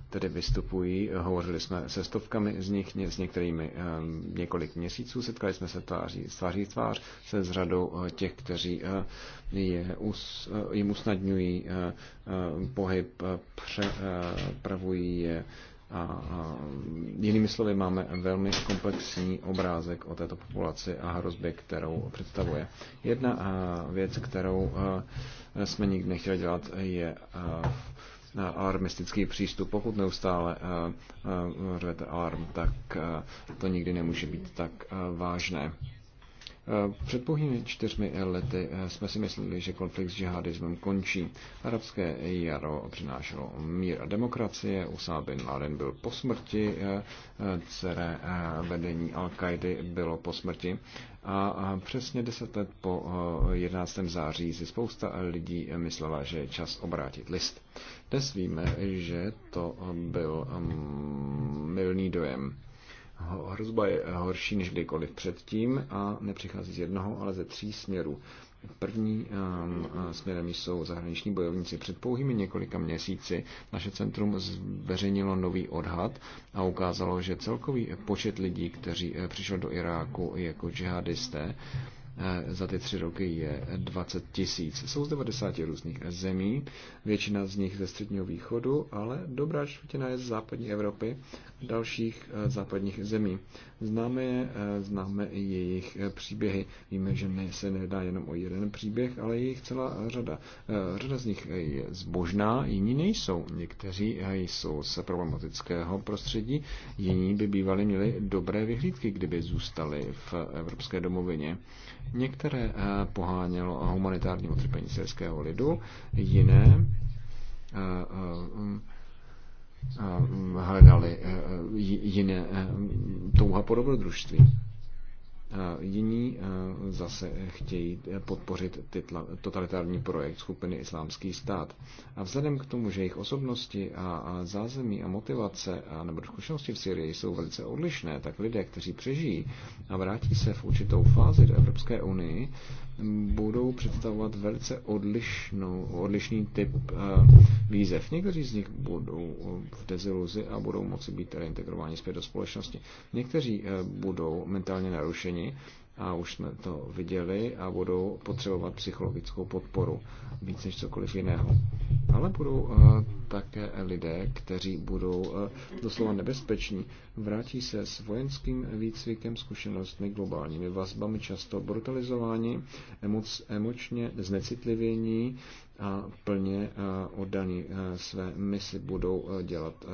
tedy vystupují. Hovořili jsme se stovkami z nich, s některými ehm, několik měsíců. Setkali jsme se tváří, tváří tvář se s řadou eh, těch, kteří eh, je, eh, jim usnadňují pohyb, přepravují je. A, jinými slovy máme velmi komplexní obrázek o této populaci a hrozbě, kterou představuje. Jedna věc, kterou jsme nikdy nechtěli dělat, je alarmistický přístup. Pokud neustále rvete eh, eh, alarm, tak eh, to nikdy nemůže být tak vážné. Před pouhými čtyřmi lety jsme si mysleli, že konflikt s džihadismem končí. Arabské jaro přinášelo mír a demokracie, Usama bin Laden byl po smrti, dcere vedení al kaidy bylo po smrti a přesně deset let po 11. září si spousta lidí myslela, že je čas obrátit list. Dnes víme, že to byl milný um, dojem. Hrozba je horší než kdykoliv předtím a nepřichází z jednoho, ale ze tří směrů. První um, uh, směrem jsou zahraniční bojovníci. Před pouhými několika měsíci naše centrum zveřejnilo nový odhad a ukázalo, že celkový počet lidí, kteří eh, přišli do Iráku jako džihadisté, za ty tři roky je 20 tisíc. Jsou z 90 různých zemí, většina z nich ze středního východu, ale dobrá čtvrtina je z západní Evropy, dalších e, západních zemí. Známe je, známe i jejich e, příběhy. Víme, že ne, se nedá jenom o jeden příběh, ale je jich celá řada. E, řada z nich je zbožná, jiní nejsou. Někteří jsou z problematického prostředí, jiní by bývali měli dobré vyhlídky, kdyby zůstali v evropské domovině. Některé eh, pohánělo humanitární utrpení syrského lidu, jiné eh, eh, hledali jiné touha po dobrodružství. Jiní e, zase chtějí podpořit totalitární projekt skupiny Islámský stát. A vzhledem k tomu, že jejich osobnosti a zázemí a motivace a nebo zkušenosti v Syrii jsou velice odlišné, tak lidé, kteří přežijí a vrátí se v určitou fázi do Evropské unii, budou představovat velice odlišnou, odlišný typ eh, výzev. Někteří z nich budou eh, v deziluzi a budou moci být reintegrováni zpět do společnosti. Někteří eh, budou mentálně narušeni a už jsme to viděli a budou potřebovat psychologickou podporu víc než cokoliv jiného. Ale budou eh, také lidé, kteří budou eh, doslova nebezpeční. Vrátí se s vojenským výcvikem, zkušenostmi, globálními vazbami, často brutalizování, emoc, emočně znecitlivění a plně eh, oddaní své misi budou dělat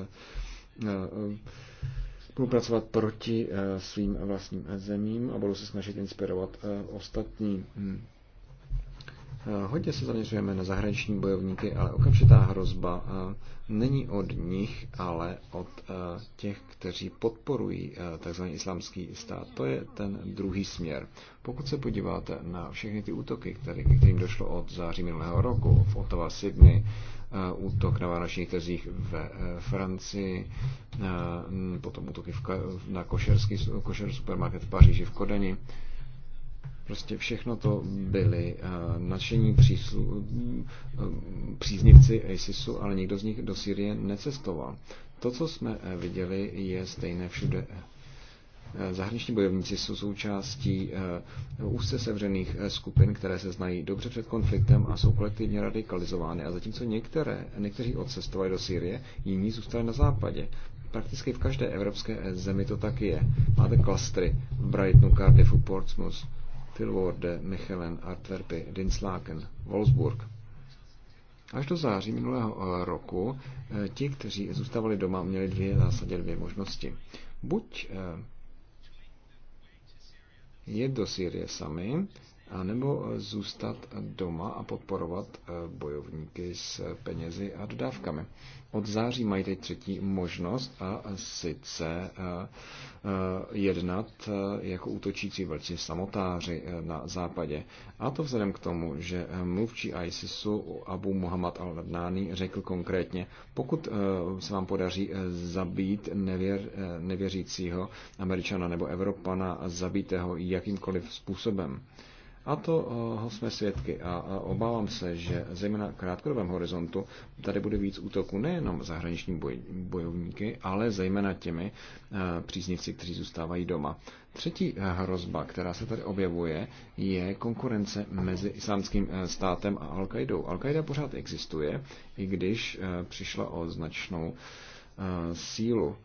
pracovat proti eh, svým vlastním zemím a budou se snažit inspirovat eh, ostatní. Hmm. Eh, hodně se zaměřujeme na zahraniční bojovníky, ale okamžitá hrozba není od nich, ale od těch, kteří podporují tzv. islámský stát. To je ten druhý směr. Pokud se podíváte na všechny ty útoky, které, kterým došlo od září minulého roku v Ottawa, Sydney, Eh, útok na vánočních trzích ve eh, Francii, eh, potom útoky na košerský, košer supermarket v Paříži v Kodani. Prostě všechno to byli nadšení příslu, příznivci ISISu, ale nikdo z nich do Syrie necestoval. To, co jsme viděli, je stejné všude Zahraniční bojovníci jsou součástí eh, úzce sevřených eh, skupin, které se znají dobře před konfliktem a jsou kolektivně radikalizovány. A zatímco některé, někteří odcestovali do Sýrie, jiní zůstali na západě. Prakticky v každé evropské eh, zemi to tak je. Máte klastry v Brightonu, Cardiffu, Portsmouth, Tilworde, Michelen, Antwerpy, Dinslaken, Wolfsburg. Až do září minulého roku ti, kteří zůstávali doma, měli dvě zásadě dvě možnosti. Buď jet do Syrie sami, anebo zůstat doma a podporovat eh, bojovníky s penězi a dodávkami. Od září mají teď třetí možnost a sice eh, eh, jednat eh, jako útočící vlci samotáři na západě. A to vzhledem k tomu, že mluvčí ISISu Abu Muhammad al-Nadnani řekl konkrétně, pokud se vám podaří zabít nevěr, nevěřícího američana nebo evropana, zabijte ho jakýmkoliv způsobem. A to eh, jsme svědky a obávám se, že zejména v krátkodobém horizontu tady bude víc útoku nejenom zahraniční boj, bojovníky, ale zejména těmi eh, příznivci, kteří zůstávají doma. Třetí eh, hrozba, která se tady objevuje, je konkurence mezi islámským státem a Al-Qaidou. Al-Qaida pořád existuje, i když přišla o značnou sílu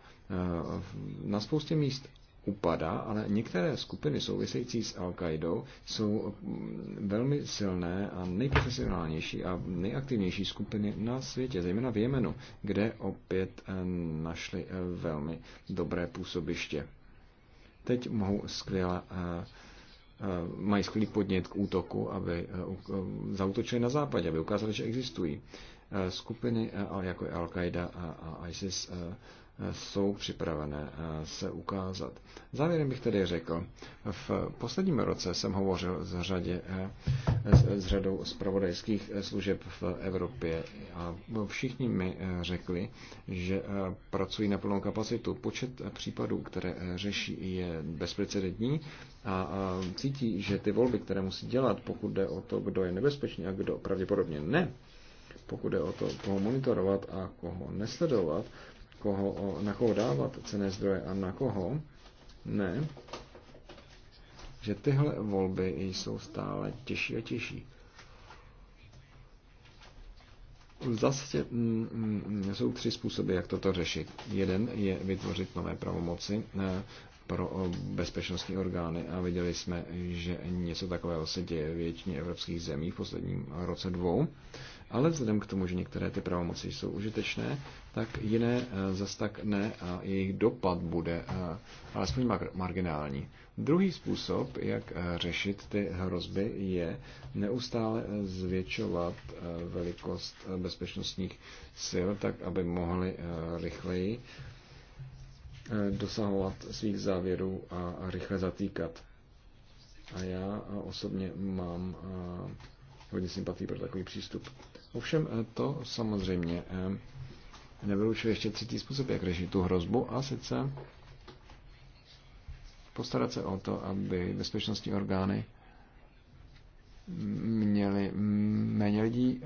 na spoustě míst upadá, ale některé skupiny související s al qaidou jsou mm, velmi silné a nejprofesionálnější a nejaktivnější skupiny na světě, zejména v Jemenu, kde opět eh, našli eh, velmi dobré působiště. Teď mohou skvěle eh, mají skvělý podnět k útoku, aby zautočili na západě, aby ukázali, že existují. Skupiny jako je Al-Qaida a ISIS jsou připravené eh, se ukázat. Závěrem bych tedy řekl, v posledním roce jsem hovořil s, řadě, eh, s řadou zpravodajských eh, služeb v Evropě a všichni mi řekli, že pracují na plnou kapacitu. Počet případů, které řeší, je bezprecedentní a cítí, že ty volby, které musí dělat, pokud jde o to, kdo je nebezpečný a kdo pravděpodobně ne, pokud je o to, koho monitorovat a koho nesledovat, koho, na koho dávat cené zdroje a na koho ne, že tyhle volby jsou stále těžší a těžší. Zase mm, mm, mm, jsou tři způsoby, jak toto řešit. Jeden je vytvořit nové pravomoci eh, pro eh, bezpečnostní orgány a viděli jsme, že něco takového se děje většině evropských zemí v posledním roce dvou. Ale vzhledem k tomu, že některé ty pravomoci jsou užitečné, tak jiné eh, zas tak ne a jejich dopad bude eh, alespoň marginální. Druhý způsob, jak eh, řešit ty hrozby, je neustále zvětšovat velikost bezpečnostních sil, tak aby mohly rychleji dosahovat svých závěrů a rychle zatýkat. A já osobně mám hodně sympatí pro takový přístup. Ovšem eh, to samozřejmě eh, nevylučuje ještě třetí způsob, jak řešit tu hrozbu, a sice postarat se o to, aby bezpečnostní orgány měly méně lidí,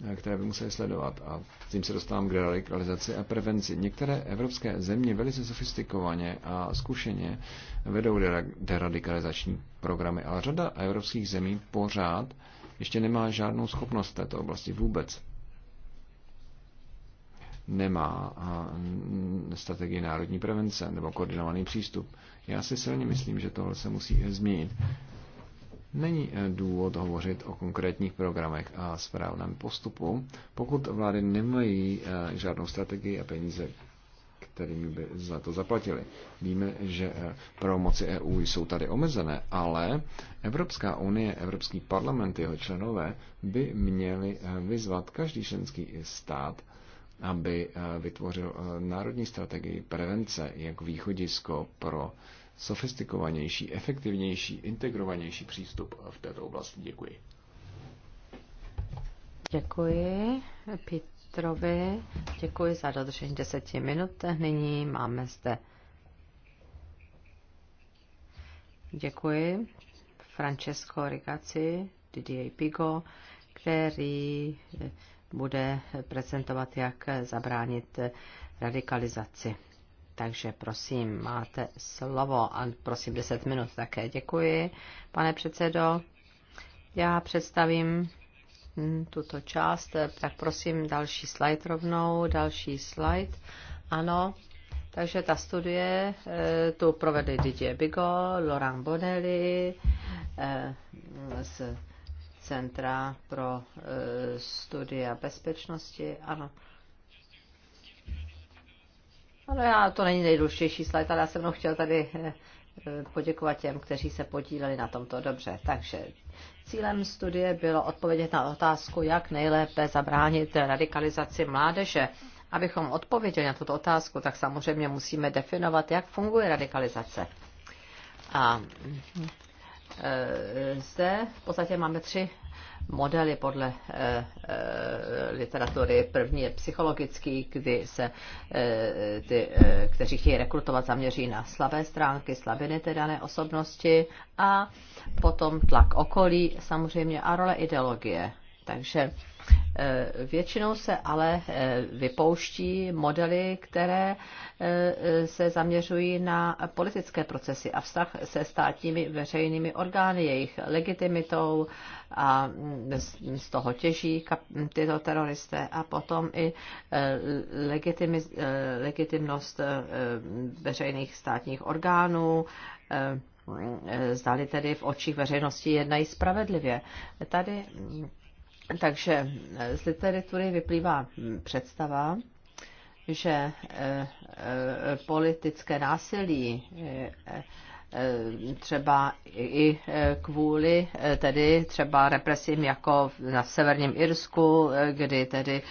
eh, které by museli sledovat. A tím se dostávám k realizaci a prevenci. Některé evropské země velice sofistikovaně a zkušeně vedou deradikalizační programy, ale řada evropských zemí pořád ještě nemá žádnou schopnost v této oblasti vůbec. Nemá strategii národní prevence nebo koordinovaný přístup. Já si silně myslím, že tohle se musí změnit. Není e, důvod hovořit o konkrétních programech a správném postupu, pokud vlády nemají e, žádnou strategii a peníze kterými by za to zaplatili. Víme, že eh, pravomoci EU jsou tady omezené, ale Evropská unie, Evropský parlament, jeho členové by měli eh, vyzvat každý členský stát, aby eh, vytvořil národní strategii prevence jako východisko pro sofistikovanější, efektivnější, integrovanější přístup v této oblasti. Děkuji. Děkuji. Petrovi. Děkuji za dodržení deseti minut. Nyní máme zde. Děkuji Francesco Rigaci, Didier Pigo, který eh, bude prezentovat, jak zabránit eh, radikalizaci. Takže prosím, máte slovo a prosím 10 minut také. Děkuji, pane předsedo. Já představím Hm, tuto část, eh, tak prosím další slide rovnou, další slide. Ano, takže ta studie eh, tu provedli Didier Bigo, Laurent Bonelli eh, z Centra pro studia bezpečnosti. Ano. Ano, já, to není nejdůležitější slide, ale já jsem chtěl tady poděkovat těm, kteří se podíleli na tomto dobře. Takže Cílem studie bylo odpovědět na otázku, jak nejlépe zabránit radikalizaci mládeže. Abychom odpověděli na tuto otázku, tak samozřejmě musíme definovat, jak funguje radikalizace. A e, zde v podstatě máme tři modely podle eh, eh, literatury. První je psychologický, kdy se eh, ty, kteří chtějí rekrutovat, zaměří na slabé stránky, slabiny té dané osobnosti a potom tlak okolí samozřejmě a role ideologie. Takže Eh, většinou se ale eh, vypouští modely, které eh, se zaměřují na politické procesy a vztah se státními veřejnými orgány, jejich legitimitou a mm, z toho těží tyto teroristé a potom i legitimnost veřejných státních orgánů, mm, zdali tedy v očích veřejnosti jednají spravedlivě. Tady mm, takže z literatury vyplývá představa, že eh, eh, politické násilí eh, třeba i kvůli tedy třeba represím jako na severním Irsku, kdy tedy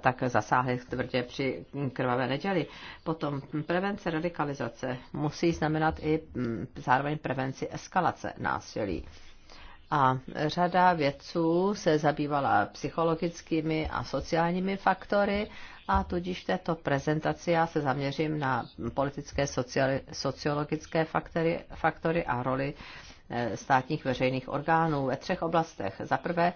tak zasáhli tvrdě při krvavé neděli. Potom prevence radikalizace musí znamenat i mm, zároveň prevenci eskalace násilí. A řada vědců se zabývala psychologickými a sociálními faktory a tudíž v této prezentaci já se zaměřím na politické sociali, sociologické faktory, faktory a roli eh, státních veřejných orgánů ve třech oblastech. Za prvé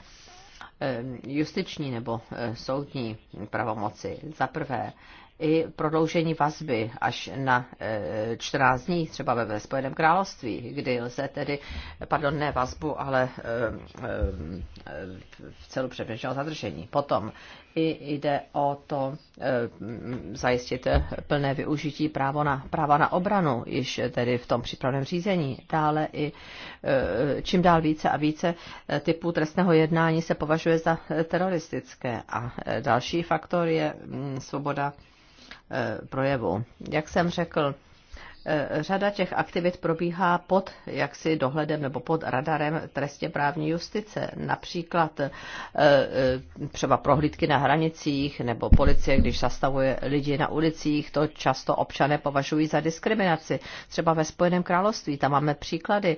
eh, justiční nebo eh, soudní pravomoci. Za prvé i prodloužení vazby až na 14 e, dní, třeba ve Spojeném království, kdy lze tedy, pardon, ne vazbu, ale e, e, v celu předběžného zadržení. Potom i jde o to zajistit plné využití právo na, práva na obranu, již tedy v tom přípravném řízení. Dále i čím dál více a více typů trestného jednání se považuje za teroristické. A další faktor je svoboda Eh, projevu. Jak jsem řekl, eh, řada těch aktivit probíhá pod jaksi dohledem nebo pod radarem trestně právní justice. Například eh, třeba prohlídky na hranicích nebo policie, když zastavuje lidi na ulicích, to často občané považují za diskriminaci. Třeba ve Spojeném království, tam máme příklady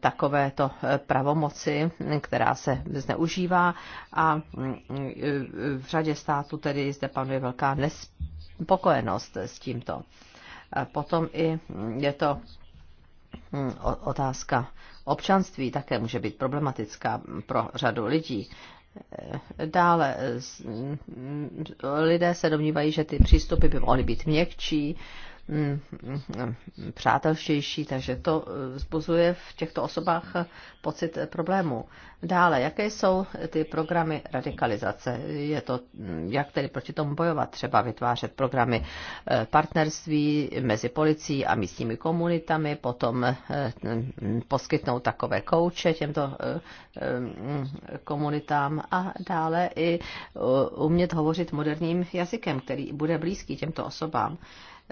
takovéto pravomoci, která se zneužívá a mm, v řadě států tedy zde panuje velká nespravedlnost spokojenost s tímto. A potom i je to hm, otázka občanství také může být problematická pro řadu lidí. E, dále hm, lidé se domnívají, že ty přístupy by mohly být měkčí Mm, mm, mm, přátelštější, takže to eh, vzbuzuje v těchto osobách eh, pocit eh, problému. Dále, jaké jsou ty programy radikalizace? Je to, jak tedy proti tomu bojovat? Třeba vytvářet programy partnerství mezi policií a místními komunitami, potom poskytnout takové kouče těmto komunitám a dále i umět hovořit moderním jazykem, který bude blízký těmto osobám.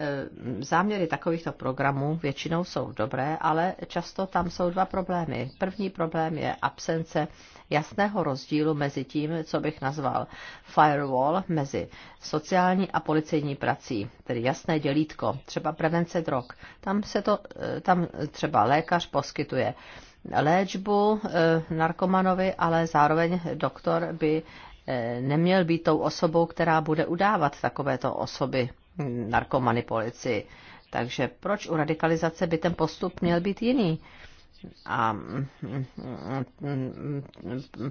Eh, záměry takovýchto programů většinou jsou dobré, ale často tam jsou dva problémy. První problém je absence jasného rozdílu mezi tím, co bych nazval firewall, mezi sociální a policejní prací, tedy jasné dělítko, třeba prevence drog. Tam se to, eh, tam třeba lékař poskytuje léčbu eh, narkomanovi, ale zároveň doktor by neměl být tou osobou, která bude udávat takovéto osoby narkomany policii. Takže proč u radikalizace by ten postup měl být jiný? A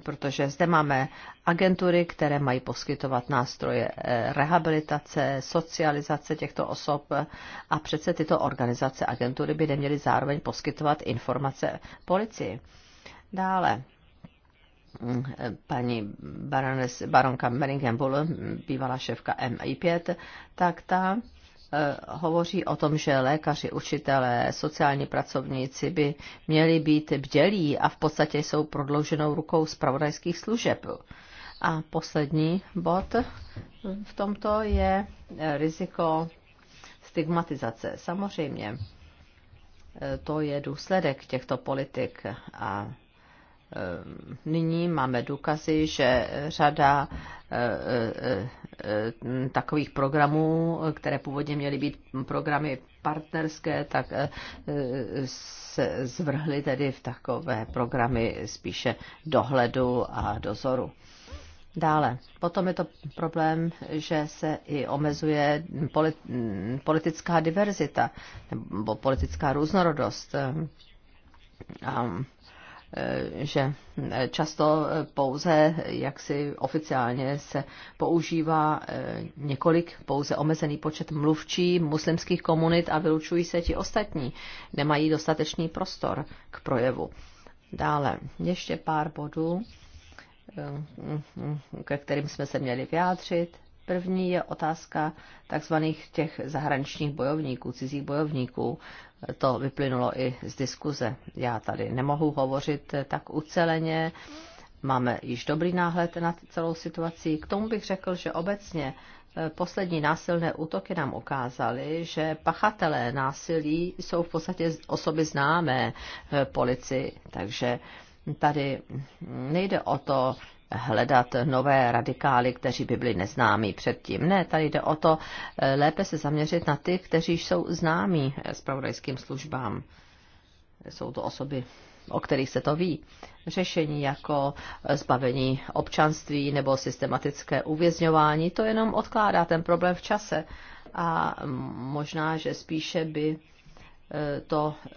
protože zde máme agentury, které mají poskytovat nástroje eh, rehabilitace, socializace těchto osob a přece tyto organizace agentury by neměly zároveň poskytovat informace policii. Dále paní barones, baronka Bull, bývalá šéfka MI5, tak ta eh, hovoří o tom, že lékaři, učitelé, sociální pracovníci by měli být bdělí a v podstatě jsou prodlouženou rukou zpravodajských služeb. A poslední bod v tomto je eh, riziko stigmatizace. Samozřejmě eh, to je důsledek těchto politik a Ehm, nyní máme důkazy, že řada eh, eh, eh, takových programů, které původně měly být programy partnerské, tak se zvrhly tedy v takové programy spíše dohledu a dozoru. Dále, potom je to problém, že se i omezuje politická diverzita nebo politická různorodost. Ehm, Eh, že eh, často pouze jaksi oficiálně se používá eh, několik, pouze omezený počet mluvčí muslimských komunit a vylučují se ti ostatní. Nemají dostatečný prostor k projevu. Dále ještě pár bodů, ke kterým jsme se měli vyjádřit. První je otázka takzvaných těch zahraničních bojovníků, cizích bojovníků. To vyplynulo i z diskuze. Já tady nemohu hovořit tak uceleně. Máme již dobrý náhled na celou situaci. K tomu bych řekl, že obecně eh, poslední násilné útoky nám ukázaly, že pachatelé násilí jsou v podstatě osoby známé eh, policii, takže tady nejde o to hledat nové radikály, kteří by byli neznámí předtím. Ne, tady jde o to eh, lépe se zaměřit na ty, kteří jsou známí spravodajským eh, službám. Jsou to osoby, o kterých se to ví. Řešení jako eh, zbavení občanství nebo systematické uvězňování, to jenom odkládá ten problém v čase. A mm, možná, že spíše by to eh,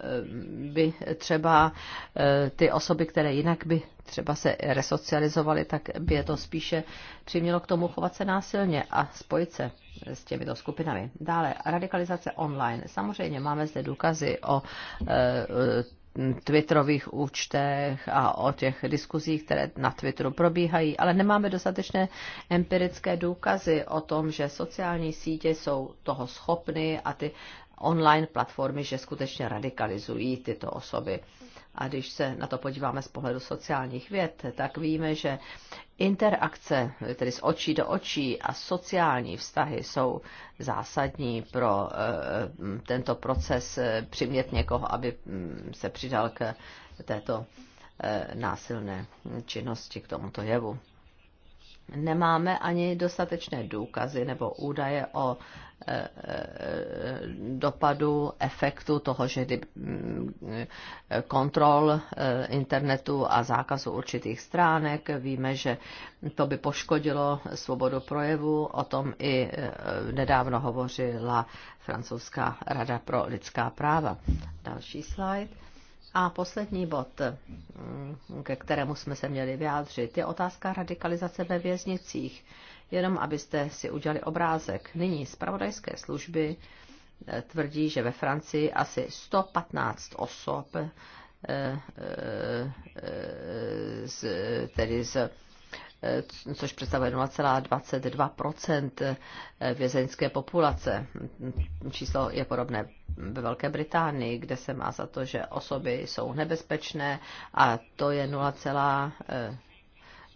by třeba eh, ty osoby, které jinak by třeba se resocializovaly, tak by je to spíše přimělo k tomu chovat se násilně a spojit se s těmito skupinami. Dále, radikalizace online. Samozřejmě máme zde důkazy o eh, twitterových účtech a o těch diskuzích, které na Twitteru probíhají, ale nemáme dostatečné empirické důkazy o tom, že sociální sítě jsou toho schopny a ty online platformy, že skutečně radikalizují tyto osoby. A když se na to podíváme z pohledu sociálních věd, tak víme, že interakce, tedy z očí do očí a sociální vztahy jsou zásadní pro eh, tento proces eh, přimět někoho, aby mm, se přidal k této eh, násilné činnosti, k tomuto jevu. Nemáme ani dostatečné důkazy nebo údaje o dopadu, efektu toho, že mm, kontrol eh, internetu a zákazu určitých stránek. Víme, že to by poškodilo svobodu projevu. O tom i eh, nedávno hovořila Francouzská rada pro lidská práva. Další slide. A poslední bod, mm, ke kterému jsme se měli vyjádřit, je otázka radikalizace ve věznicích. Jenom abyste si udělali obrázek. Nyní zpravodajské služby eh, tvrdí, že ve Francii asi 115 osob eh, eh, z, tedy z což představuje 0,22 vězeňské populace. Číslo je podobné ve Velké Británii, kde se má za to, že osoby jsou nebezpečné a to je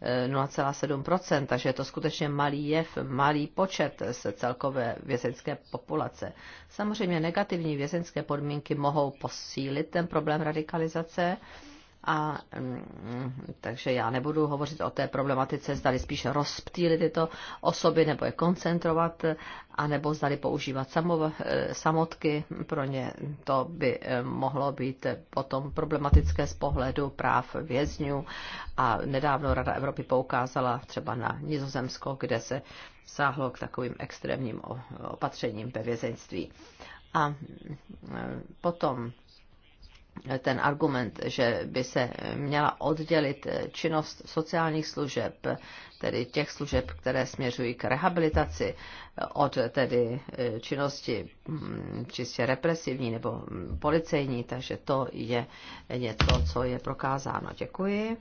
0,7%, takže je to skutečně malý jev, malý počet z celkové vězeňské populace. Samozřejmě negativní vězeňské podmínky mohou posílit ten problém radikalizace, a mm, takže já nebudu hovořit o té problematice, zdali spíš rozptýlit tyto osoby, nebo je koncentrovat, anebo zdali používat samov, eh, samotky pro ně. To by eh, mohlo být potom problematické z pohledu práv vězňů. A nedávno Rada Evropy poukázala třeba na Nizozemsko, kde se sáhlo k takovým extrémním opatřením ve vězeňství. A mm, eh, potom ten argument, že by se měla oddělit činnost sociálních služeb, tedy těch služeb, které směřují k rehabilitaci, od tedy eh, činnosti mm, čistě represivní nebo mm, policejní, takže to je něco, co je prokázáno. Děkuji.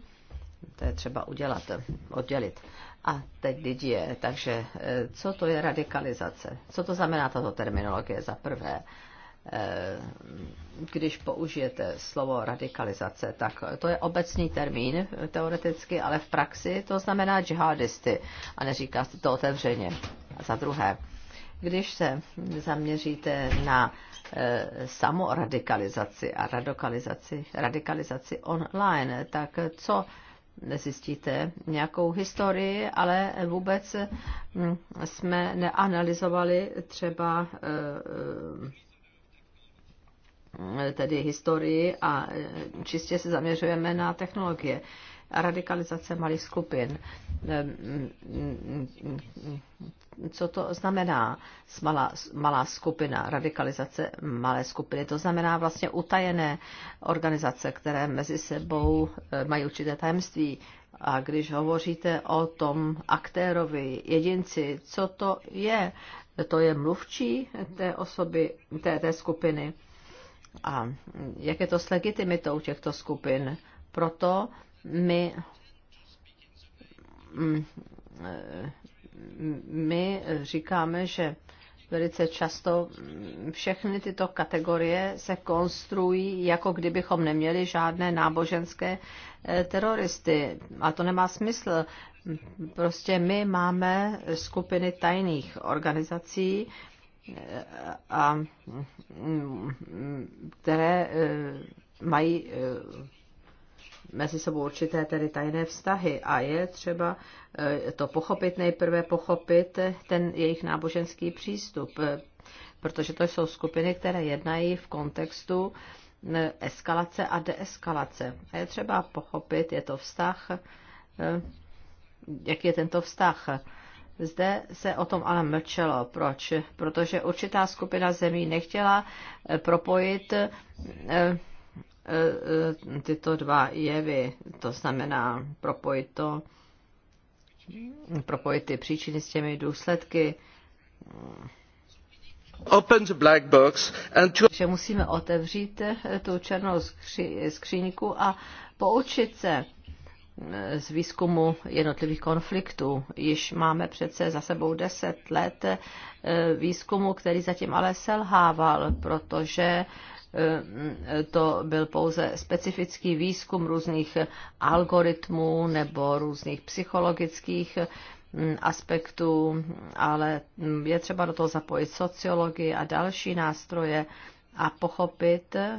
To je třeba udělat, oddělit. A teď Didie, takže eh, co to je radikalizace? Co to znamená tato terminologie za prvé? Eh, když použijete slovo radikalizace, tak to je obecný termín eh, teoreticky, ale v praxi to znamená džihadisty a neříká se to otevřeně. A za druhé, když se zaměříte na e, samoradikalizaci a radikalizaci, radikalizaci online, tak co zjistíte nějakou historii, ale vůbec hm, jsme neanalyzovali třeba e, tedy historii a e, čistě se zaměřujeme na technologie. Radikalizace malých skupin. E, co to znamená malá, malá skupina, radikalizace malé skupiny? To znamená vlastně utajené organizace, které mezi sebou e, mají určité tajemství. A když hovoříte o tom aktérovi, jedinci, co to je? To je mluvčí té osoby, té, té skupiny a jak je to s legitimitou těchto skupin? Proto my mm, mm, my říkáme, že velice často všechny tyto kategorie se konstruují, jako kdybychom neměli žádné náboženské eh, teroristy. A to nemá smysl. Prostě my máme skupiny tajných organizací, a které e, mají e, mezi sebou určité tedy tajné vztahy a je třeba e, to pochopit, nejprve pochopit ten jejich náboženský přístup, protože to jsou skupiny, které jednají v kontextu eskalace a deeskalace. A je třeba pochopit, je to vztah, jak je tento vztah zde se o tom ale mlčelo. Proč? Protože určitá skupina zemí nechtěla eh, propojit eh, eh, tyto dva jevy, to znamená propojit to, propojit ty příčiny s těmi důsledky. Open the black box and to... Že musíme otevřít tu černou skří, skříňku a poučit se z výzkumu jednotlivých konfliktů. Již máme přece za sebou deset let eh, výzkumu, který zatím ale selhával, protože eh, to byl pouze specifický výzkum různých algoritmů nebo různých psychologických mm, aspektů, ale mm, je třeba do toho zapojit sociologii a další nástroje a pochopit, eh,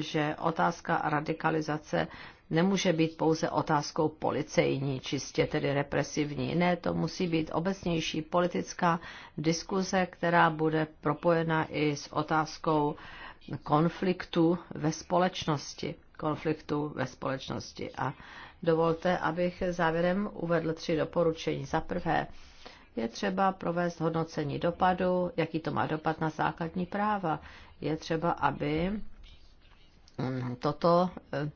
že otázka radikalizace nemůže být pouze otázkou policejní, čistě tedy represivní. Ne, to musí být obecnější politická diskuze, která bude propojena i s otázkou konfliktu ve společnosti. Konfliktu ve společnosti. A dovolte, abych závěrem uvedl tři doporučení. Za prvé, je třeba provést hodnocení dopadu, jaký to má dopad na základní práva. Je třeba, aby toto eh,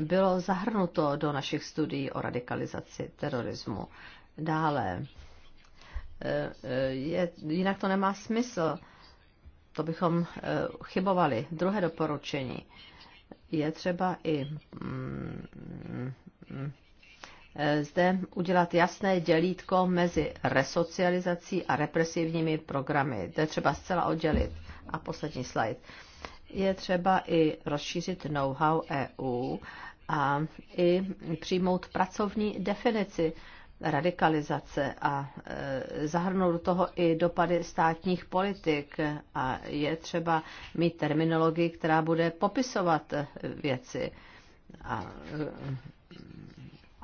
bylo zahrnuto do našich studií o radikalizaci terorismu. Dále, e, e, je, jinak to nemá smysl, to bychom e, chybovali. Druhé doporučení je třeba i mm, mm, zde udělat jasné dělítko mezi resocializací a represivními programy. To je třeba zcela oddělit. A poslední slide je třeba i rozšířit know-how EU a i přijmout pracovní definici radikalizace a e, zahrnout do toho i dopady státních politik a je třeba mít terminologii, která bude popisovat e, věci. A,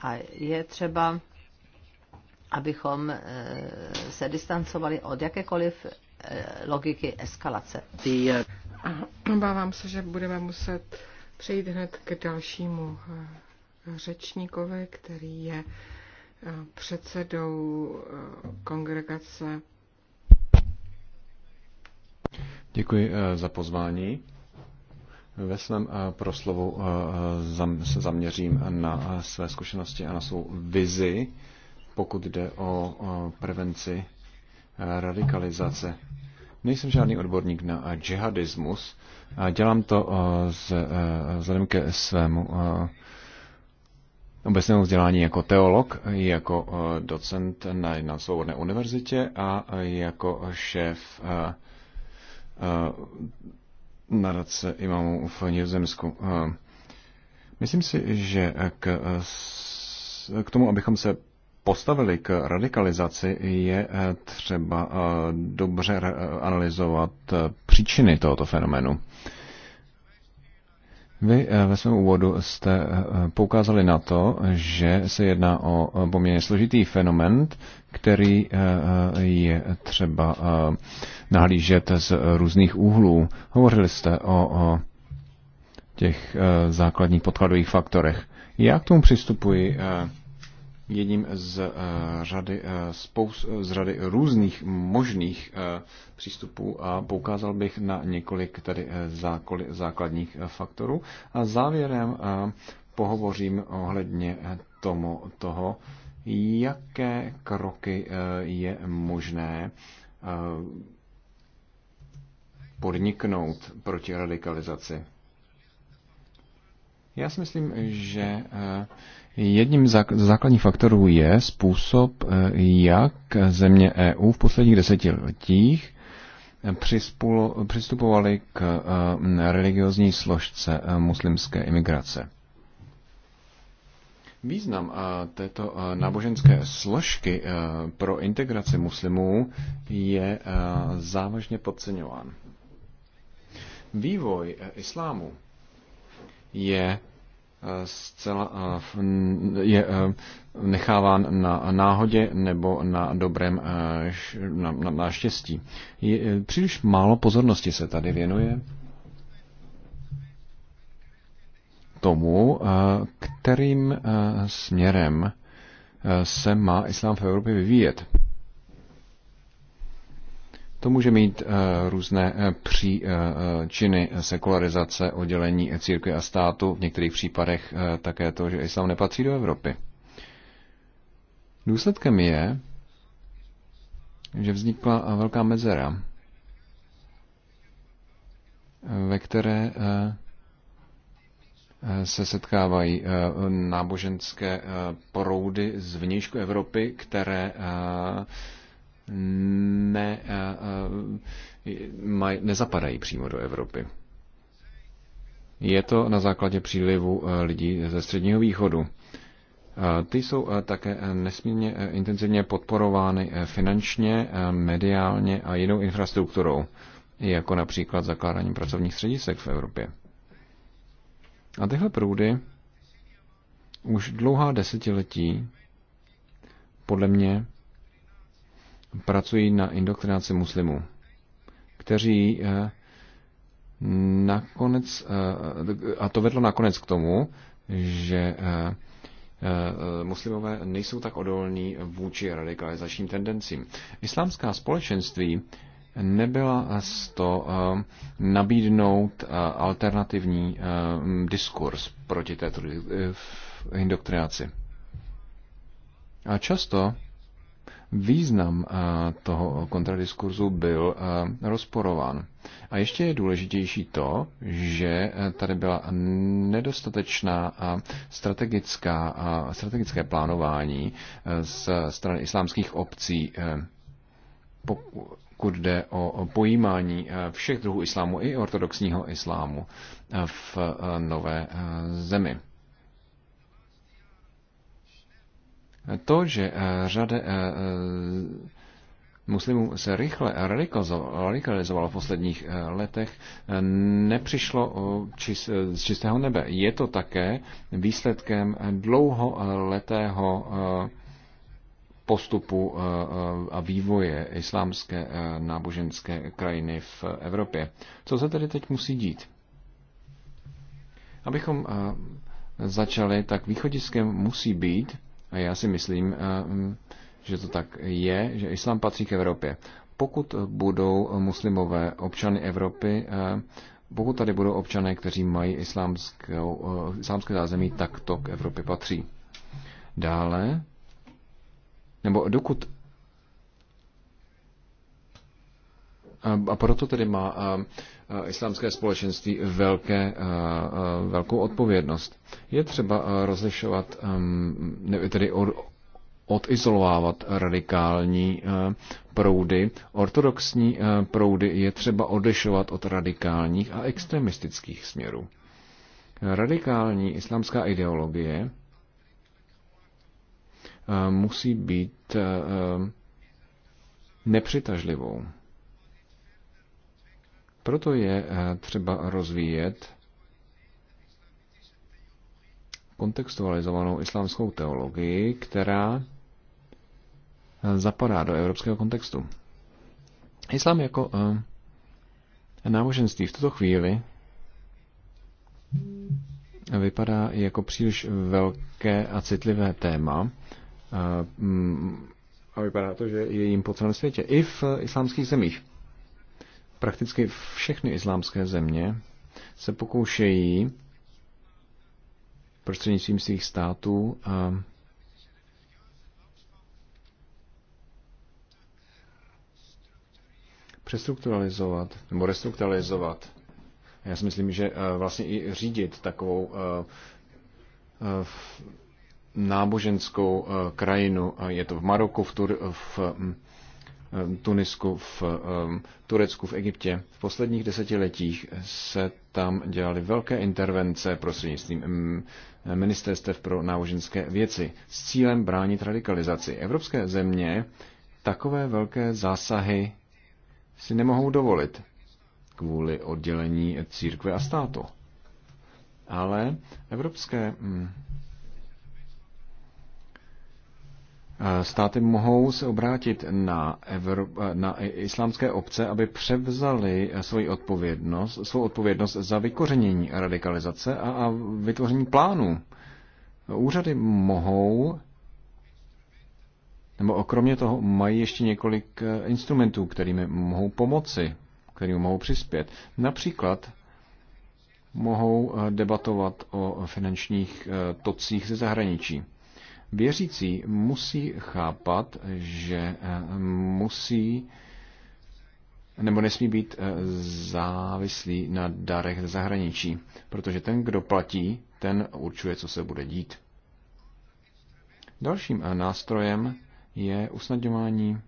e, a je třeba, abychom se distancovali od jakékoliv logiky eskalace. A obávám se, že budeme muset přejít hned k dalšímu eh, řečníkovi, který je eh, předsedou eh, kongregace. Děkuji za pozvání. Ve svém proslovu se zaměřím na své zkušenosti a na svou vizi, pokud jde o prevenci radikalizace. Nejsem žádný odborník na eh, džihadismus. Dělám to eh, z, eh, vzhledem ke svému obecnému vzdělání jako teolog, jako docent na, na svobodné univerzitě a jako šéf nadace imamu v Nizozemsku. Myslím si, že k, k tomu, abychom se postavili k radikalizaci, je eh, třeba eh, dobře eh, analyzovat příčiny tohoto fenoménu. Vy ve svém úvodu jste poukázali na to, že se jedná o poměrně složitý fenomen, který je třeba nahlížet z různých úhlů. Hovořili jste o těch základních podkladových faktorech. Jak k tomu přistupuji jedním z eh, řady, eh, spoust, z řady různých možných eh, přístupů a poukázal bych na několik tady základních faktorů. A závěrem pohovořím ohledně tomu, toho, jaké kroky je možné podniknout proti radikalizaci. Já si myslím, že Jedním z základních faktorů je způsob, eh, jak země EU v posledních desetiletích eh, přistupovaly k eh, religiozní složce muslimské imigrace. Význam této náboženské složky pro integraci muslimů je závažně podceňován. Vývoj islámu je zcela eh, je eh, necháván na náhodě nebo na dobrém eh, na, na, na štěstí. Je, příliš málo pozornosti se tady věnuje tomu, kterým směrem se má islám v Evropě vyvíjet. To může mít eh, různé eh, příčiny eh, sekularizace, oddělení církve a státu, v některých případech také to, že islám nepatří do Evropy. Důsledkem je, že vznikla velká mezera, ve které se setkávají náboženské proudy z vnějšku Evropy, které ne, eh, eh, nezapadají přímo do Evropy. Je to na základě přílivu eh, lidí ze Středního východu. Ty jsou také nesmírně intenzivně podporovány finančně, mediálně a jinou infrastrukturou, jako například zakládáním pracovních středisek v Evropě. A tyhle proudy už dlouhá desetiletí podle mě pracují na indoktrinaci muslimů, kteří eh, nakonec, eh, a to vedlo nakonec k tomu, že eh, muslimové nejsou tak odolní vůči radikalizačním tendencím. Islámská společenství nebyla z to nabídnout alternativní diskurs proti této indoktrinaci. A často Význam eh, toho kontradiskurzu byl eh, rozporován. A ještě je důležitější to, že eh, tady byla nedostatečná strategická, strategické plánování z strany islámských obcí pokud jde o pojímání všech druhů islámu i ortodoxního islámu v nové zemi. To, že eh, řada eh, eh, muslimů se rychle radikalizovalo v posledních letech, nepřišlo z čistého nebe. Je to také výsledkem dlouholetého postupu a vývoje islámské náboženské krajiny v Evropě. Co se tedy teď musí dít? Abychom začali, tak východiskem musí být a já si myslím, eh, hm, že to tak je, že islám patří k Evropě. Pokud budou muslimové občany Evropy, eh, pokud tady budou občané, kteří mají islámskou, eh, islámské zázemí, tak to k Evropě patří. Dále, nebo dokud a proto tedy má islámské společenství velké, velkou odpovědnost. Je třeba rozlišovat, um, tedy odizolovávat radikální proudy. Ortodoxní proudy je třeba odlišovat od radikálních a extremistických směrů. Radikální islámská ideologie musí být nepřitažlivou. Proto je eh, třeba rozvíjet kontextualizovanou islámskou teologii, která eh, zapadá do evropského kontextu. Islám jako eh, náboženství v tuto chvíli vypadá jako příliš velké a citlivé téma mm, a vypadá to, že je jim po celém světě, i v islámských zemích prakticky všechny islámské země se pokoušejí prostřednictvím svých států přestrukturalizovat nebo restrukturalizovat. Já si myslím, že vlastně i řídit takovou náboženskou krajinu. Je to v Maroku, v, Tur- v Eh, Tunisku, v eh, Turecku, v Egyptě. V posledních desetiletích se tam dělaly velké intervence prostřednictvím mm, ministerstev pro náboženské věci s cílem bránit radikalizaci. Evropské země takové velké zásahy si nemohou dovolit kvůli oddělení církve a státu. Ale evropské mm, Eh, státy mohou se obrátit na, Evro- eh, na islámské obce, aby převzali eh, svoji odpovědnost, svou odpovědnost za vykořenění radikalizace a, a vytvoření plánů. Úřady mohou, nebo okromě toho mají ještě několik instrumentů, kterými mohou pomoci, kterými mohou přispět. Například mohou debatovat o finančních tocích ze zahraničí Věřící musí chápat, že eh, musí nebo nesmí být eh, závislý na darech ze zahraničí, protože ten, kdo platí, ten určuje, co se bude dít. Dalším eh, nástrojem je usnadňování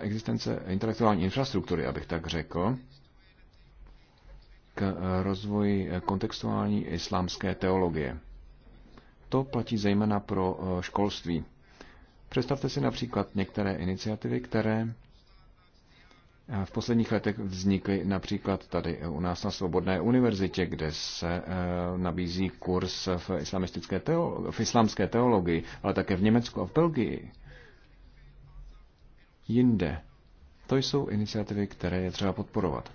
existence intelektuální infrastruktury, abych tak řekl, k eh, rozvoji eh, kontextuální islámské teologie. To platí zejména pro eh, školství. Představte si například některé iniciativy, které v posledních letech vznikly například tady u nás na Svobodné univerzitě, kde se nabízí kurz v, islamistické teolo- v islámské teologii, ale také v Německu a v Belgii. Jinde. To jsou iniciativy, které je třeba podporovat.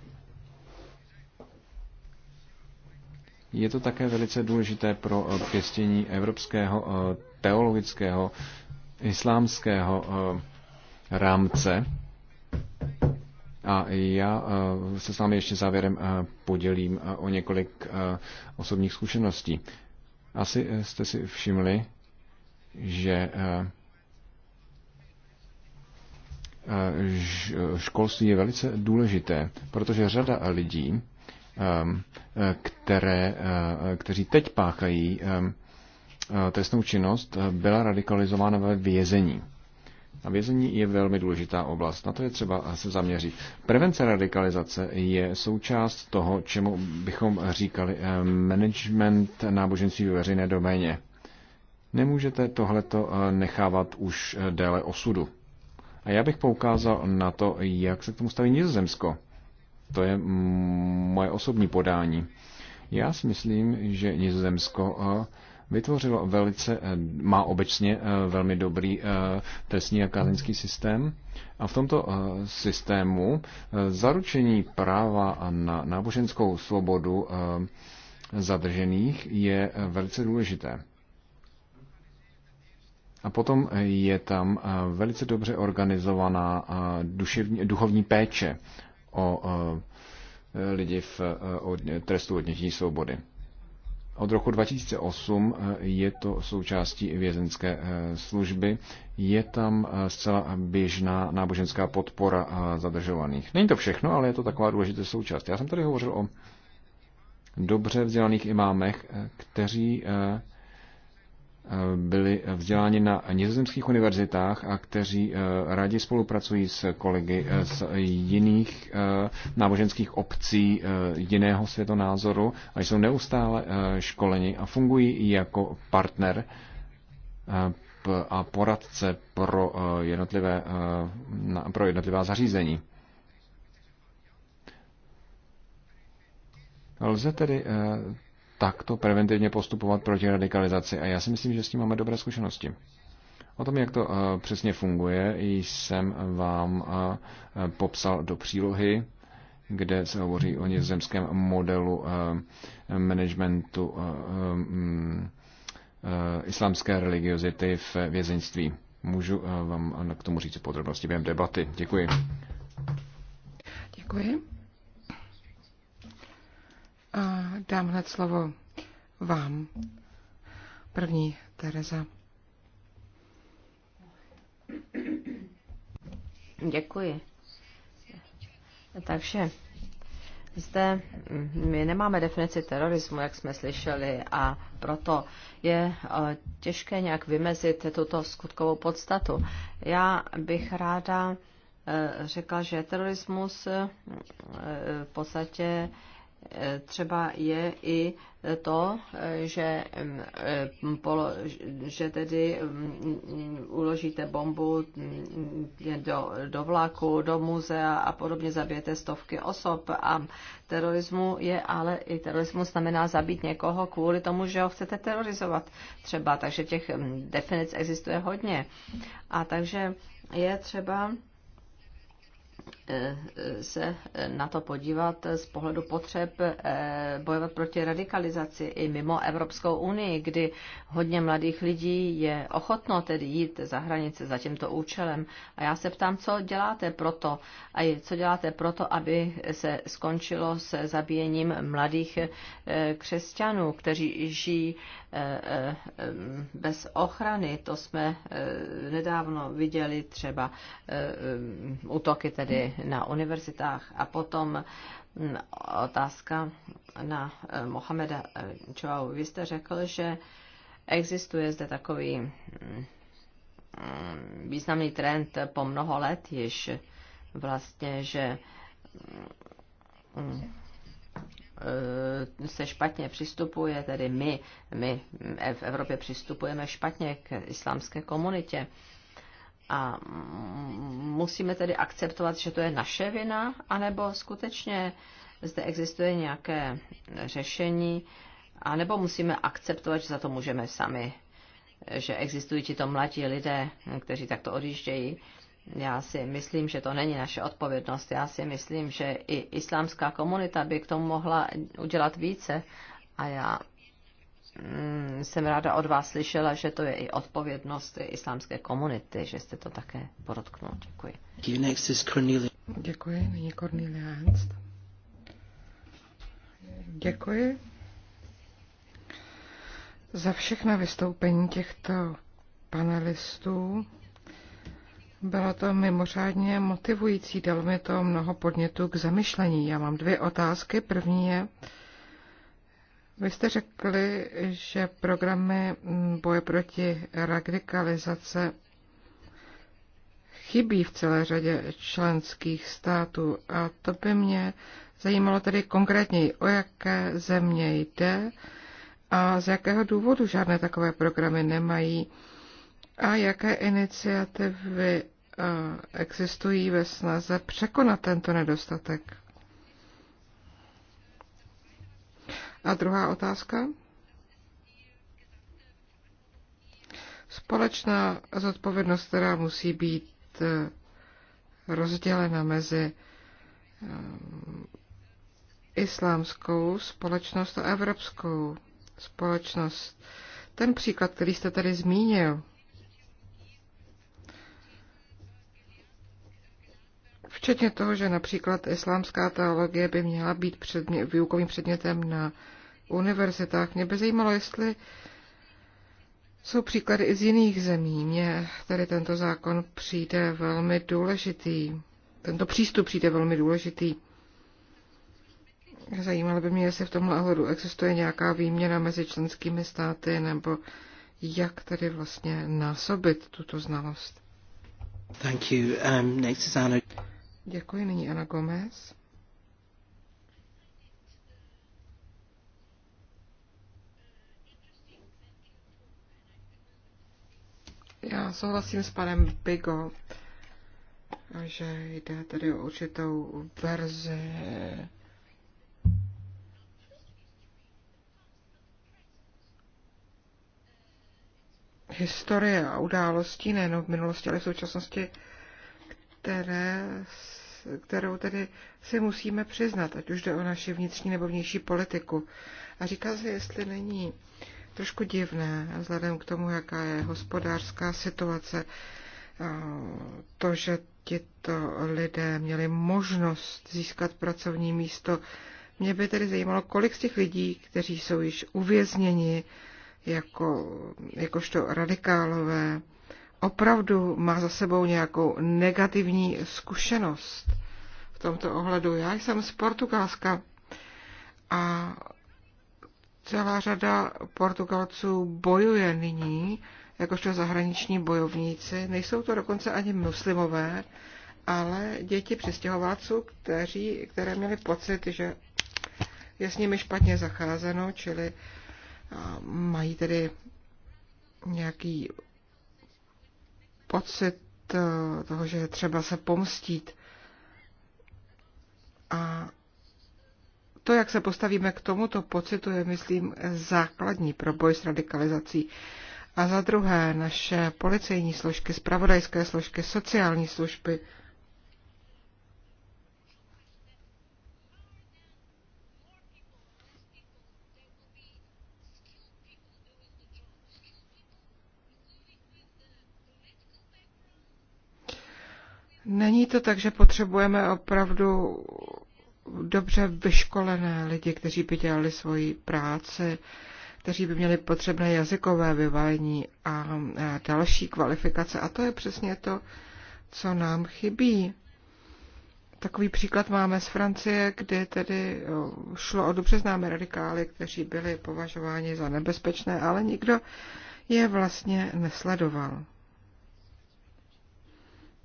Je to také velice důležité pro eh, pěstění evropského eh, teologického islámského eh, rámce. A já se s námi ještě závěrem podělím o několik osobních zkušeností. Asi jste si všimli, že školství je velice důležité, protože řada lidí Um, které, uh, kteří teď páchají um, uh, trestnou činnost, uh, byla radikalizována ve vězení. A vězení je velmi důležitá oblast, na to je třeba se zaměřit. Prevence radikalizace je součást toho, čemu bychom říkali eh, management náboženství ve veřejné doméně. Nemůžete tohleto eh, nechávat už eh, déle osudu. A já bych poukázal na to, jak se k tomu staví Nizozemsko. To je moje osobní podání. Já si myslím, že Nizozemsko eh, vytvořilo velice, eh, má obecně eh, velmi dobrý trestní a kázeňský systém. A v tomto systému zaručení práva na náboženskou svobodu zadržených je velice důležité. A potom je tam velice dobře organizovaná duševní, duchovní péče o e, lidi v e, trestu odnětí svobody. Od roku 2008 e, je to součástí vězenské služby. Je tam zcela běžná náboženská podpora zadržovaných. Není to všechno, ale je to taková důležitá součást. Já jsem tady hovořil o dobře vzdělaných imámech, kteří byli vzděláni na nizozemských univerzitách a kteří eh, rádi spolupracují s kolegy eh, z jiných eh, náboženských obcí jiného světonázoru a jsou neustále školeni a fungují jako partner a poradce pro, jednotlivé, pro jednotlivá zařízení. Lze tedy takto preventivně postupovat proti radikalizaci. A já si myslím, že s tím máme dobré zkušenosti. O tom, jak to eh, přesně funguje, jsem vám eh, popsal do přílohy, kde se hovoří o nizozemském modelu eh, managementu mm, islámské religiozity v vězeňství. Můžu vám k tomu říct podrobnosti během debaty. Děkuji. Děkuji. A dám hned slovo vám. První, Tereza. Děkuji. Takže zde mm, my nemáme definici terorismu, jak jsme slyšeli, a proto je e, těžké nějak vymezit tuto skutkovou podstatu. Já bych ráda e, řekla, že terorismus e, v podstatě třeba je i to, že, mm, mm, polo, že tedy mm, uložíte bombu do, do vlaku, do muzea a podobně zabijete stovky osob. A terorismu je, ale i terorismus znamená zabít někoho kvůli tomu, že ho chcete terorizovat třeba. Takže těch definic existuje hodně. A takže je třeba se na to podívat z pohledu potřeb eh, bojovat proti radikalizaci i mimo Evropskou unii, kdy hodně mladých lidí je ochotno tedy jít za hranice za tímto účelem. A já se ptám, co děláte proto a co děláte proto, aby se skončilo se zabíjením mladých eh, křesťanů, kteří žijí eh, bez ochrany. To jsme nedávno viděli třeba útoky tedy na univerzitách. A potom mm, otázka na eh, Mohameda Čau. Eh, Vy jste řekl, že existuje zde takový mm, významný trend po mnoho let již vlastně, že mm, eh, se špatně přistupuje, tedy my, my v Evropě přistupujeme špatně k islámské komunitě. A musíme tedy akceptovat, že to je naše vina, anebo skutečně zde existuje nějaké řešení, anebo musíme akceptovat, že za to můžeme sami, že existují tito mladí lidé, kteří takto odjíždějí. Já si myslím, že to není naše odpovědnost. Já si myslím, že i islámská komunita by k tomu mohla udělat více. A já Mm, jsem ráda od vás slyšela, že to je i odpovědnost islámské komunity, že jste to také podotknul. Děkuji. Děkuji, nyní Cornelia Ernst. Děkuji za všechna vystoupení těchto panelistů. Bylo to mimořádně motivující, dalo mi to mnoho podnětů k zamyšlení. Já mám dvě otázky. První je, vy jste řekli, že programy boje proti radikalizace chybí v celé řadě členských států a to by mě zajímalo tedy konkrétněji, o jaké země jde a z jakého důvodu žádné takové programy nemají a jaké iniciativy eh, existují ve snaze překonat tento nedostatek. A druhá otázka? Společná zodpovědnost, která musí být eh, rozdělena mezi eh, islámskou společnost a evropskou společnost. Ten příklad, který jste tady zmínil, Včetně toho, že například islámská teologie by měla být předmě, výukovým předmětem na univerzitách. Mě by zajímalo, jestli jsou příklady i z jiných zemí. Mně tady tento zákon přijde velmi důležitý. Tento přístup přijde velmi důležitý. Zajímalo by mě, jestli v tomhle ohledu existuje nějaká výměna mezi členskými státy, nebo jak tady vlastně násobit tuto znalost. Thank you. Um, next is Anna. Děkuji, nyní Ana Gomez. Já souhlasím s panem Bigo, že jde tedy o určitou verzi historie a událostí, nejenom v minulosti, ale v současnosti, které kterou tedy si musíme přiznat, ať už jde o naši vnitřní nebo vnější politiku. A říká se, jestli není trošku divné, vzhledem k tomu, jaká je hospodářská situace, to, že tito lidé měli možnost získat pracovní místo. Mě by tedy zajímalo, kolik z těch lidí, kteří jsou již uvězněni jako, jakožto radikálové, opravdu má za sebou nějakou negativní zkušenost v tomto ohledu. Já jsem z Portugalska a celá řada Portugalců bojuje nyní, jakožto zahraniční bojovníci. Nejsou to dokonce ani muslimové, ale děti přistěhovalců, kteří, které měli pocit, že je s nimi špatně zacházeno, čili mají tedy nějaký pocit eh, toho, že je třeba se pomstít. A to, jak se postavíme k tomuto pocitu, je, myslím, základní pro boj s radikalizací. A za druhé, naše policejní složky, spravodajské složky, sociální služby, Není to tak, že potřebujeme opravdu dobře vyškolené lidi, kteří by dělali svoji práci, kteří by měli potřebné jazykové vyvání a další kvalifikace. A to je přesně to, co nám chybí. Takový příklad máme z Francie, kde tedy šlo o dobře známé radikály, kteří byli považováni za nebezpečné, ale nikdo je vlastně nesledoval.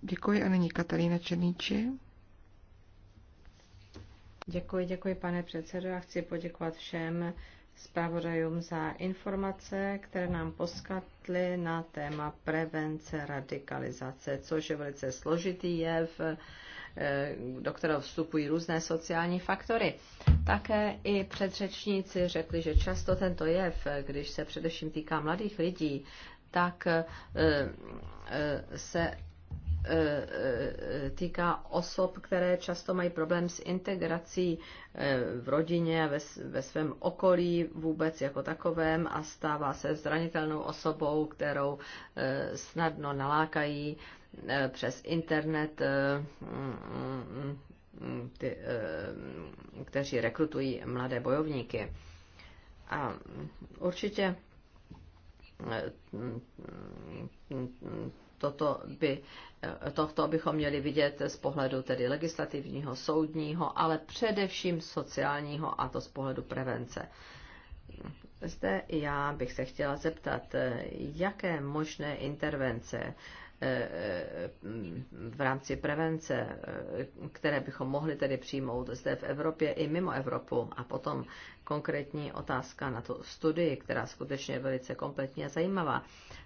Děkuji a nyní Katarína Černíči. Děkuji, děkuji, pane předsedo. Já chci poděkovat všem zpravodajům za informace, které nám poskatly na téma prevence radikalizace, což je velice složitý jev, eh, do kterého vstupují různé sociální faktory. Také i předřečníci řekli, že často tento jev, když se především týká mladých lidí, tak eh, eh, se E, e, týká osob, které často mají problém s integrací e, v rodině, ve, svém okolí vůbec jako takovém a stává se zranitelnou osobou, kterou snadno nalákají přes internet mm, mm, ty, kteří rekrutují mladé bojovníky. A určitě toto by, eh, tohto bychom měli vidět z pohledu tedy legislativního, soudního, ale především sociálního a to z pohledu prevence. Zde já bych se chtěla zeptat, eh, jaké možné intervence eh, v rámci prevence, které bychom mohli tedy přijmout zde v Evropě i mimo Evropu. A potom konkrétní otázka na tu studii, která skutečně je velice kompletní a zajímavá.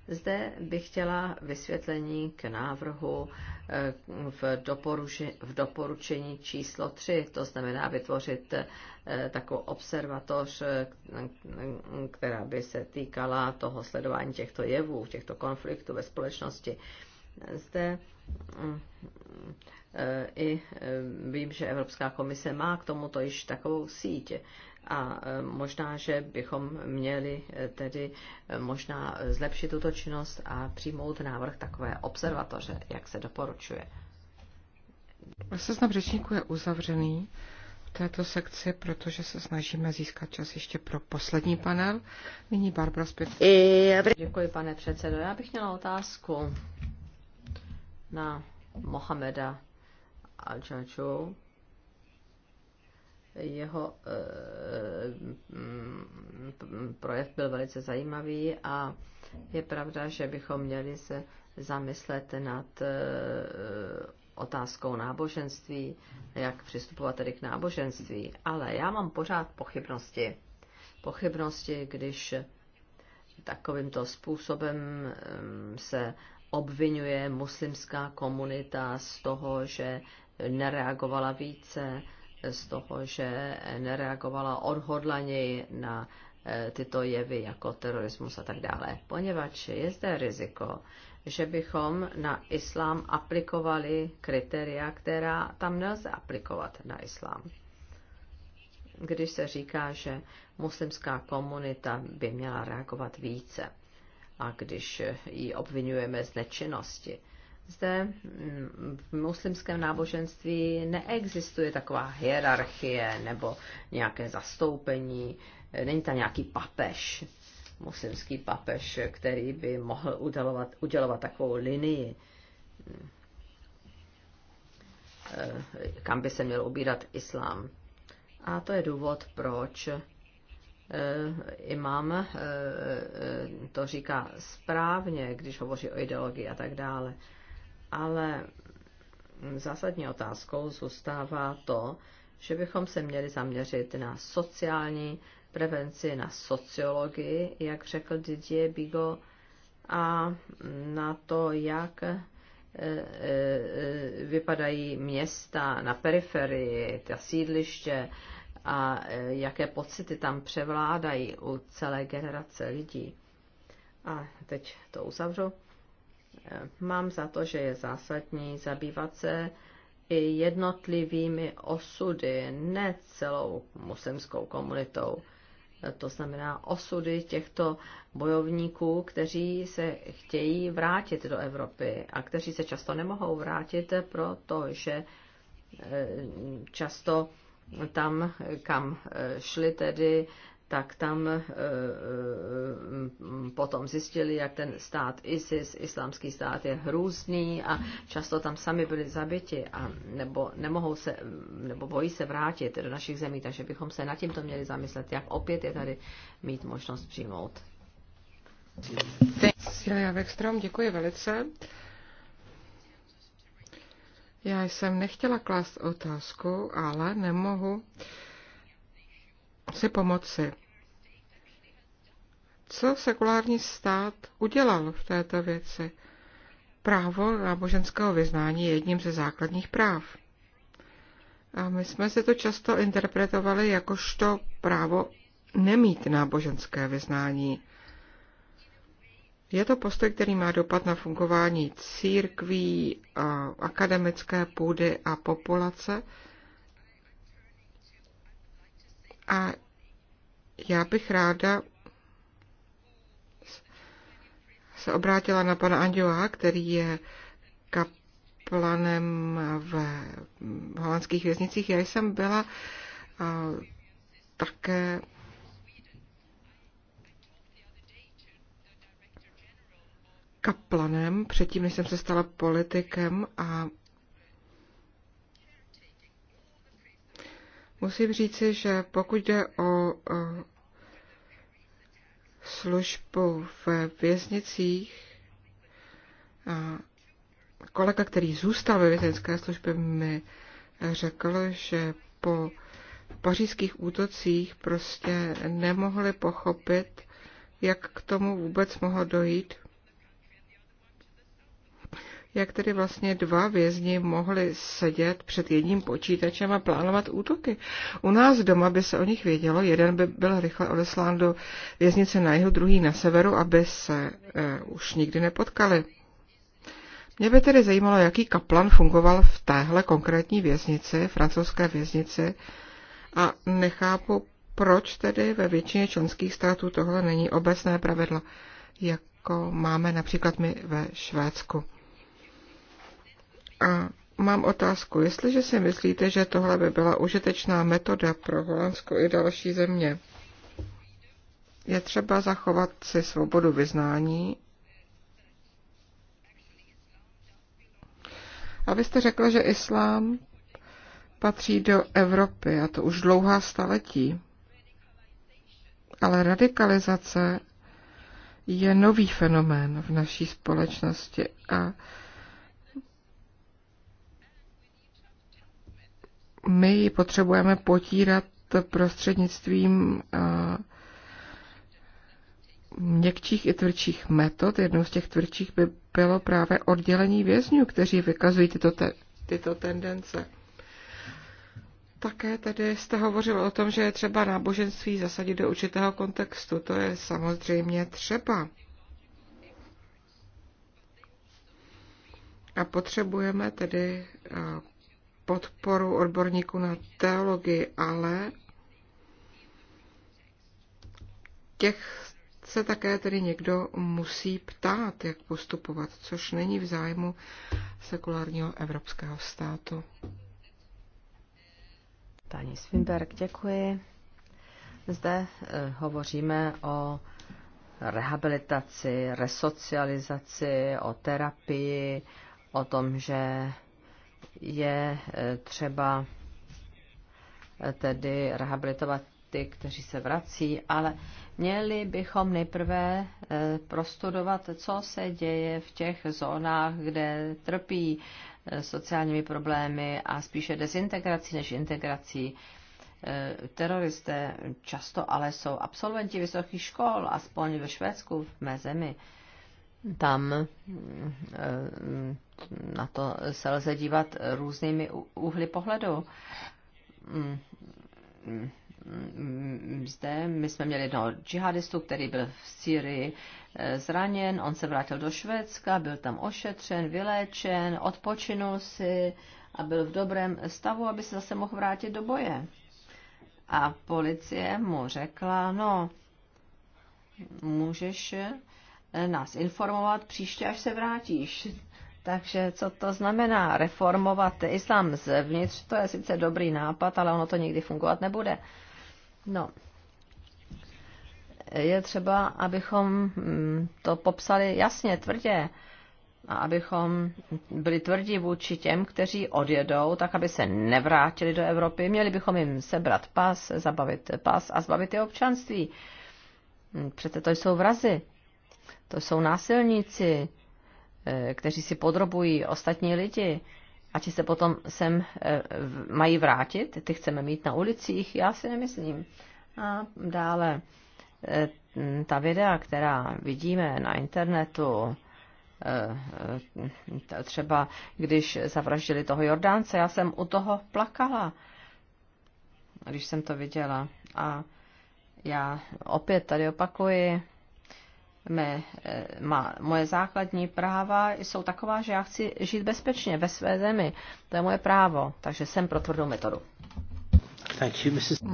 Zde bych chtěla vysvětlení k návrhu eh, v, doporuči, v doporučení číslo 3, to znamená vytvořit eh, takovou observatoř, eh, která by se týkala toho sledování těchto jevů, těchto konfliktů ve společnosti. Zde i vím, že Evropská komise má k tomuto již takovou sítě a e, možná, že bychom měli e, tedy e, možná zlepšit tuto činnost a přijmout návrh takové observatoře, jak se doporučuje. Seznam řečníků je uzavřený v této sekci, protože se snažíme získat čas ještě pro poslední panel. Nyní Barbara zpět. Děkuji, pane předsedo. Já bych měla otázku na Mohameda Al-Čaču, jeho eh, mm, projev byl velice zajímavý a je pravda, že bychom měli se zamyslet nad eh, otázkou náboženství, jak přistupovat tedy k náboženství. Ale já mám pořád pochybnosti. Pochybnosti, když takovýmto způsobem mm, se obvinuje muslimská komunita z toho, že nereagovala více, z toho, že nereagovala odhodlaněji na e, tyto jevy jako terorismus a tak dále. Poněvadž je zde riziko, že bychom na islám aplikovali kritéria, která tam nelze aplikovat na islám. Když se říká, že muslimská komunita by měla reagovat více a když ji obvinujeme z nečinnosti, zde mm, v muslimském náboženství neexistuje taková hierarchie nebo nějaké zastoupení, není tam nějaký papež, muslimský papež, který by mohl udělovat, udělovat takovou linii, eh, kam by se měl ubírat islám. A to je důvod, proč eh, imám eh, to říká správně, když hovoří o ideologii a tak dále ale zásadní otázkou zůstává to, že bychom se měli zaměřit na sociální prevenci, na sociologii, jak řekl Didier Bigo, a na to, jak e, e, vypadají města na periferii, ta sídliště a e, jaké pocity tam převládají u celé generace lidí. A teď to uzavřu mám za to, že je zásadní zabývat se i jednotlivými osudy, ne celou muslimskou komunitou. To znamená osudy těchto bojovníků, kteří se chtějí vrátit do Evropy a kteří se často nemohou vrátit, protože eh, často tam, kam eh, šli tedy, tak tam eh, eh, potom zjistili, jak ten stát ISIS, islámský stát, je hrůzný a často tam sami byli zabiti a nebo nemohou se, nebo bojí se vrátit do našich zemí, takže bychom se nad tímto měli zamyslet, jak opět je tady mít možnost přijmout. Silja Vekstrom, děkuji velice. Já jsem nechtěla klást otázku, ale nemohu si pomoci. Co sekulární stát udělal v této věci? Právo náboženského vyznání je jedním ze základních práv. A my jsme se to často interpretovali jakožto právo nemít náboženské vyznání. Je to postoj, který má dopad na fungování církví, akademické půdy a populace, a já bych ráda se obrátila na pana Anděla, který je kaplanem v holandských věznicích. Já jsem byla také kaplanem, předtím, než jsem se stala politikem a Musím říci, že pokud jde o službu v věznicích, kolega, který zůstal ve věznické službě, mi řekl, že po pařížských útocích prostě nemohli pochopit, jak k tomu vůbec mohlo dojít jak tedy vlastně dva vězni mohli sedět před jedním počítačem a plánovat útoky. U nás doma by se o nich vědělo, jeden by byl rychle odeslán do věznice na jihu, druhý na severu, aby se eh, už nikdy nepotkali. Mě by tedy zajímalo, jaký kaplan fungoval v téhle konkrétní věznici, francouzské věznici, a nechápu, proč tedy ve většině členských států tohle není obecné pravidlo, jako máme například my ve Švédsku. A mám otázku, jestliže si myslíte, že tohle by byla užitečná metoda pro Holandsko i další země, je třeba zachovat si svobodu vyznání. A jste řekla, že islám patří do Evropy, a to už dlouhá staletí. Ale radikalizace je nový fenomén v naší společnosti a my ji potřebujeme potírat prostřednictvím eh, měkčích i tvrdších metod. Jednou z těch tvrdších by bylo právě oddělení vězňů, kteří vykazují tyto, te, tyto tendence. Také tedy jste hovořil o tom, že je třeba náboženství zasadit do určitého kontextu. To je samozřejmě třeba. A potřebujeme tedy eh, podporu odborníků na teologii, ale těch se také tedy někdo musí ptát, jak postupovat, což není v zájmu sekulárního evropského státu. Pani Svinberg, děkuji. Zde eh, hovoříme o rehabilitaci, resocializaci, o terapii, o tom, že je eh, třeba eh, tedy rehabilitovat ty, kteří se vrací, ale měli bychom nejprve eh, prostudovat, co se děje v těch zónách, kde trpí sociálními problémy a spíše dezintegrací než integrací. Teroristé často ale jsou absolventi vysokých škol, aspoň ve Švédsku, v mé zemi tam eh, na to se lze dívat různými úhly pohledu. Mm, mm, zde my jsme měli jednoho džihadistu, který byl v Syrii eh, zraněn, on se vrátil do Švédska, byl tam ošetřen, vyléčen, odpočinul si a byl v dobrém stavu, aby se zase mohl vrátit do boje. A policie mu řekla, no, můžeš Eh, nás informovat příště, až se vrátíš. Takže co to znamená reformovat islám zevnitř? To je sice dobrý nápad, ale ono to nikdy fungovat nebude. No, je třeba, abychom mm, to popsali jasně, tvrdě a abychom byli tvrdí vůči těm, kteří odjedou, tak aby se nevrátili do Evropy. Měli bychom jim sebrat pas, zabavit pas a zbavit je občanství. Přece to jsou vrazy to jsou násilníci, eh, kteří si podrobují ostatní lidi a či se potom sem eh, mají vrátit, ty chceme mít na ulicích, já si nemyslím. A dále eh, ta videa, která vidíme na internetu, třeba když zavraždili toho Jordánce, já jsem u toho plakala, když jsem to viděla. A já opět tady opakuji, mé, eh, má, moje základní práva jsou taková, že já chci žít bezpečně ve své zemi. To je moje právo, takže jsem pro tvrdou metodu.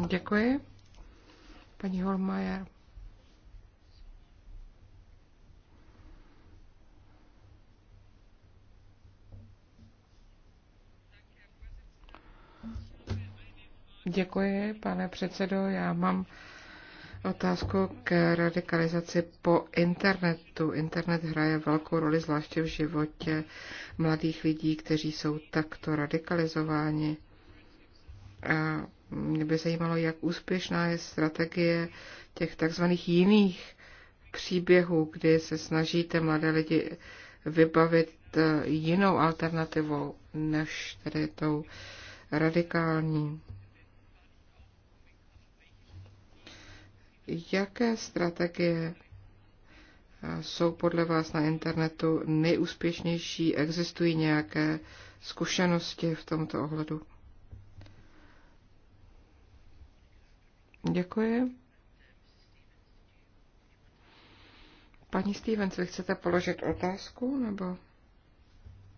Děkuji. Paní Holmajer. Děkuji, pane předsedo. Já mám otázku k radikalizaci po internetu. Internet hraje velkou roli, zvláště v životě mladých lidí, kteří jsou takto radikalizováni. A mě by zajímalo, jak úspěšná je strategie těch takzvaných jiných příběhů, kdy se snažíte mladé lidi vybavit eh, jinou alternativou, než tedy tou radikální. jaké strategie jsou podle vás na internetu nejúspěšnější? Existují nějaké zkušenosti v tomto ohledu? Děkuji. Paní Stevens, vy chcete položit otázku nebo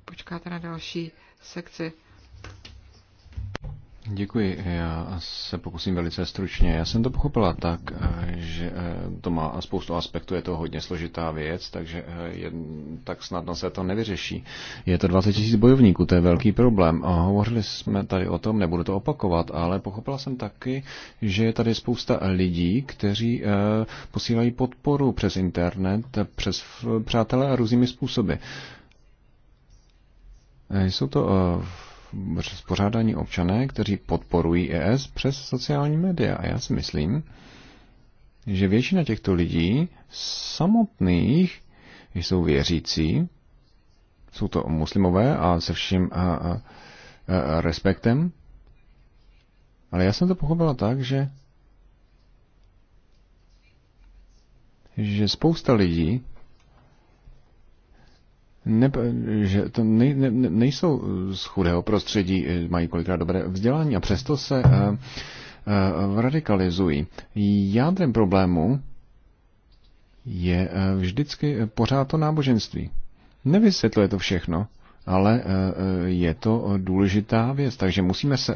počkáte na další sekci? Děkuji. Já se pokusím velice stručně. Já jsem to pochopila tak, eh, že eh, to má spoustu aspektů, je to hodně složitá věc, takže eh, je, tak snadno se to nevyřeší. Je to 20 tisíc bojovníků, to je velký problém. A hovořili jsme tady o tom, nebudu to opakovat, ale pochopila jsem taky, že je tady spousta lidí, kteří posílají podporu přes internet, přes přátelé a různými způsoby. Jsou to spořádání občané, kteří podporují ES přes sociální média. A já si myslím, že většina těchto lidí samotných jsou věřící, jsou to muslimové a se vším a, a, a respektem. Ale já jsem to pochopila tak, že že spousta lidí ne, že to ne, ne, nejsou eh, z chudého prostředí, eh, mají kolikrát dobré vzdělání a přesto se uh, uh, radikalizují. Jádrem problému je uh, vždycky pořád to náboženství. Nevysvětluje to všechno, ale je to důležitá věc, takže musíme se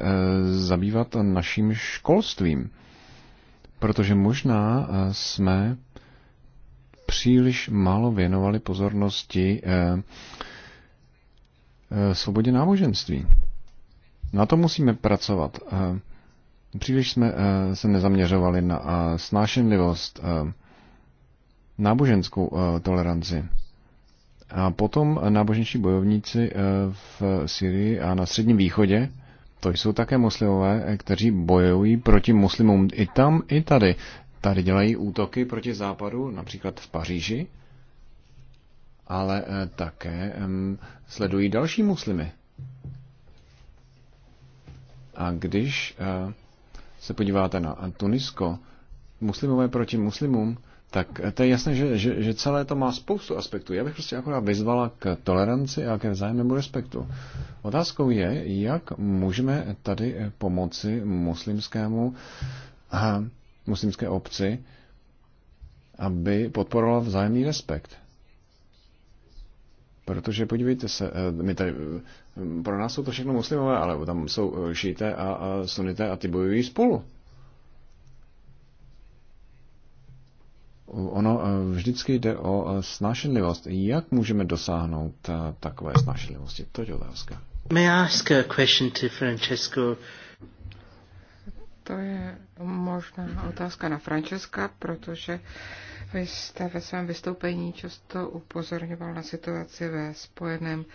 zabývat naším školstvím, protože možná jsme příliš málo věnovali pozornosti eh, eh, svobodě náboženství. Na to musíme pracovat. Eh, příliš jsme se nezaměřovali na snášenlivost, náboženskou toleranci. A potom náboženští bojovníci v Syrii a na Středním východě, to jsou také muslimové, kteří bojují proti muslimům i tam, i tady tady dělají útoky proti západu, například v Paříži, ale eh, také sledují další muslimy. A když eh, se podíváte na Tunisko, muslimové proti muslimům, tak eh, to je jasné, že, že, že celé to má spoustu aspektů. Já bych prostě akorát vyzvala k toleranci a ke vzájemnému respektu. Otázkou je, jak můžeme tady pomoci muslimskému muslimské obci, aby podporovala vzájemný respekt. Protože podívejte se, eh, my tady, eh, pro nás jsou to všechno muslimové, ale tam jsou eh, šíte a, a sunité a ty bojují spolu. Ono vždycky jde o snášenlivost. Jak můžeme dosáhnout takové snášenlivosti? To je otázka. May I ask a question to Francesco to je možná otázka na Francesca, protože vy jste ve svém vystoupení často upozorňoval na situaci ve Spojeném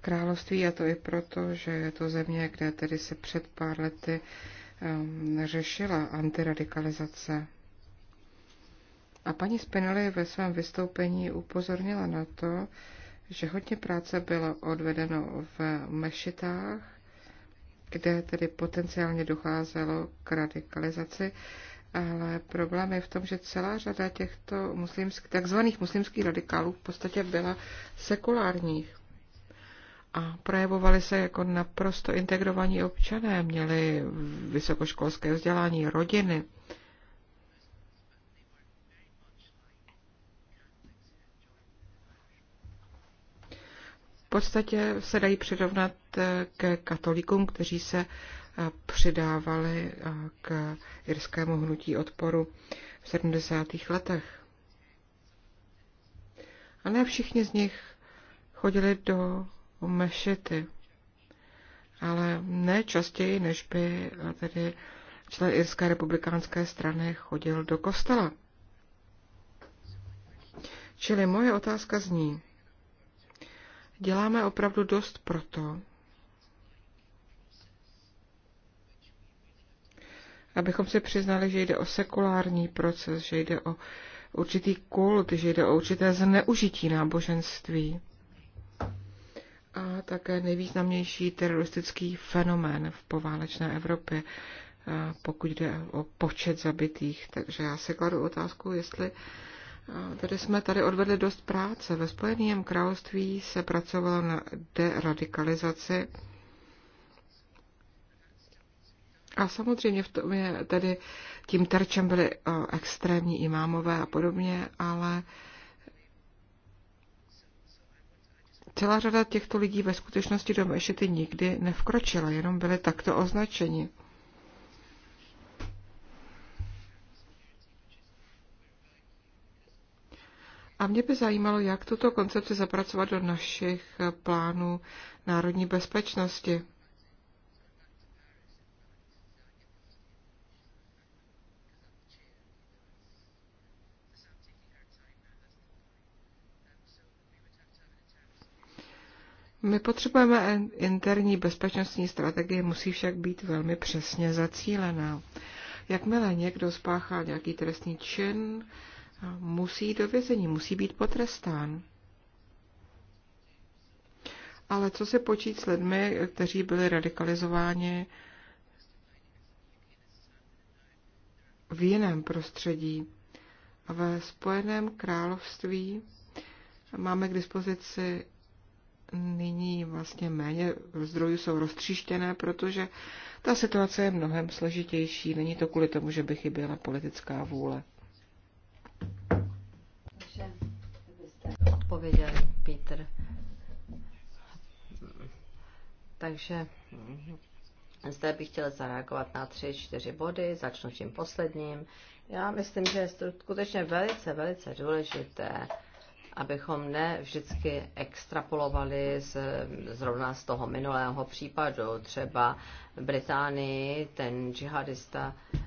království a to i proto, že je to země, kde tedy se před pár lety um, řešila antiradikalizace. A paní Spinelli ve svém vystoupení upozornila na to, že hodně práce bylo odvedeno v mešitách kde tedy potenciálně docházelo k radikalizaci. Ale problém je v tom, že celá řada těchto muslimsk, takzvaných muslimských radikálů v podstatě byla sekulárních a projevovali se jako naprosto integrovaní občané, měli vysokoškolské vzdělání, rodiny. V podstatě se dají přirovnat Eh, ke katolikům, kteří se eh, přidávali eh, k jirskému hnutí odporu v 70. letech. A ne všichni z nich chodili do mešity, ale ne častěji, než by tedy člen Irské republikánské strany chodil do kostela. Čili moje otázka zní, děláme opravdu dost proto, abychom si přiznali, že jde o sekulární proces, že jde o určitý kult, že jde o určité zneužití náboženství a také nejvýznamnější teroristický fenomén v poválečné Evropě, pokud jde o počet zabitých. Takže já si kladu otázku, jestli tady jsme tady odvedli dost práce. Ve Spojeném království se pracovalo na deradikalizaci a samozřejmě v tom je tedy tím terčem byly eh, extrémní imámové a podobně, ale celá řada těchto lidí ve skutečnosti do mešity nikdy nevkročila, jenom byly takto označeni. A mě by zajímalo, jak tuto koncepci zapracovat do našich eh, plánů národní bezpečnosti. My potřebujeme interní bezpečnostní strategie, musí však být velmi přesně zacílená. Jakmile někdo spáchá nějaký trestný čin, musí do vězení, musí být potrestán. Ale co se počít s lidmi, kteří byli radikalizováni v jiném prostředí? Ve Spojeném království máme k dispozici nyní vlastně méně zdrojů jsou roztříštěné, protože ta situace je mnohem složitější. Není to kvůli tomu, že by chyběla politická vůle. Odpověděl byste Peter. Takže zde bych chtěl zareagovat na tři, čtyři body, začnu tím posledním. Já myslím, že je skutečně velice, velice důležité abychom ne vždycky extrapolovali z, zrovna z toho minulého případu. Třeba v Británii ten džihadista eh,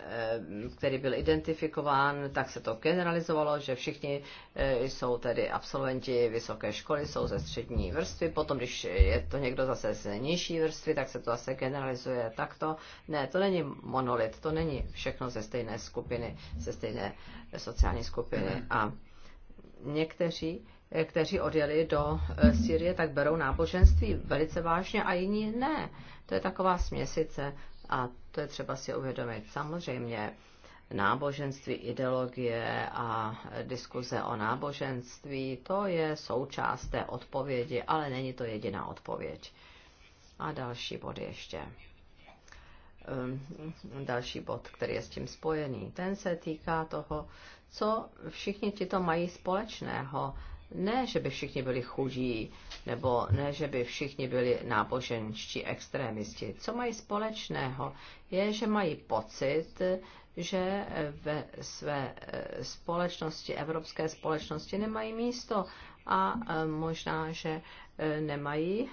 eh, který byl identifikován, tak se to generalizovalo, že všichni eh, jsou tedy absolventi vysoké školy, jsou ze střední vrstvy, potom když je to někdo zase z nižší vrstvy, tak se to zase generalizuje takto. Ne, to není monolit, to není všechno ze stejné skupiny, ze stejné sociální skupiny a někteří, eh, kteří odjeli do eh, Syrie, tak berou náboženství velice vážně a jiní ne. To je taková směsice a to je třeba si uvědomit. Samozřejmě náboženství, ideologie a diskuze o náboženství, to je součást té odpovědi, ale není to jediná odpověď. A další bod ještě. Eh, další bod, který je s tím spojený. Ten se týká toho, co všichni ti to mají společného. Ne, že by všichni byli chudí, nebo ne, že by všichni byli náboženští extrémisti. Co mají společného, je, že mají pocit, že ve své eh, společnosti, evropské společnosti nemají místo, a e, možná, že e, nemají e,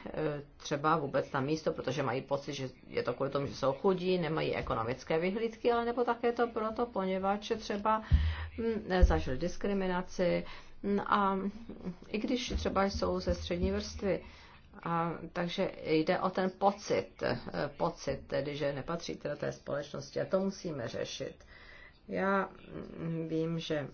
třeba vůbec na místo, protože mají pocit, že je to kvůli tomu, že jsou chudí, nemají ekonomické vyhlídky, ale nebo také to proto, poněvadž třeba mm, zažili diskriminaci mm, a i když třeba jsou ze střední vrstvy, a, takže jde o ten pocit, pocit tedy, že nepatříte do té společnosti a to musíme řešit. Já mm, vím, že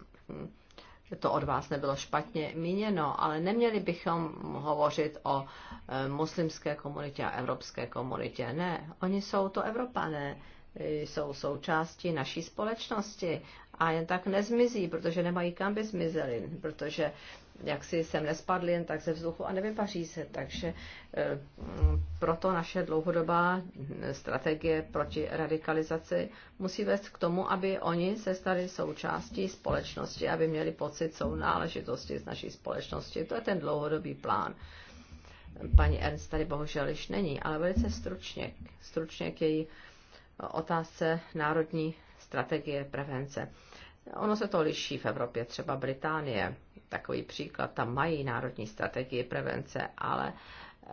to od vás nebylo špatně míněno, ale neměli bychom hovořit o e, muslimské komunitě a evropské komunitě. Ne, oni jsou to Evropané, e, jsou součástí naší společnosti a jen tak nezmizí, protože nemají kam by zmizeli, protože jak si sem nespadli, jen tak ze vzduchu a nevypaří se. Takže eh, proto naše dlouhodobá eh, strategie proti radikalizaci musí vést k tomu, aby oni se stali součástí společnosti, aby měli pocit sounáležitosti z naší společnosti. To je ten dlouhodobý plán. Paní Ernst tady bohužel již není, ale velice stručně, stručně k její otázce národní strategie prevence. Ono se to liší v Evropě, třeba Británie takový příklad, tam mají národní strategii prevence, ale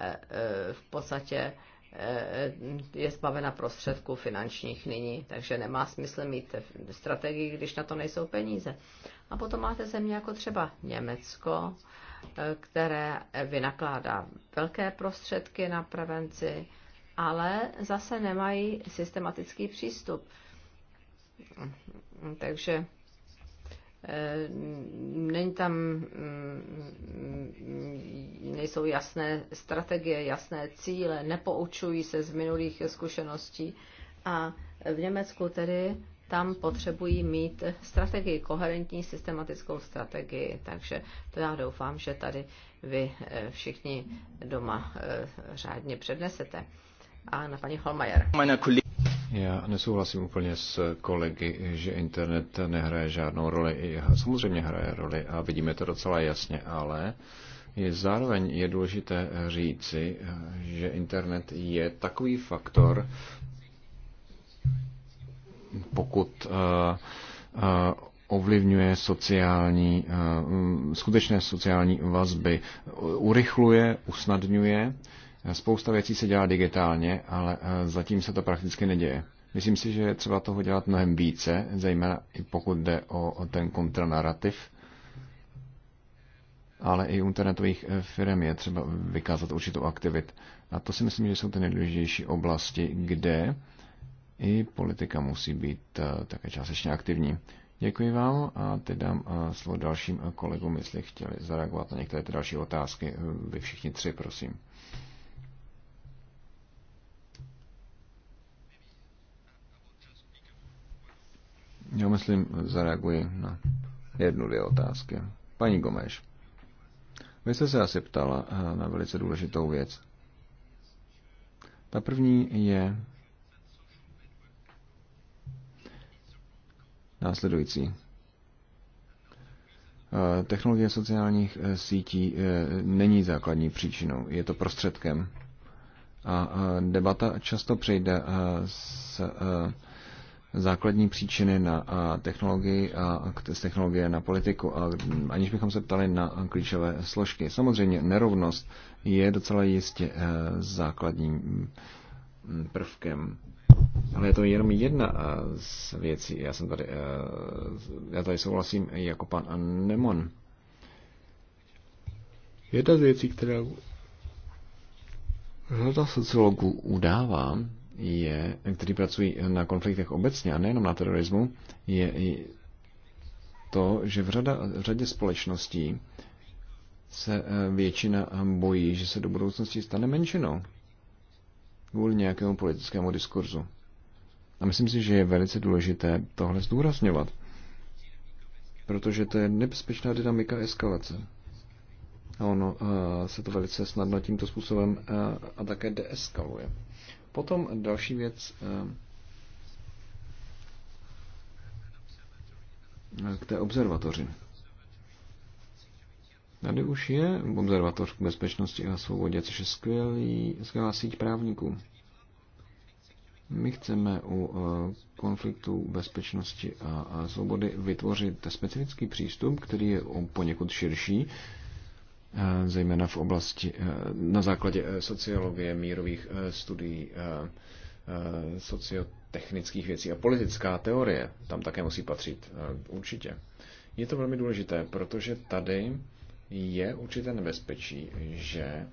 e, e, v podstatě e, je zbavena prostředků finančních nyní, takže nemá smysl mít strategii, když na to nejsou peníze. A potom máte země jako třeba Německo, které vynakládá velké prostředky na prevenci, ale zase nemají systematický přístup. Takže Eh, není tam, mm, mm, nejsou jasné strategie, jasné cíle, nepoučují se z minulých zkušeností a v Německu tedy tam potřebují mít strategii, koherentní systematickou strategii. Takže to já doufám, že tady vy eh, všichni doma eh, řádně přednesete. A na paní Holmajer. Já nesouhlasím úplně s kolegy, že internet nehraje žádnou roli. Samozřejmě hraje roli a vidíme to docela jasně, ale je zároveň je důležité říci, že internet je takový faktor, pokud eh, eh, ovlivňuje sociální, eh, skutečné sociální vazby, urychluje, usnadňuje Spousta věcí se dělá digitálně, ale eh, zatím se to prakticky neděje. Myslím si, že je třeba toho dělat mnohem více, zejména i pokud jde o ten kontranarativ. ale i u internetových eh, firm je třeba vykázat určitou aktivit. A to si myslím, že jsou ty nejdůležitější oblasti, kde i politika musí být eh, také částečně aktivní. Děkuji vám a teď dám slovo dalším kolegům, jestli chtěli zareagovat na některé ty další otázky. Vy všichni tři, prosím. Já myslím, zareaguji na jednu, dvě otázky. Paní Gomeš, vy jste se asi ptala eh, na velice důležitou věc. Ta první je následující. Eh, technologie sociálních eh, sítí není základní příčinou, je to prostředkem. A debata často přejde z základní příčiny na technologii a z technologie na politiku, a aniž bychom se ptali na klíčové složky. Samozřejmě nerovnost je docela jistě e, základním prvkem. Ale je to jenom jedna e, z věcí. Já jsem tady, e, já tady souhlasím jako pan Nemon. Jedna z věcí, která řada sociologů udává, je, kteří pracují na konfliktech obecně a nejenom na terorismu, je to, že v, řada, v řadě společností se eh, většina eh, bojí, že se do budoucnosti stane menšinou kvůli nějakému politickému diskurzu. A myslím si, že je velice důležité tohle zdůrazňovat, protože to je nebezpečná dynamika eskalace. A ono uh, se to velice snadno tímto způsobem uh, a také deeskaluje. Potom další věc eh, k té observatoři. Tady už je observatoř k bezpečnosti a svobodě, což je skvělý, skvělá síť právníků. My chceme u eh, konfliktu bezpečnosti a svobody vytvořit specifický přístup, který je poněkud širší, Eh, zejména v oblasti eh, na základě eh, sociologie, mírových studií, sociotechnických věcí a politická teorie tam také musí patřit určitě. Je to velmi důležité, protože tady je určité nebezpečí, že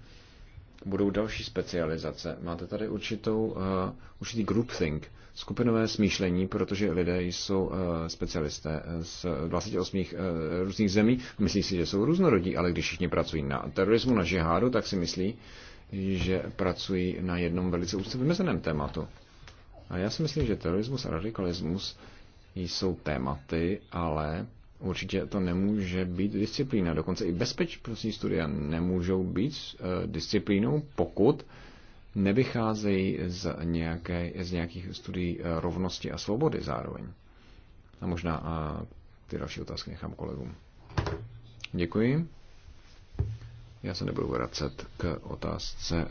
budou další specializace. Máte tady určitou, uh, určitý groupthink, skupinové smýšlení, protože lidé jsou uh, specialisté eh, z 28 uh, různých zemí. Myslí si, že jsou různorodí, ale když všichni pracují na terorismu, na žihádu, tak si myslí, že pracují na jednom velice úzce vymezeném tématu. A já si myslím, že terorismus a radikalismus jsou tématy, ale Určitě to nemůže být disciplína. Dokonce i bezpečnostní studia nemůžou být eh, disciplínou, pokud nevycházejí z, nějaké, z nějakých studií eh, rovnosti a svobody zároveň. A možná a eh, ty další otázky nechám kolegům. Děkuji. Já se nebudu vracet k otázce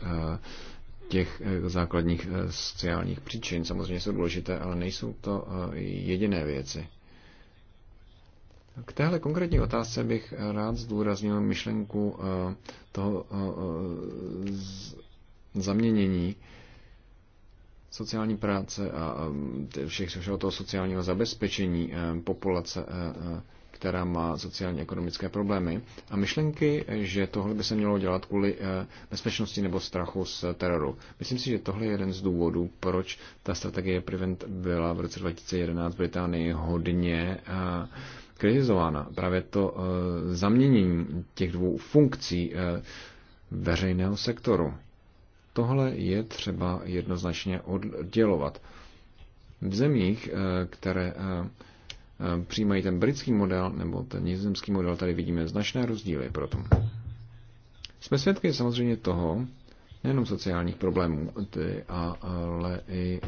těch základních sociálních příčin. Samozřejmě jsou důležité, ale nejsou to jediné věci. K téhle konkrétní otázce bych eh, rád zdůraznil myšlenku eh, toho eh, zaměnění sociální práce a všech, všeho toho sociálního zabezpečení populace, která má sociálně ekonomické problémy. A myšlenky, že tohle by se mělo dělat kvůli bezpečnosti nebo strachu z teroru. Myslím si, že tohle je jeden z důvodů, proč ta strategie Prevent byla v roce 2011 v Británii hodně kritizována. Právě to eh, zaměnění těch dvou funkcí eh, veřejného sektoru. Tohle je třeba jednoznačně oddělovat. V zemích, eh, které přijímají ten britský model nebo ten nizozemský model, tady vidíme značné rozdíly proto. Jsme svědky samozřejmě toho, nejenom sociálních problémů, ale i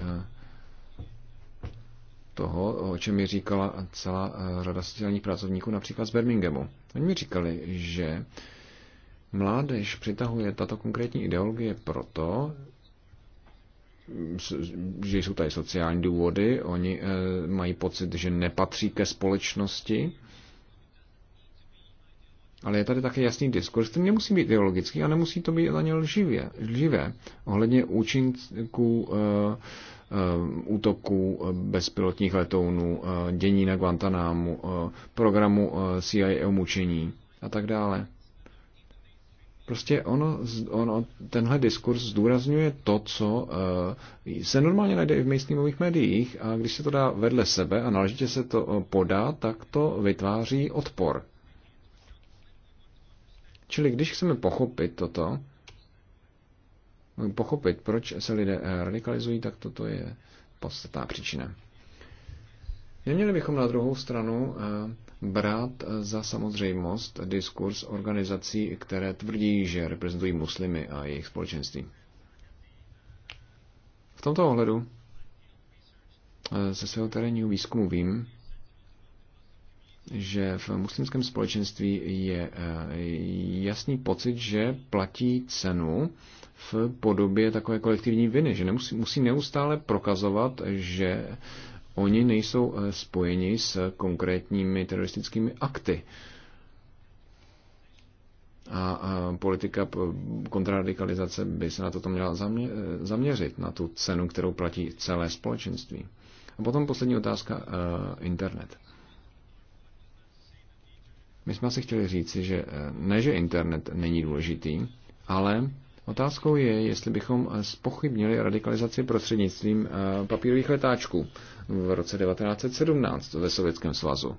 toho, o čem mi říkala celá rada eh, sociálních pracovníků, například z Birminghamu. Oni mi říkali, že mládež přitahuje tato konkrétní ideologie proto, že jsou tady sociální důvody, oni eh, mají pocit, že nepatří ke společnosti, ale je tady také jasný diskurs, který nemusí být ideologický a nemusí to být ani lživě, lživé ohledně účinků uh, Eh, útoků eh, bezpilotních letounů, eh, dění na Guantanámu, programu CIA o mučení a tak dále. Prostě ono, ono, tenhle diskurs zdůrazňuje to, co uh, se normálně najde i v mainstreamových médiích a když se to dá vedle sebe a náležitě se to podá, tak to vytváří odpor. Čili když chceme pochopit toto, pochopit, proč se lidé eh, radikalizují, tak toto je podstatná příčina. Neměli bychom na druhou stranu eh, brát eh, za samozřejmost diskurs organizací, které tvrdí, že reprezentují muslimy a jejich společenství. V tomto ohledu ze svého terénního výzkumu vím, že v muslimském společenství je jasný pocit, že platí cenu v podobě takové kolektivní viny, že nemusí, musí neustále prokazovat, že oni nejsou eh, spojeni s konkrétními teroristickými akty. A, a politika kontraradikalizace by se na toto měla zamě, eh, zaměřit, na tu cenu, kterou platí celé společenství. A potom poslední otázka, uh, internet. My jsme si chtěli říci, že ne, že internet není důležitý, ale Otázkou je, jestli bychom eh, spochybnili radikalizaci prostřednictvím eh, papírových letáčků v roce 1917 ve Sovětském svazu.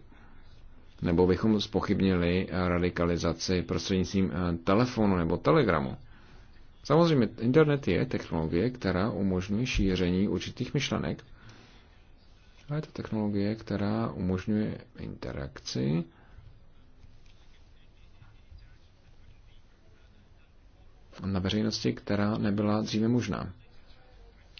Nebo bychom spochybnili eh, radikalizaci prostřednictvím telefonu nebo telegramu. Samozřejmě internet je technologie, která umožňuje šíření určitých myšlenek, ale je to technologie, která umožňuje interakci na veřejnosti, která nebyla dříve možná.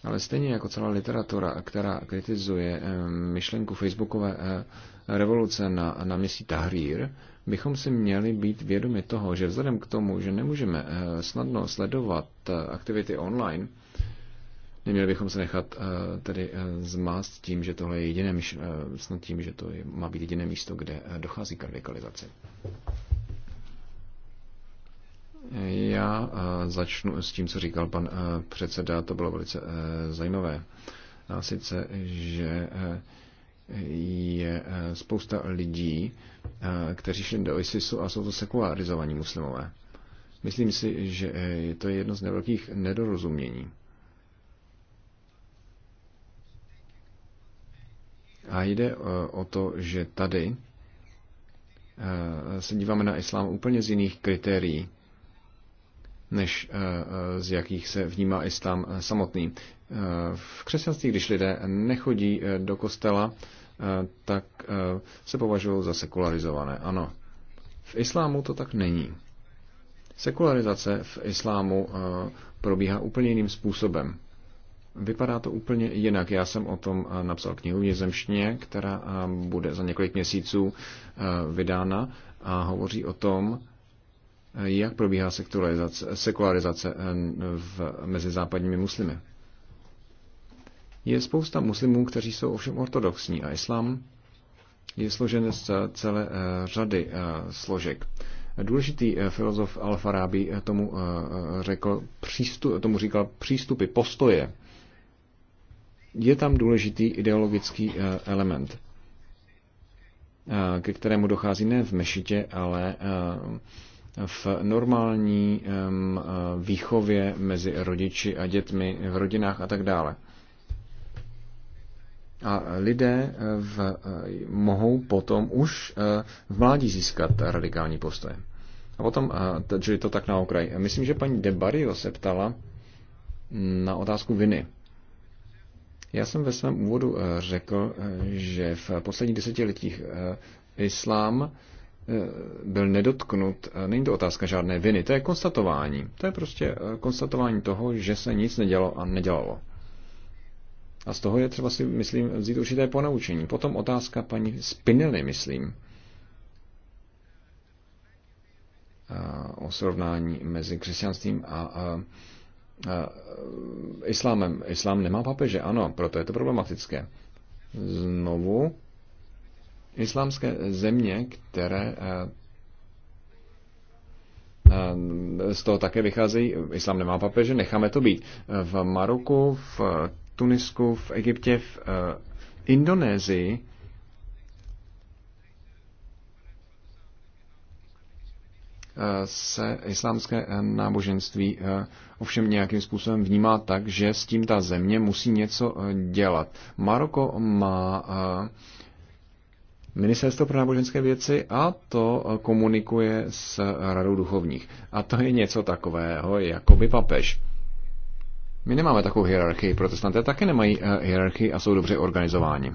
Ale stejně jako celá literatura, která kritizuje eh, myšlenku facebookové eh, revoluce na, na měsí Tahrir, bychom si měli být vědomi toho, že vzhledem k tomu, že nemůžeme eh, snadno sledovat aktivity online, neměli bychom se nechat tedy zmást tím, že tohle je jediné, snad tím, že to má být jediné místo, kde dochází k radikalizaci. Já eh, začnu s tím, co říkal pan eh, předseda, to bylo velice eh, zajímavé. A sice, že je spousta lidí, kteří šli do ISISu a jsou to sekularizovaní muslimové. Myslím si, že to je jedno z nevelkých nedorozumění. A jde o to, že tady se díváme na islám úplně z jiných kritérií, než eh, eh, z jakých se vnímá islám eh, samotný. V křesťanství, když lidé nechodí do kostela, tak se považují za sekularizované. Ano. V islámu to tak není. Sekularizace v islámu probíhá úplně jiným způsobem. Vypadá to úplně jinak. Já jsem o tom napsal knihu v jezemštině, která bude za několik měsíců vydána a hovoří o tom, jak probíhá sekularizace eh, v, mezi západními muslimy. Je spousta muslimů, kteří jsou ovšem ortodoxní a islám je složen z celé eh, řady eh, složek. Důležitý filozof Al-Farabi tomu, řekl, tomu říkal přístupy, postoje. Je tam důležitý ideologický element, ke kterému dochází ne v mešitě, ale v normální eh, výchově mezi rodiči a dětmi v rodinách a tak dále. A lidé eh, v, eh, mohou potom už v mládí získat radikální postoje. A potom, je to tak na okraj. Myslím, že paní Debario se ptala mm, na otázku viny. Já jsem ve svém úvodu řekl, že v posledních desetiletích islám Eh, byl nedotknut, eh, není to otázka žádné viny, to je konstatování. To je prostě eh, konstatování toho, že se nic nedělo a nedělalo. A z toho je třeba si, myslím, vzít určité ponaučení. Potom otázka paní Spinelli, myslím, o srovnání mezi křesťanstvím a, a, a islámem. Islám nemá papeže, ano, proto je to problematické. Znovu Islámské země, které eh, eh, z toho také vycházejí, islám nemá papeže, necháme to být. V Maroku, v Tunisku, v Egyptě, v eh, Indonésii se islámské náboženství ovšem nějakým způsobem vnímá tak, že s tím ta země musí něco dělat. Maroko má Ministerstvo pro náboženské věci a to eh, komunikuje s Radou duchovních. A to je něco takového, jako by papež. My nemáme takovou hierarchii, protestanté také nemají eh, hierarchii a jsou dobře organizováni.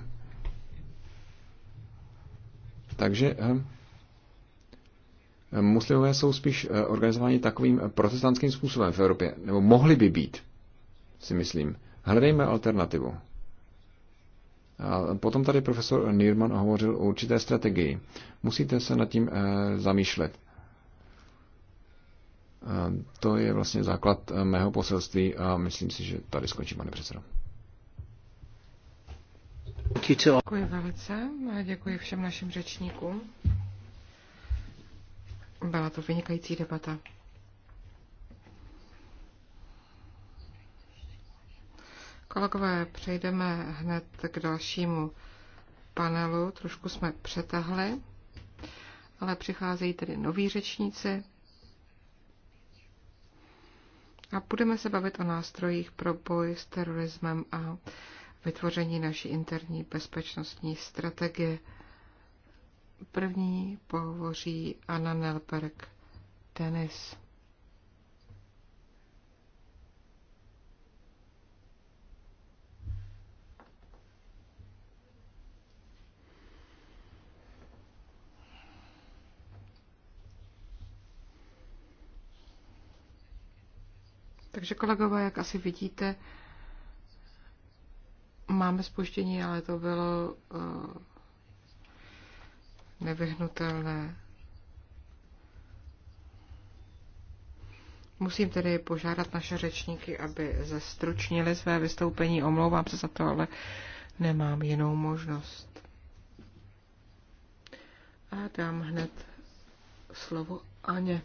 Takže eh, muslimové jsou spíš organizováni takovým protestantským způsobem v Evropě, nebo mohli by být, si myslím. Hledejme alternativu. A potom tady profesor Nirman hovořil o určité strategii. Musíte se nad tím eh, zamýšlet. To je vlastně základ eh, mého poselství a myslím si, že tady skončí, pane předsedo. Děkuji velice a děkuji všem našim řečníkům. Byla to vynikající debata. Kolegové, přejdeme hned k dalšímu panelu. Trošku jsme přetahli, ale přicházejí tedy noví řečníci. A budeme se bavit o nástrojích pro boj s terorismem a vytvoření naší interní bezpečnostní strategie. První pohovoří Anna Nelberg Dennis. Takže kolegové, jak asi vidíte, máme spuštění, ale to bylo uh, nevyhnutelné. Musím tedy požádat naše řečníky, aby zestručnili své vystoupení. Omlouvám se za to, ale nemám jinou možnost. A dám hned slovo Aně.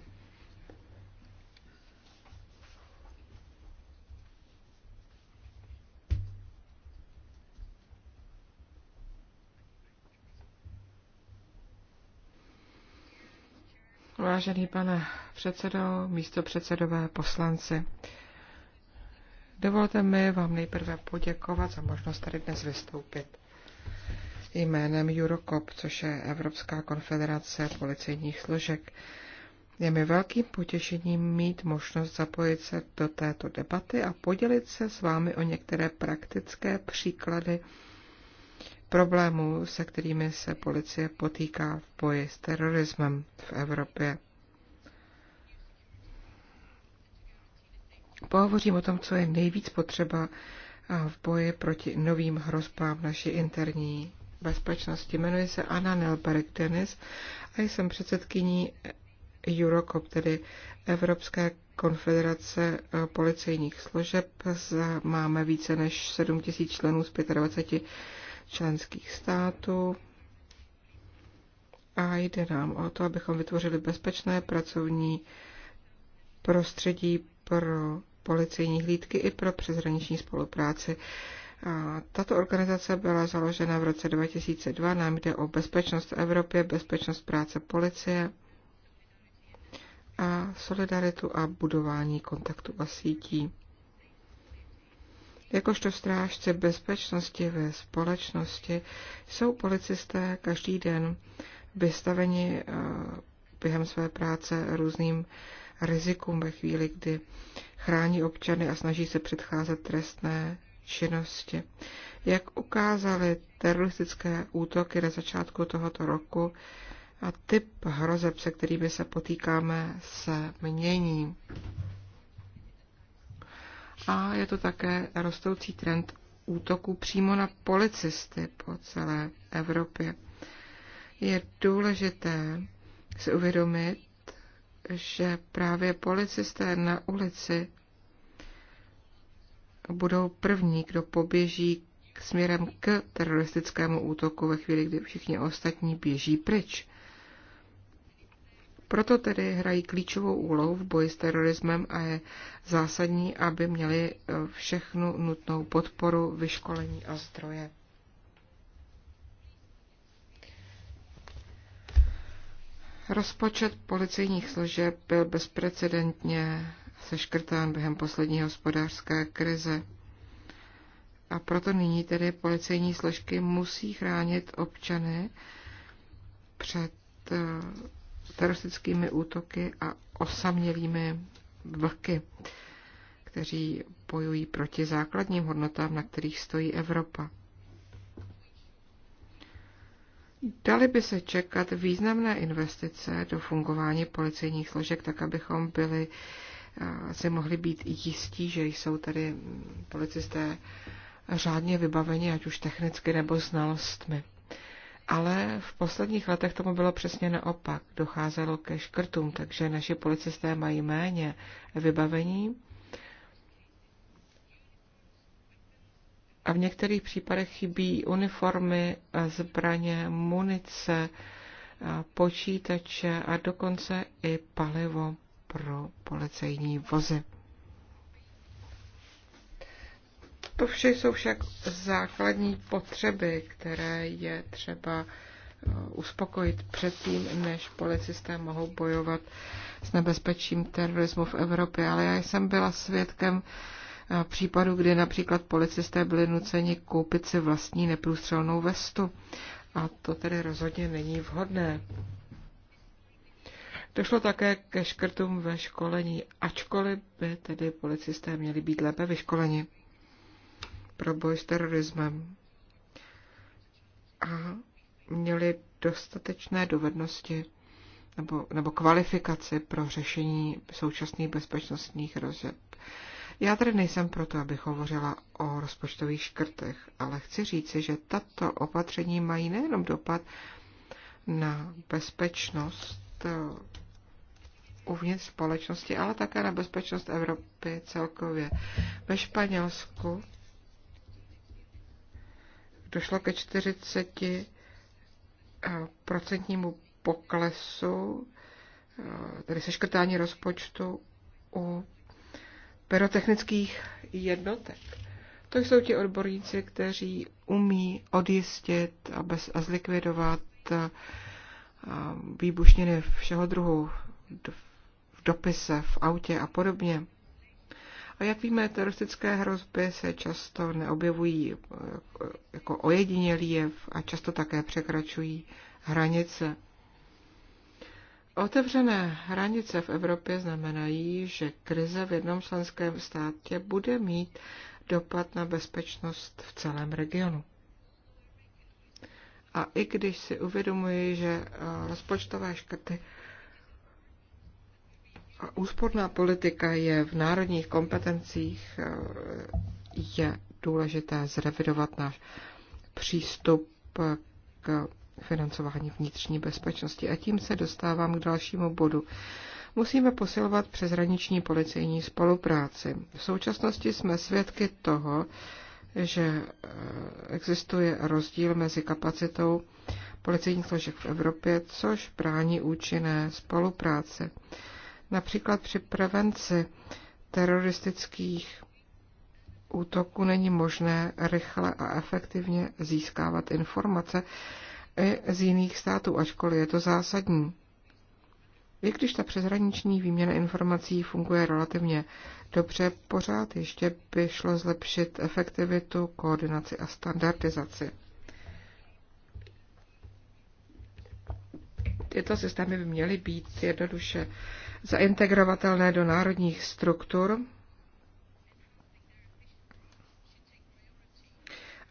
Vážený pane předsedo, místo předsedové poslanci, dovolte mi vám nejprve poděkovat za možnost tady dnes vystoupit jménem Eurocop, což je Evropská konfederace policejních složek. Je mi velkým potěšením mít možnost zapojit se do této debaty a podělit se s vámi o některé praktické příklady problémů, se kterými se policie potýká v boji s terorismem v Evropě. Pohovořím o tom, co je nejvíc potřeba v boji proti novým hrozbám naší interní bezpečnosti. Jmenuji se Anna Nelberg Denis a jsem předsedkyní Eurocop, tedy Evropské konfederace e, policejních složeb. Máme více než 7 000 členů z 25 členských států a jde nám o to, abychom vytvořili bezpečné pracovní prostředí pro policejní hlídky i pro přeshraniční spolupráci. A tato organizace byla založena v roce 2002. Nám jde o bezpečnost v Evropě, bezpečnost práce policie a solidaritu a budování kontaktů a sítí. Jakožto strážce bezpečnosti ve společnosti jsou policisté každý den vystaveni eh, během své práce různým rizikům ve chvíli, kdy chrání občany a snaží se předcházet trestné činnosti. Jak ukázaly teroristické útoky na začátku tohoto roku, a typ hrozeb, se kterými se potýkáme, se mění. A je to také rostoucí trend útoků přímo na policisty po celé Evropě. Je důležité si uvědomit, že právě policisté na ulici budou první, kdo poběží k směrem k teroristickému útoku ve chvíli, kdy všichni ostatní běží pryč. Proto tedy hrají klíčovou úlohu v boji s terorismem a je zásadní, aby měli e, všechnu nutnou podporu, vyškolení a zdroje. Rozpočet policejních složeb byl bezprecedentně seškrtán během poslední hospodářské krize. A proto nyní tedy policejní složky musí chránit občany před e, teroristickými útoky a osamělými vlky, kteří bojují proti základním hodnotám, na kterých stojí Evropa. Dali by se čekat významné investice do fungování policejních složek, tak abychom byli, eh, si mohli být jistí, že jsou tady policisté řádně vybaveni, ať už technicky nebo znalostmi ale v posledních letech tomu bylo přesně naopak. Docházelo ke škrtům, takže naši policisté mají méně vybavení. A v některých případech chybí uniformy, zbraně, munice, počítače a dokonce i palivo pro policejní vozy. To vše jsou však základní potřeby, které je třeba eh, uspokojit předtím, než policisté mohou bojovat s nebezpečím terorismu v Evropě. Ale já jsem byla svědkem eh, případu, kdy například policisté byli nuceni koupit si vlastní neprůstřelnou vestu. A to tedy rozhodně není vhodné. Došlo také ke škrtům ve školení, ačkoliv by tedy policisté měli být lépe vyškoleni pro boj s terorismem a měli dostatečné dovednosti nebo, nebo kvalifikaci pro řešení současných bezpečnostních rozeb. Já tady nejsem proto, abych hovořila o rozpočtových škrtech, ale chci říci, že tato opatření mají nejenom dopad na bezpečnost eh, uvnitř společnosti, ale také na bezpečnost Evropy celkově. Ve Španělsku došlo ke 40 eh, procentnímu poklesu, eh, tedy seškrtání rozpočtu u pyrotechnických jednotek. To jsou ti odborníci, kteří umí odjistit a, bez, a zlikvidovat eh, výbušniny všeho druhu v dopise, v autě a podobně. A jak víme, teroristické hrozby se často neobjevují eh, jako ojedinělý jev a často také překračují hranice. Otevřené hranice v Evropě znamenají, že krize v jednom členském státě bude mít dopad na bezpečnost v celém regionu. A i když si uvědomuji, že eh, rozpočtové škrty úsporná politika je v národních kompetencích, eh, je důležité zrevidovat náš přístup eh, k financování vnitřní bezpečnosti. A tím se dostávám k dalšímu bodu. Musíme posilovat přeshraniční policejní spolupráci. V současnosti jsme svědky toho, že eh, existuje rozdíl mezi kapacitou policejních složek v Evropě, což brání účinné spolupráce. Například při prevenci teroristických útoků není možné rychle a efektivně získávat informace i z jiných států, ačkoliv je to zásadní. I když ta přeshraniční výměna informací funguje relativně dobře, pořád ještě by šlo zlepšit efektivitu, koordinaci a standardizaci. Tyto systémy by měly být jednoduše zaintegrovatelné do národních struktur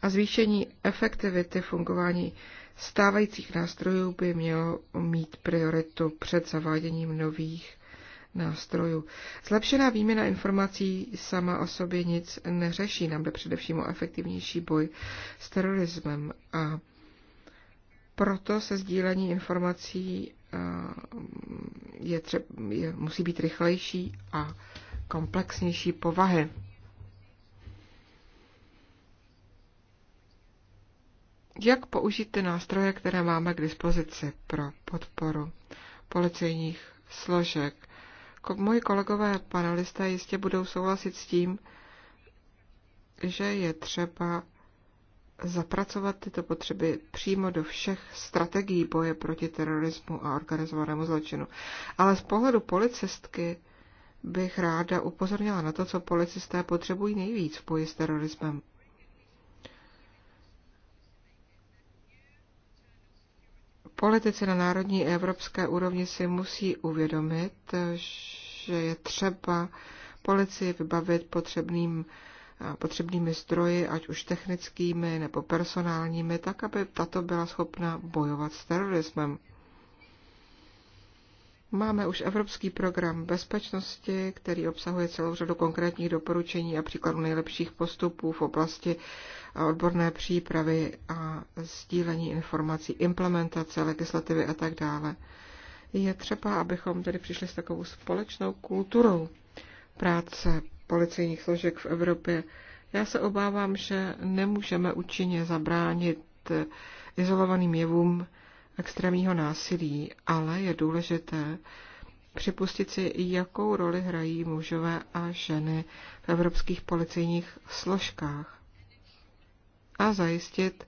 a zvýšení efektivity fungování stávajících nástrojů by mělo mít prioritu před zaváděním nových nástrojů. Zlepšená výměna informací sama o sobě nic neřeší. Nám jde především o efektivnější boj s terorismem a proto se sdílení informací Eh, je třeba, je, musí být rychlejší a komplexnější povahy. Jak použít ty nástroje, které máme k dispozici pro podporu policejních složek? Moji kolegové panelisté jistě budou souhlasit s tím, že je třeba zapracovat tyto potřeby přímo do všech strategií boje proti terorismu a organizovanému zločinu. Ale z pohledu policistky bych ráda upozornila na to, co policisté potřebují nejvíc v boji s terorismem. Politici na národní a evropské úrovni si musí uvědomit, že je třeba policii vybavit potřebným potřebnými zdroji, ať už technickými nebo personálními, tak aby tato byla schopna bojovat s terorismem. Máme už evropský program bezpečnosti, který obsahuje celou řadu konkrétních doporučení a příkladů nejlepších postupů v oblasti odborné přípravy a sdílení informací, implementace legislativy a tak dále. Je třeba, abychom tedy přišli s takovou společnou kulturou práce policejních složek v Evropě. Já se obávám, že nemůžeme účinně zabránit izolovaným jevům extrémního násilí, ale je důležité připustit si, jakou roli hrají mužové a ženy v evropských policejních složkách a zajistit,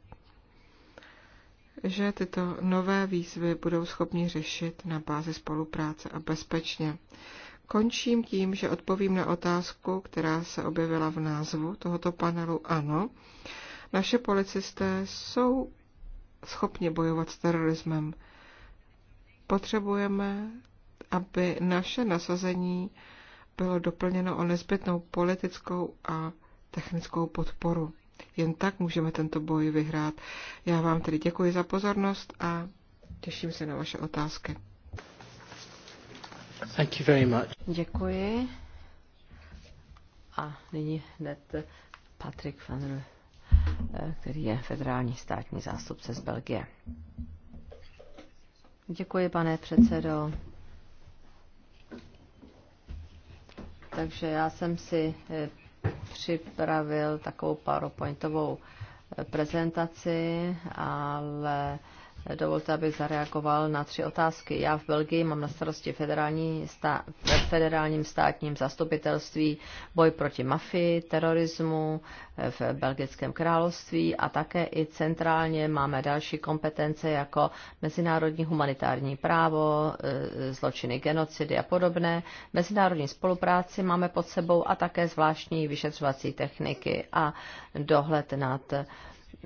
že tyto nové výzvy budou schopni řešit na bázi spolupráce a bezpečně. Končím tím, že odpovím na otázku, která se objevila v názvu tohoto panelu. Ano, naše policisté jsou schopni bojovat s terorismem. Potřebujeme, aby naše nasazení bylo doplněno o nezbytnou politickou a technickou podporu. Jen tak můžeme tento boj vyhrát. Já vám tedy děkuji za pozornost a těším se na vaše otázky. Thank you very much. Děkuji. A nyní hned Patrick van Rue, eh, který je federální státní zástupce z Belgie. Děkuji, pane předsedo. Takže já jsem si eh, připravil takovou PowerPointovou eh, prezentaci, ale Dovolte, abych zareagoval na tři otázky. Já v Belgii mám na starosti federální stá- federálním státním zastupitelství boj proti mafii, terorismu eh, v Belgickém království a také i centrálně máme další kompetence jako mezinárodní humanitární právo, eh, zločiny genocidy a podobné. Mezinárodní spolupráci máme pod sebou a také zvláštní vyšetřovací techniky a dohled nad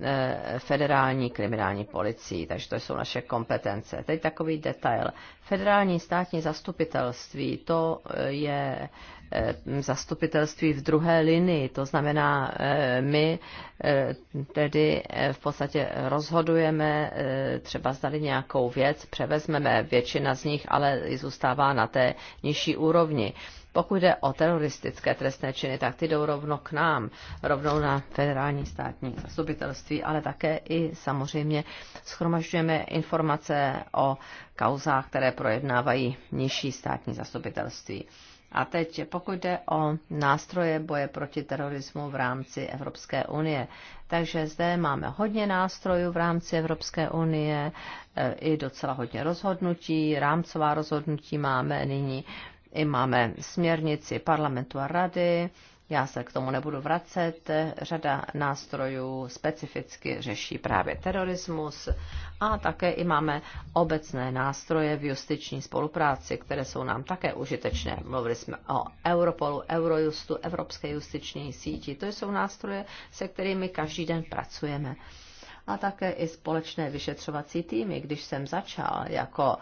Eh, federální kriminální policií, takže to jsou naše kompetence. Teď takový detail. Federální státní zastupitelství, to eh, je eh, zastupitelství v druhé linii, to znamená, my tedy v podstatě rozhodujeme třeba zdali nějakou věc, převezmeme většina z nich, ale zůstává na té nižší úrovni. Pokud jde o teroristické trestné činy, tak ty jdou rovno k nám, rovnou na federální státní zastupitelství, ale také i samozřejmě schromažďujeme informace o kauzách, které projednávají nižší státní zastupitelství. A teď, pokud jde o nástroje boje proti terorismu v rámci Evropské unie, takže zde máme hodně nástrojů v rámci Evropské unie, e, i docela hodně rozhodnutí, rámcová rozhodnutí máme nyní i máme směrnici parlamentu a rady, já se k tomu nebudu vracet. Řada nástrojů specificky řeší právě terorismus a také i máme obecné nástroje v justiční spolupráci, které jsou nám také užitečné. Mluvili jsme o Europolu, Eurojustu, Evropské justiční síti. To jsou nástroje, se kterými každý den pracujeme a také i společné vyšetřovací týmy. Když jsem začal jako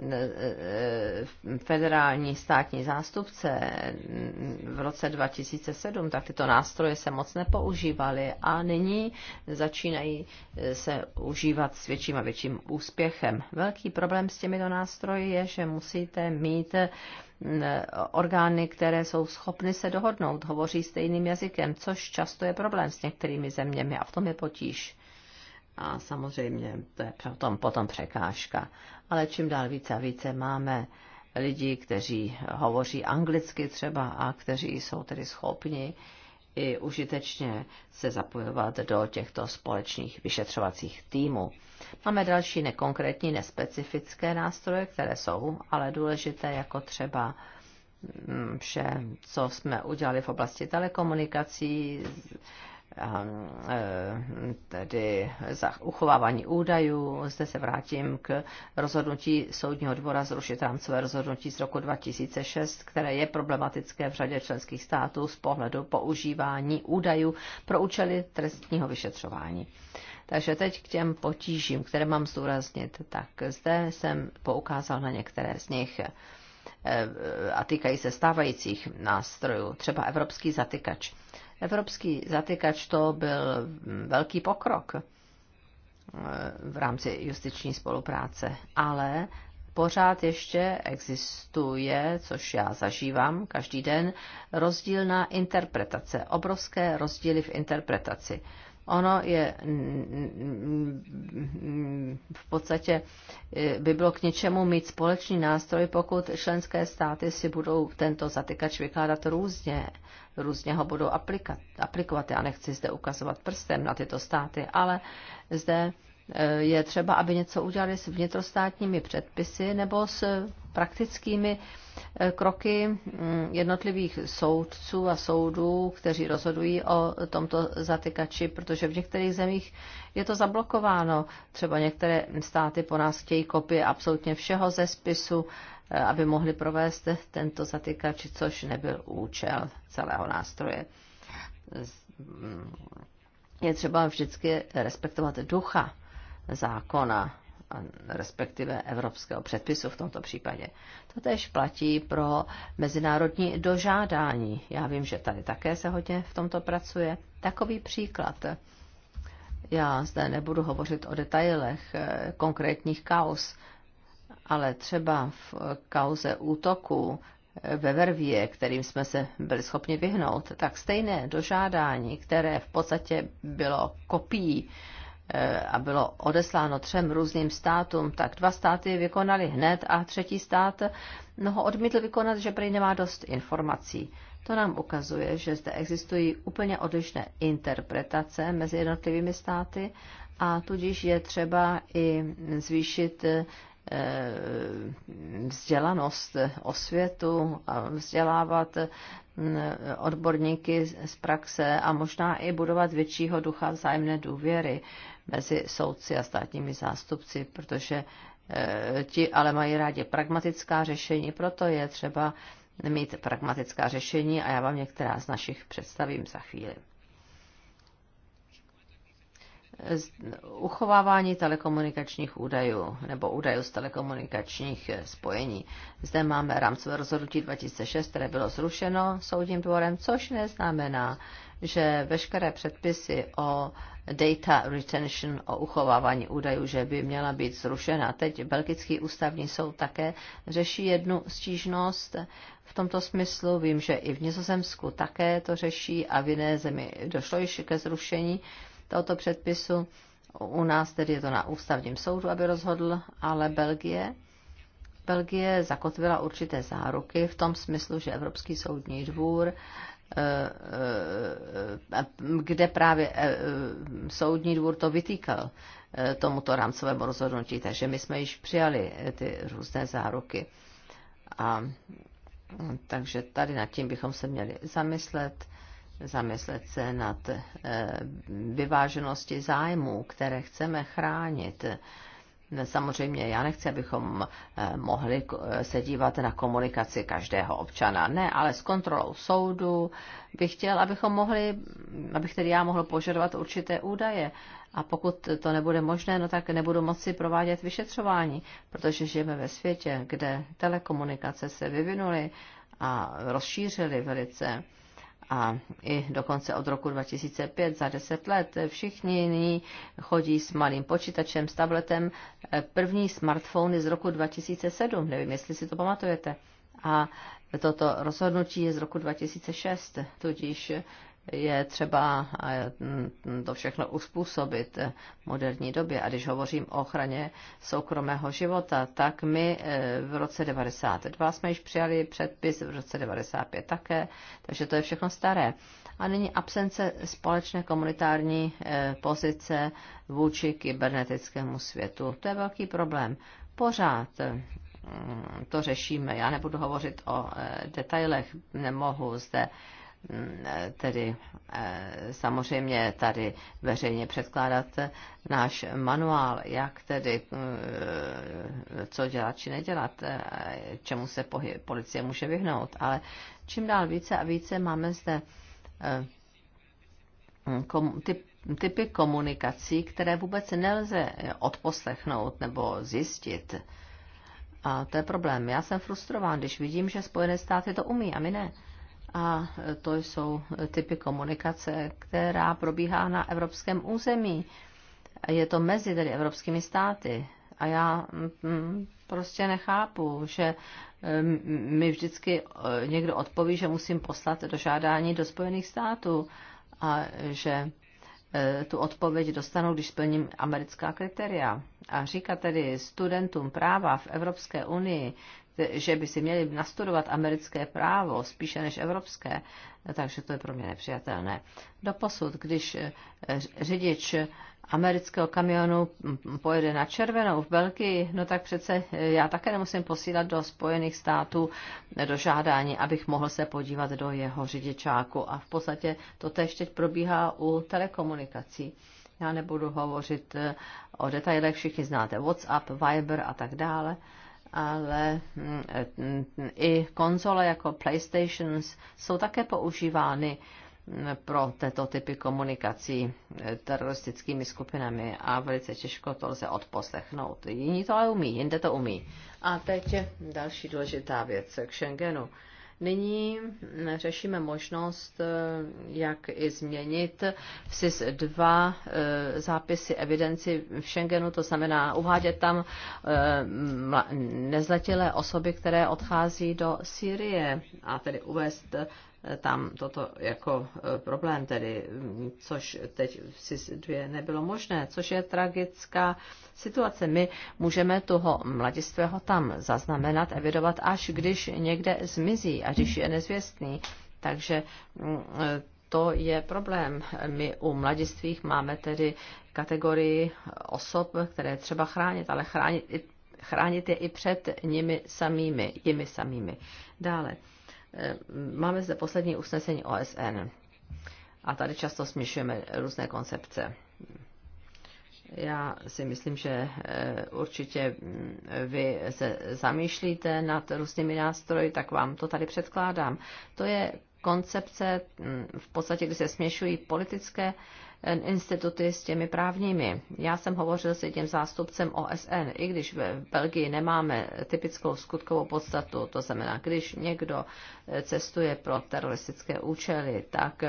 E, e, federální státní zástupce v roce 2007, tak tyto nástroje se moc nepoužívaly a nyní začínají e, se užívat s větším a větším úspěchem. Velký problém s těmito nástroji je, že musíte mít orgány, které jsou schopny se dohodnout, hovoří stejným jazykem, což často je problém s některými zeměmi a v tom je potíž a samozřejmě to je potom, potom překážka. Ale čím dál více a více máme lidi, kteří hovoří anglicky třeba a kteří jsou tedy schopni i užitečně se zapojovat do těchto společných vyšetřovacích týmů. Máme další nekonkrétní, nespecifické nástroje, které jsou ale důležité, jako třeba mm, vše, co jsme udělali v oblasti telekomunikací, Ehm, ehm, tedy za uchovávání údajů. Zde se vrátím k rozhodnutí Soudního dvora zrušit rámcové rozhodnutí z roku 2006, které je problematické v řadě členských států z pohledu používání údajů pro účely trestního vyšetřování. Takže teď k těm potížím, které mám zdůraznit, tak zde jsem poukázal na některé z nich eh, a týkají se stávajících nástrojů, třeba evropský zatykač Evropský zatykač to byl velký pokrok eh, v rámci justiční spolupráce, ale pořád ještě existuje, což já zažívám každý den, rozdílná interpretace, obrovské rozdíly v interpretaci ono je v podstatě e, by bylo k něčemu mít společný nástroj, pokud členské státy si budou tento zatykač vykládat různě, různě ho budou aplikat, aplikovat. Já nechci zde ukazovat prstem na tyto státy, ale zde Eh, je třeba, aby něco udělali s vnitrostátními předpisy nebo s praktickými eh, kroky mm, jednotlivých soudců a soudů, kteří rozhodují o tomto zatykači, protože v některých zemích je to zablokováno. Třeba některé státy po nás chtějí kopie absolutně všeho ze spisu, eh, aby mohli provést tento zatykač, což nebyl účel celého nástroje. Mm, je třeba vždycky respektovat ducha zákona, respektive evropského předpisu v tomto případě. To tež platí pro mezinárodní dožádání. Já vím, že tady také se hodně v tomto pracuje. Takový příklad. Já zde nebudu hovořit o detailech eh, konkrétních kaus, ale třeba v kauze útoku eh, ve Vervě, kterým jsme se byli schopni vyhnout, tak stejné dožádání, které v podstatě bylo kopií a bylo odesláno třem různým státům, tak dva státy vykonali hned a třetí stát no, ho odmítl vykonat, že prý nemá dost informací. To nám ukazuje, že zde existují úplně odlišné interpretace mezi jednotlivými státy a tudíž je třeba i zvýšit e, vzdělanost, osvětu, vzdělávat odborníky z praxe a možná i budovat většího ducha vzájemné důvěry mezi soudci a státními zástupci, protože eh, ti ale mají rádi pragmatická řešení, proto je třeba mít pragmatická řešení a já vám některá z našich představím za chvíli. Uchovávání telekomunikačních údajů nebo údajů z telekomunikačních eh, spojení. Zde máme rámcové rozhodnutí 2006, které bylo zrušeno soudním dvorem, což neznamená, že veškeré předpisy o data retention, o uchovávání údajů, že by měla být zrušena. Teď Belgický ústavní soud také řeší jednu stížnost v tomto smyslu. Vím, že i v Nizozemsku také to řeší a v jiné zemi došlo již ke zrušení tohoto předpisu. U nás tedy je to na ústavním soudu, aby rozhodl, ale Belgie Belgie zakotvila určité záruky v tom smyslu, že Evropský soudní dvůr Eh, eh, eh, kde právě soudní dvůr to vytýkal tomuto rámcovému rozhodnutí. Takže my jsme již přijali ty různé záruky. A mm, takže tady nad tím bychom se měli zamyslet, zamyslet se nad vyváženosti zájmů, které chceme chránit Samozřejmě já nechci, abychom eh, mohli eh, se dívat na komunikaci každého občana. Ne, ale s kontrolou soudu bych chtěl, abychom mohli, abych tedy já mohl požadovat určité údaje. A pokud to nebude možné, no tak nebudu moci provádět vyšetřování, protože žijeme ve světě, kde telekomunikace se vyvinuly a rozšířily velice a i dokonce od roku 2005 za 10 let všichni nyní chodí s malým počítačem, s tabletem. Eh, první smartphone je z roku 2007, nevím, jestli si to pamatujete. A toto rozhodnutí je z roku 2006, tudíž je třeba eh, mm, to všechno uspůsobit moderní době. A když hovořím o ochraně soukromého života, tak my eh, v roce 92 jsme již přijali předpis, v roce 95 také, takže to je všechno staré. A nyní absence společné komunitární eh, pozice vůči kybernetickému světu. To je velký problém. Pořád to řešíme. Já nebudu hovořit o detailech, nemohu zde tedy eh, samozřejmě tady veřejně předkládat náš manuál, jak tedy, eh, co dělat či nedělat, eh, čemu se policie může vyhnout. Ale čím dál více a více máme zde ty typy komunikací, které vůbec nelze odposlechnout nebo zjistit. A to je problém. Já jsem frustrován, když vidím, že Spojené státy to umí a my ne a to jsou typy komunikace, která probíhá na evropském území. Je to mezi tedy evropskými státy. A já mm, mm, prostě nechápu, že mm, mi vždycky e, někdo odpoví, že musím poslat do žádání do Spojených států a že e, tu odpověď dostanu, když splním americká kritéria. A říká tedy studentům práva v Evropské unii, že by si měli nastudovat americké právo spíše než evropské, takže to je pro mě nepřijatelné. Doposud, když eh, řidič amerického kamionu pojede na červenou v Belgii, no tak přece eh, já také nemusím posílat do Spojených států eh, do žádání, abych mohl se podívat do jeho řidičáku. A v podstatě to tež teď probíhá u telekomunikací. Já nebudu hovořit o detailech, všichni znáte WhatsApp, Viber a tak dále ale mm, e, i konzole jako PlayStations jsou také používány mm, pro tyto typy komunikací e, teroristickými skupinami a velice těžko to lze odposlechnout. Jiní to ale umí, jinde to umí. A teď další důležitá věc k Schengenu. Nyní řešíme možnost, eh, jak i změnit v SIS 2 eh, zápisy evidenci v Schengenu, to znamená uvádět tam eh, nezletilé osoby, které odchází do Syrie a tedy uvést tam toto jako e, problém, tedy, což teď v sis nebylo možné, což je tragická situace. My můžeme toho mladistvého tam zaznamenat, evidovat, až když někde zmizí, a když je nezvěstný. Takže e, to je problém. My u mladistvých máme tedy kategorii osob, které třeba chránit, ale chránit, chránit je i před nimi samými, jimi samými. Dále Eh, máme zde poslední usnesení OSN a tady často směšujeme různé koncepce. Já si myslím, že eh, určitě mm, vy se zamýšlíte nad různými nástroji, tak vám to tady předkládám. To je koncepce, mm, v podstatě, kdy se směšují politické instituty s těmi právními. Já jsem hovořil s jedním zástupcem OSN, i když v Belgii nemáme typickou skutkovou podstatu, to znamená, když někdo e, cestuje pro teroristické účely, tak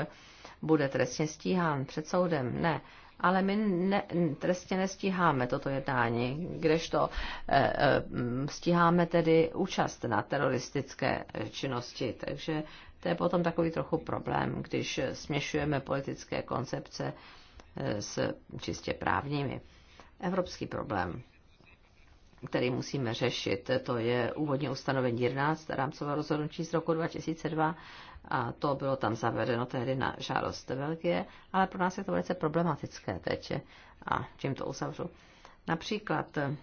bude trestně stíhán před soudem. Ne, ale my ne, trestně nestíháme toto jednání, kdežto e, e, stíháme tedy účast na teroristické činnosti. Takže to je potom takový trochu problém, když směšujeme politické koncepce eh, s čistě právními. Evropský problém, který musíme řešit, to je úvodně ustanovení 11 rámcové rozhodnutí z roku 2002 a to bylo tam zavedeno tehdy na žádost Belgie, ale pro nás je to velice problematické teď a čím to uzavřu. Například eh,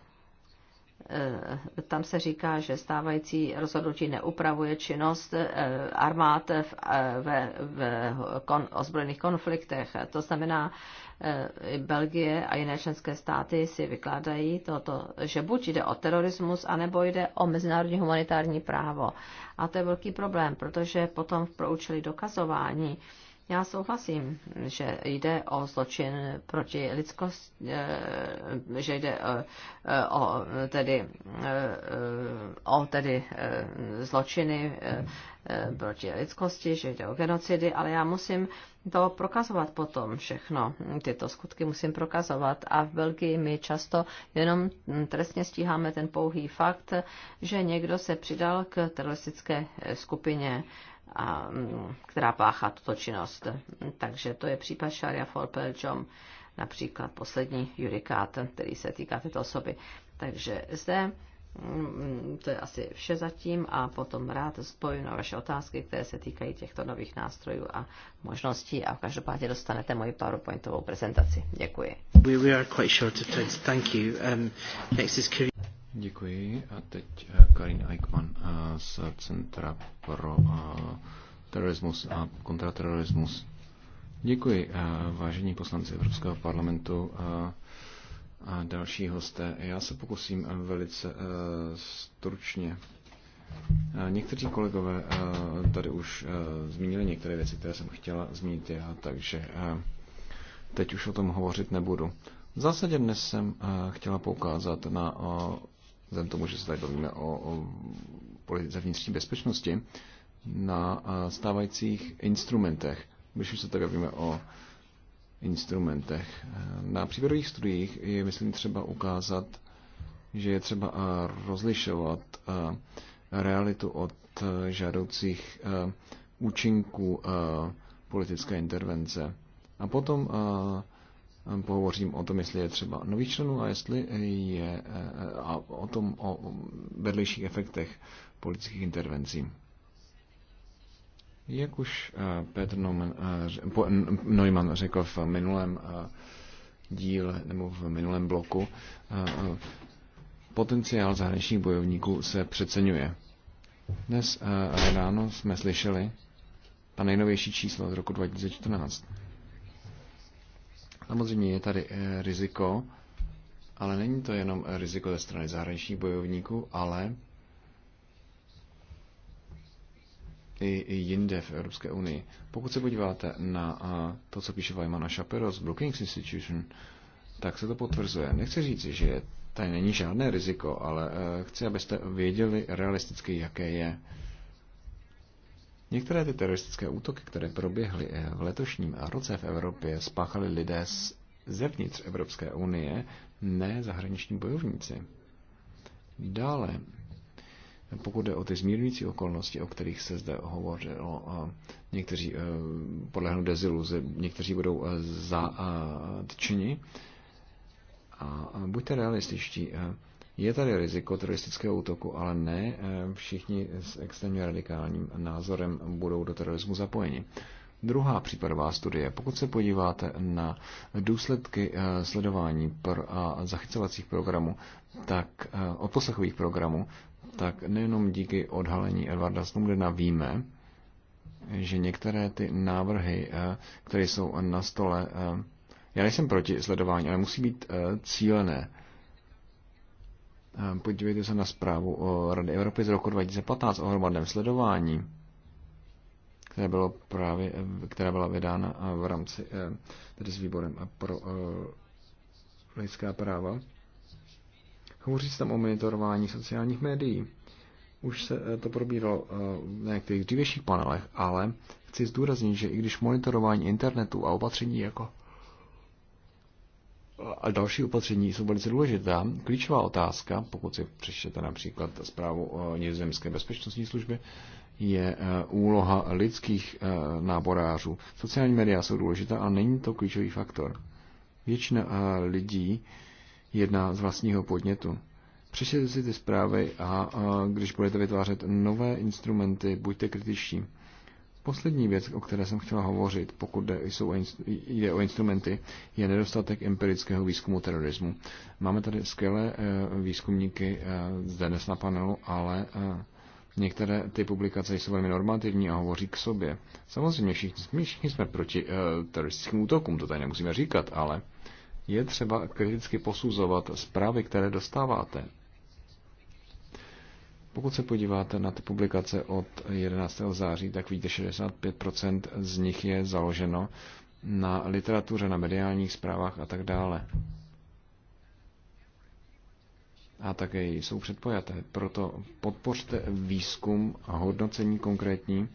Eh, tam se říká, že stávající rozhodnutí neupravuje činnost eh, armád v, eh, v, v kon, ozbrojených konfliktech. To znamená, Belgie a jiné členské státy si vykládají toto, že buď jde o terorismus, anebo jde o mezinárodní humanitární právo. A to je velký problém, protože potom pro účely dokazování já souhlasím, že jde o zločin proti lidskosti, eh, že jde eh, eh, o tedy, o tedy zločiny proti lidskosti, že jde o genocidy, ale já musím to prokazovat potom všechno. Tyto skutky musím prokazovat a v Belgii my často jenom trestně stíháme ten pouhý fakt, že někdo se přidal k teroristické skupině a, která páchá tuto činnost. Takže to je případ Sharia for Peljom, například poslední judikát, který se týká této osoby. Takže zde mm, to je asi vše zatím a potom rád spoju na vaše otázky, které se týkají těchto nových nástrojů a možností a v každopádě dostanete moji PowerPointovou prezentaci. Děkuji. We, we are quite short of time. Thank you. Um, next is... Děkuji. A teď eh, Karin Eichmann eh, z Centra pro eh, terorismus a kontraterorismus. Děkuji, vážení poslanci Evropského parlamentu a další hosté. Já se pokusím velice stručně. Někteří kolegové tady už zmínili některé věci, které jsem chtěla zmínit já, takže teď už o tom hovořit nebudu. V zásadě dnes jsem chtěla poukázat na vzhledem tomu, že se tady bavíme o, o politice vnitřní bezpečnosti, na stávajících instrumentech, když už se tady bavíme o instrumentech. Na příběhových studiích je, myslím, třeba ukázat, že je třeba rozlišovat realitu od e, žádoucích e, účinků e, politické intervence. A potom Ehm, pohovořím o tom, jestli je třeba nových členů a jestli je eh, a o tom o vedlejších efektech politických intervencí. Jak už eh, Petr eh, Neumann řekl v minulém díle nebo v minulém bloku, potenciál zahraničních bojovníků se přeceňuje. Dnes ráno jsme slyšeli ta nejnovější číslo z roku 2014. Samozřejmě je tady eh, riziko, ale není to jenom riziko ze strany zahraničních bojovníků, ale i jinde v Evropské unii. Pokud se podíváte na eh, to, co píše Weimann Shapiro z Brookings Institution, tak se to potvrzuje. Nechci říct, že tady není žádné riziko, ale eh, chci, abyste věděli realisticky, jaké je. Některé ty teroristické útoky, které proběhly eh, v letošním roce v Evropě, spáchali lidé z zevnitř Evropské unie, ne zahraniční bojovníci. Dále, pokud jde o ty zmírňující okolnosti, o kterých se zde hovořilo, někteří eh, podlehnou deziluzi, někteří budou eh, zatčeni, a buďte realističtí, je tady riziko teroristického útoku, ale ne eh, všichni s extrémně radikálním názorem budou do terorismu zapojeni. Druhá případová studie, pokud se podíváte na důsledky eh, sledování a zachycovacích programů, tak eh, odposlechových programů, tak nejenom díky odhalení Edwarda Snowdena víme, že některé ty návrhy, které jsou na stole, já nejsem proti sledování, ale musí být cílené Ehm, podívejte se na zprávu o eh, Rady Evropy z roku 2015 o hromadném sledování, které bylo právě, eh, která byla vydána eh, v rámci tedy s výborem pro lidská práva. Hovoří se tam o monitorování sociálních médií. Už se to probíralo v některých dřívějších panelech, ale chci zdůraznit, že i když monitorování internetu a opatření jako a další opatření jsou velice důležitá. Klíčová otázka, pokud si přečtete například zprávu o nizozemské bezpečnostní služby, je eh, úloha lidských eh, náborářů. Sociální média jsou důležitá a není to klíčový faktor. Většina eh, lidí jedná z vlastního podnětu. Přečtěte si ty zprávy a když budete vytvářet nové instrumenty, buďte kritičtí. Poslední věc, o které jsem chtěla hovořit, pokud jde, jsou, jde o instrumenty, je nedostatek empirického výzkumu terorismu. Máme tady skvělé eh, výzkumníky eh, zde dnes na panelu, ale eh, Některé ty publikace jsou velmi normativní a hovoří k sobě. Samozřejmě všichni, všichni jsme proti teroristickým útokům, to tady nemusíme říkat, ale je třeba kriticky posuzovat zprávy, které dostáváte. Pokud se podíváte na ty publikace od 11. září, tak víte, 65% z nich je založeno na literatuře, na mediálních zprávách a tak dále. A také jsou předpojaté. Proto podpořte výzkum a hodnocení konkrétní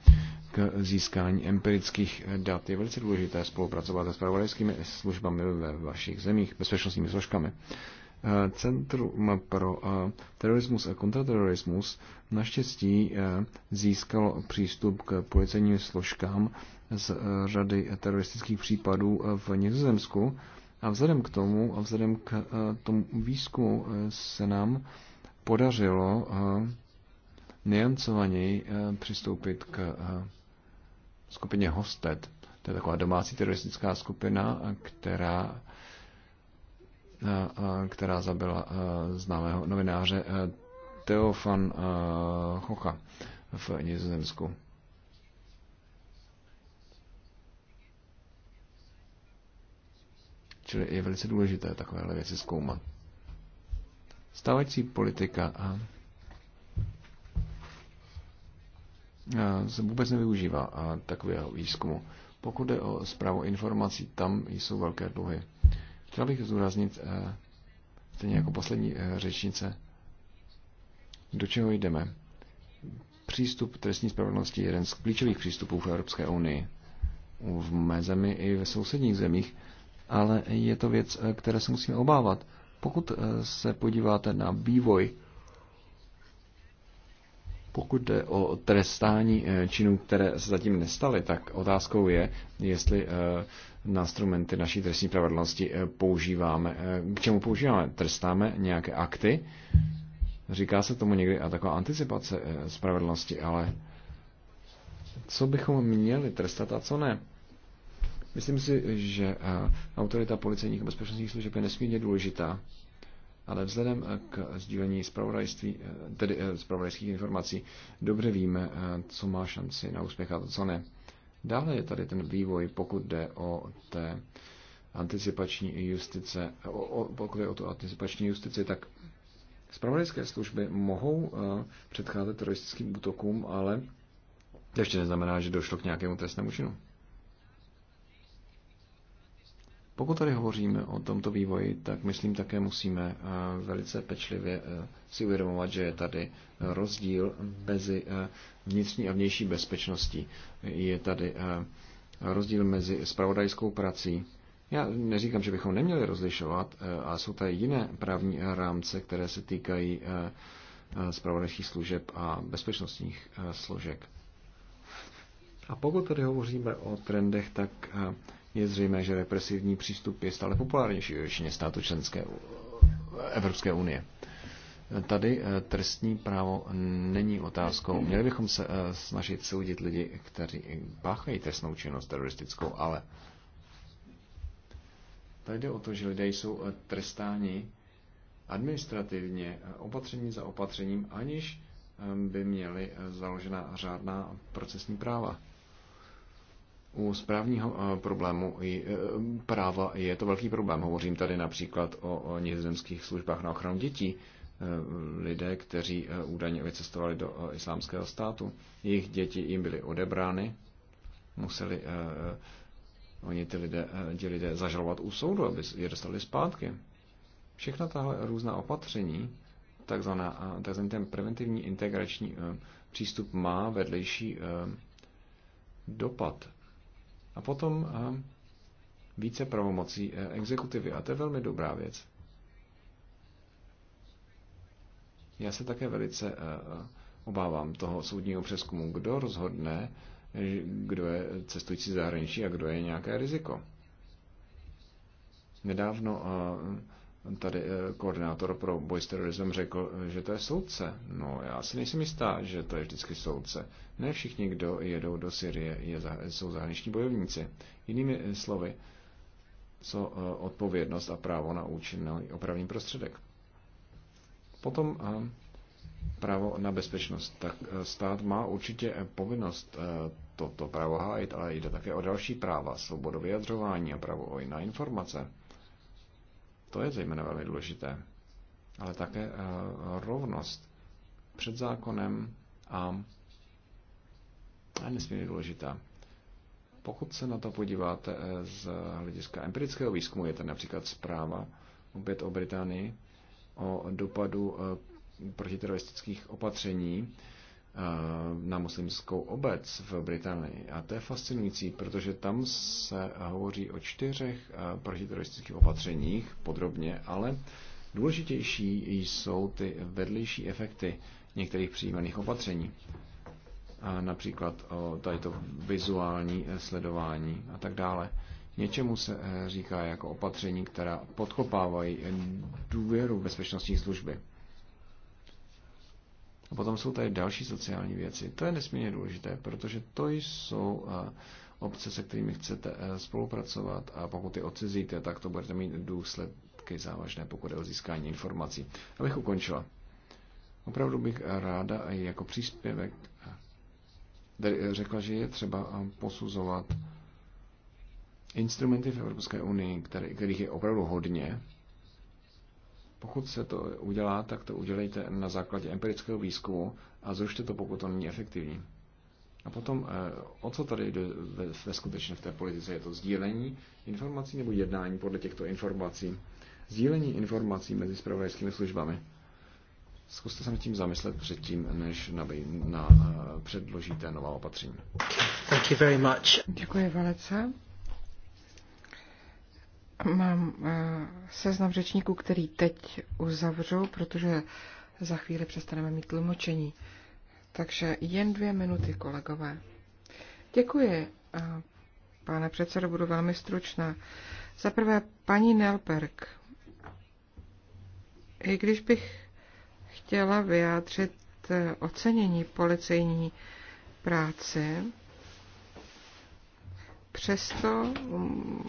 k získání empirických dat. Je velice důležité spolupracovat se spravodajskými službami ve vašich zemích, bezpečnostními složkami. Centrum pro eh, terorismus a kontraterorismus naštěstí eh, získalo přístup k policejním složkám z eh, řady teroristických případů v Nizozemsku a vzhledem k tomu a vzhledem k tomu výzkumu se nám podařilo nejancovaněji přistoupit k skupině Hostet. To je taková domácí teroristická skupina, která která zabila známého novináře Teofan Chocha v Nizozemsku. Čili je velice důležité takovéhle věci zkoumat. Stávající politika a se vůbec nevyužívá takového výzkumu. Pokud jde o zprávu informací, tam jsou velké dluhy. Chtěl bych zúraznit, eh, stejně jako poslední eh, řečnice, do čeho jdeme. Přístup trestní spravedlnosti je jeden z klíčových přístupů v Evropské unii, v mé zemi i ve sousedních zemích, ale je to věc, eh, které se musíme obávat. Pokud se podíváte na vývoj, pokud jde o trestání činů, které se zatím nestaly, tak otázkou je, jestli instrumenty naší trestní pravedlnosti eh, používáme. Eh, k čemu používáme? Trestáme nějaké akty? Říká se tomu někdy a taková anticipace eh, spravedlnosti, ale co bychom měli trestat a co ne? Myslím si, že autorita policejních a bezpečnostních služeb je nesmírně důležitá, ale vzhledem k sdílení zpravodajství, tedy zpravodajských informací, dobře víme, co má šanci na úspěch a to, co ne. Dále je tady ten vývoj, pokud jde o té anticipační justice, o, o, pokud jde o tu anticipační justici, tak Spravodajské služby mohou eh, předcházet teroristickým útokům, ale to ještě neznamená, že došlo k nějakému trestnému činu. Pokud tady hovoříme o tomto vývoji, tak myslím také musíme eh, velice pečlivě eh, si uvědomovat, že je tady rozdíl mezi eh, vnitřní a vnější bezpečností. Je tady rozdíl mezi spravodajskou prací. Já neříkám, že bychom neměli rozlišovat, a jsou tady jiné právní rámce, které se týkají spravodajských služeb a bezpečnostních složek. A pokud tady hovoříme o trendech, tak je zřejmé, že represivní přístup je stále populárnější ve většině států členské Evropské unie. Tady eh, trestní právo není otázkou. Měli bychom se eh, snažit soudit lidi, kteří páchají trestnou činnost teroristickou, ale tady jde o to, že lidé jsou eh, trestáni administrativně opatření za opatřením, aniž by měly založena řádná procesní práva u správního eh, problému eh, práva je to velký problém. Hovořím tady například o nizozemských službách na ochranu dětí. Eh, lidé, kteří údajně vycestovali do islámského státu, jejich děti jim byly odebrány, museli oni ty lidé, ti lidé zažalovat u soudu, aby je dostali zpátky. Všechna tahle různá opatření, takzvaná, takzvaný ten preventivní integrační přístup má vedlejší dopad. A potom eh, více pravomocí eh, exekutivy. A to je velmi dobrá věc. Já se také velice eh, obávám toho soudního přeskumu, kdo rozhodne, kdo je cestující zahraničí a kdo je nějaké riziko. Nedávno tady eh, koordinátor pro boj s terorismem řekl, eh, že to je soudce. No, já si nejsem jistá, že to je vždycky soudce. Ne všichni, kdo jedou do Syrie, je, jsou zahraniční bojovníci. Jinými eh, slovy, co odpovědnost a právo na účinný opravný prostředek. Potom právo na bezpečnost. Tak stát má určitě povinnost toto právo hájit, ale jde také o další práva, svobodu vyjadřování a právo na informace. To je zejména velmi důležité. Ale také eh, rovnost před zákonem a, a nesmírně důležitá. Pokud se na to podíváte eh, z hlediska empirického výzkumu, je to například zpráva opět o Británii, o dopadu eh, protiteroristických opatření Eh, na muslimskou obec v Británii. A to je fascinující, protože tam se hovoří o čtyřech eh, protiteroristických opatřeních podrobně, ale důležitější jsou ty vedlejší efekty některých přijímaných opatření. A například o tady to vizuální eh, sledování a tak dále. Něčemu se říká jako opatření, která podkopávají důvěru bezpečnostní služby. A potom jsou tady další sociální věci. To je nesmírně důležité, protože to jsou eh, obce, se kterými chcete eh, spolupracovat a pokud je odcizíte, tak to budete mít důsledky závažné, pokud je o získání informací. Abych ukončila. Opravdu bych ráda jako příspěvek eh, řekla, že je třeba posuzovat instrumenty v Evropské unii, kterých je opravdu hodně, pokud se to udělá, tak to udělejte na základě empirického výzkumu a zrušte to, pokud to není efektivní. A potom, eh, o co tady jde ve, ve skutečně v té politice? Je to sdílení informací nebo jednání podle těchto informací? Sdílení informací mezi spravodajskými službami. Zkuste se nad tím zamyslet předtím, než na, na, eh, na, předložíte nová opatření. Thank you very much. Děkuji velice. Mám eh, seznam řečníků, který teď uzavřu, protože za chvíli přestaneme mít tlumočení. Takže jen dvě minuty, kolegové. Děkuji, eh, pane předsedo, budu velmi stručná. Za prvé, paní Nelperk, I když bych chtěla vyjádřit eh, ocenění policejní práci, přesto mm,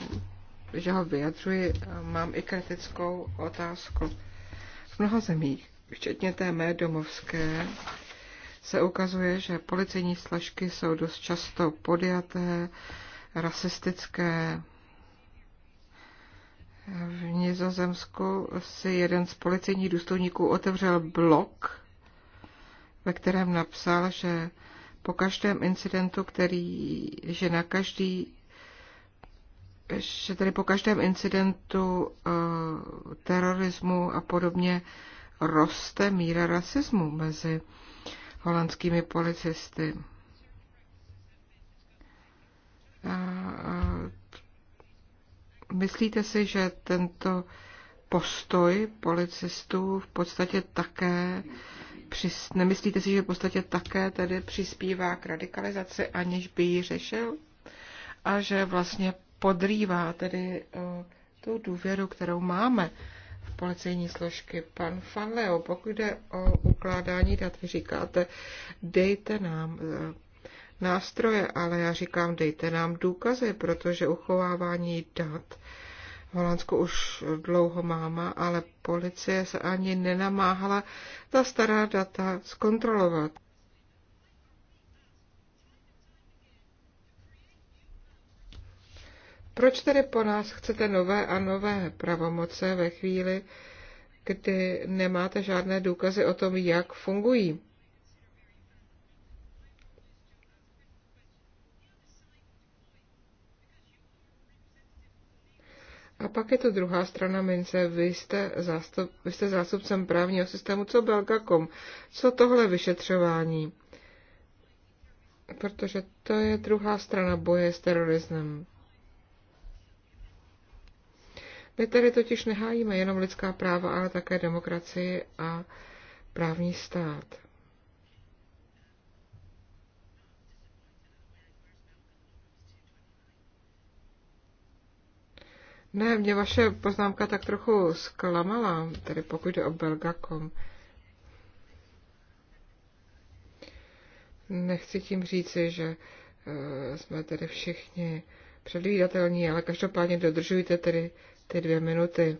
že ho vyjadřuji, eh, mám i kritickou otázku. V mnoha zemích, včetně té mé domovské, se ukazuje, že policejní složky jsou dost často podjaté, rasistické. V Nizozemsku si jeden z policejních důstojníků otevřel blok, ve kterém napsal, že po každém incidentu, který, že na každý že tedy po každém incidentu eh, terorismu a podobně roste míra rasismu mezi holandskými policisty. Myslíte si, že tento postoj policistů v podstatě také přis, nemyslíte si, že v podstatě také tedy přispívá k radikalizaci, aniž by ji řešil? A že vlastně podrývá tedy eh, tu důvěru, kterou máme v policejní složky. Pan Fanleo, pokud jde o ukládání dat, vy říkáte, dejte nám eh, nástroje, ale já říkám, dejte nám důkazy, protože uchovávání dat v Holandsku už dlouho máma, ale policie se ani nenamáhala ta stará data zkontrolovat. Proč tedy po nás chcete nové a nové pravomoce ve chvíli, kdy nemáte žádné důkazy o tom, jak fungují? A pak je to druhá strana mince. Vy jste, zástup, vy jste zástupcem právního systému. Co Belgacom? Co tohle vyšetřování? Protože to je druhá strana boje s terorismem. My tady totiž nehájíme jenom lidská práva, ale také demokracii a právní stát. Ne, mě vaše poznámka tak trochu zklamala, tedy pokud jde o Belgakom. Nechci tím říci, že e, jsme tedy všichni předvídatelní, ale každopádně dodržujte tedy ty dvě minuty.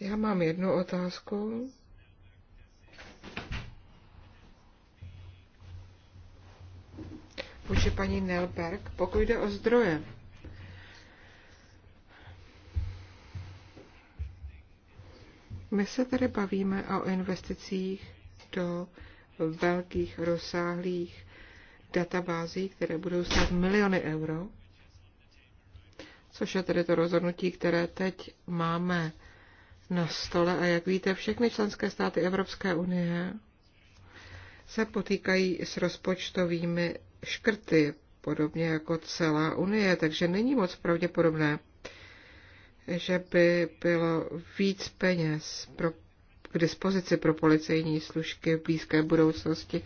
Já mám jednu otázku. Vůči paní Nelberg, pokud jde o zdroje. My se tady bavíme o investicích do velkých, rozsáhlých databází, které budou stát miliony euro, což je tedy to rozhodnutí, které teď máme na stole. A jak víte, všechny členské státy Evropské unie se potýkají s rozpočtovými škrty, podobně jako celá Unie, takže není moc pravděpodobné, že by bylo víc peněz pro k dispozici pro policejní služky v blízké budoucnosti.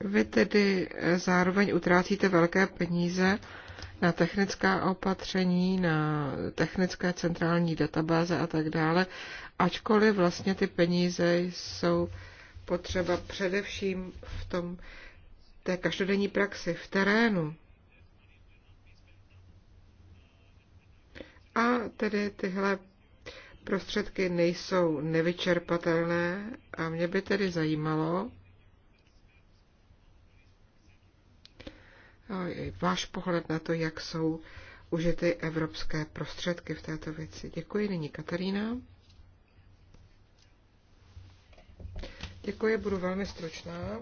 Vy tedy eh, zároveň utrácíte velké peníze na technická opatření, na technické centrální databáze a tak dále, ačkoliv vlastně ty peníze jsou potřeba především v tom té každodenní praxi, v terénu. A tedy tyhle prostředky nejsou nevyčerpatelné a mě by tedy zajímalo, eh, váš pohled na to, jak jsou užity evropské prostředky v této věci. Děkuji, nyní Katarína. Děkuji, budu velmi stručná.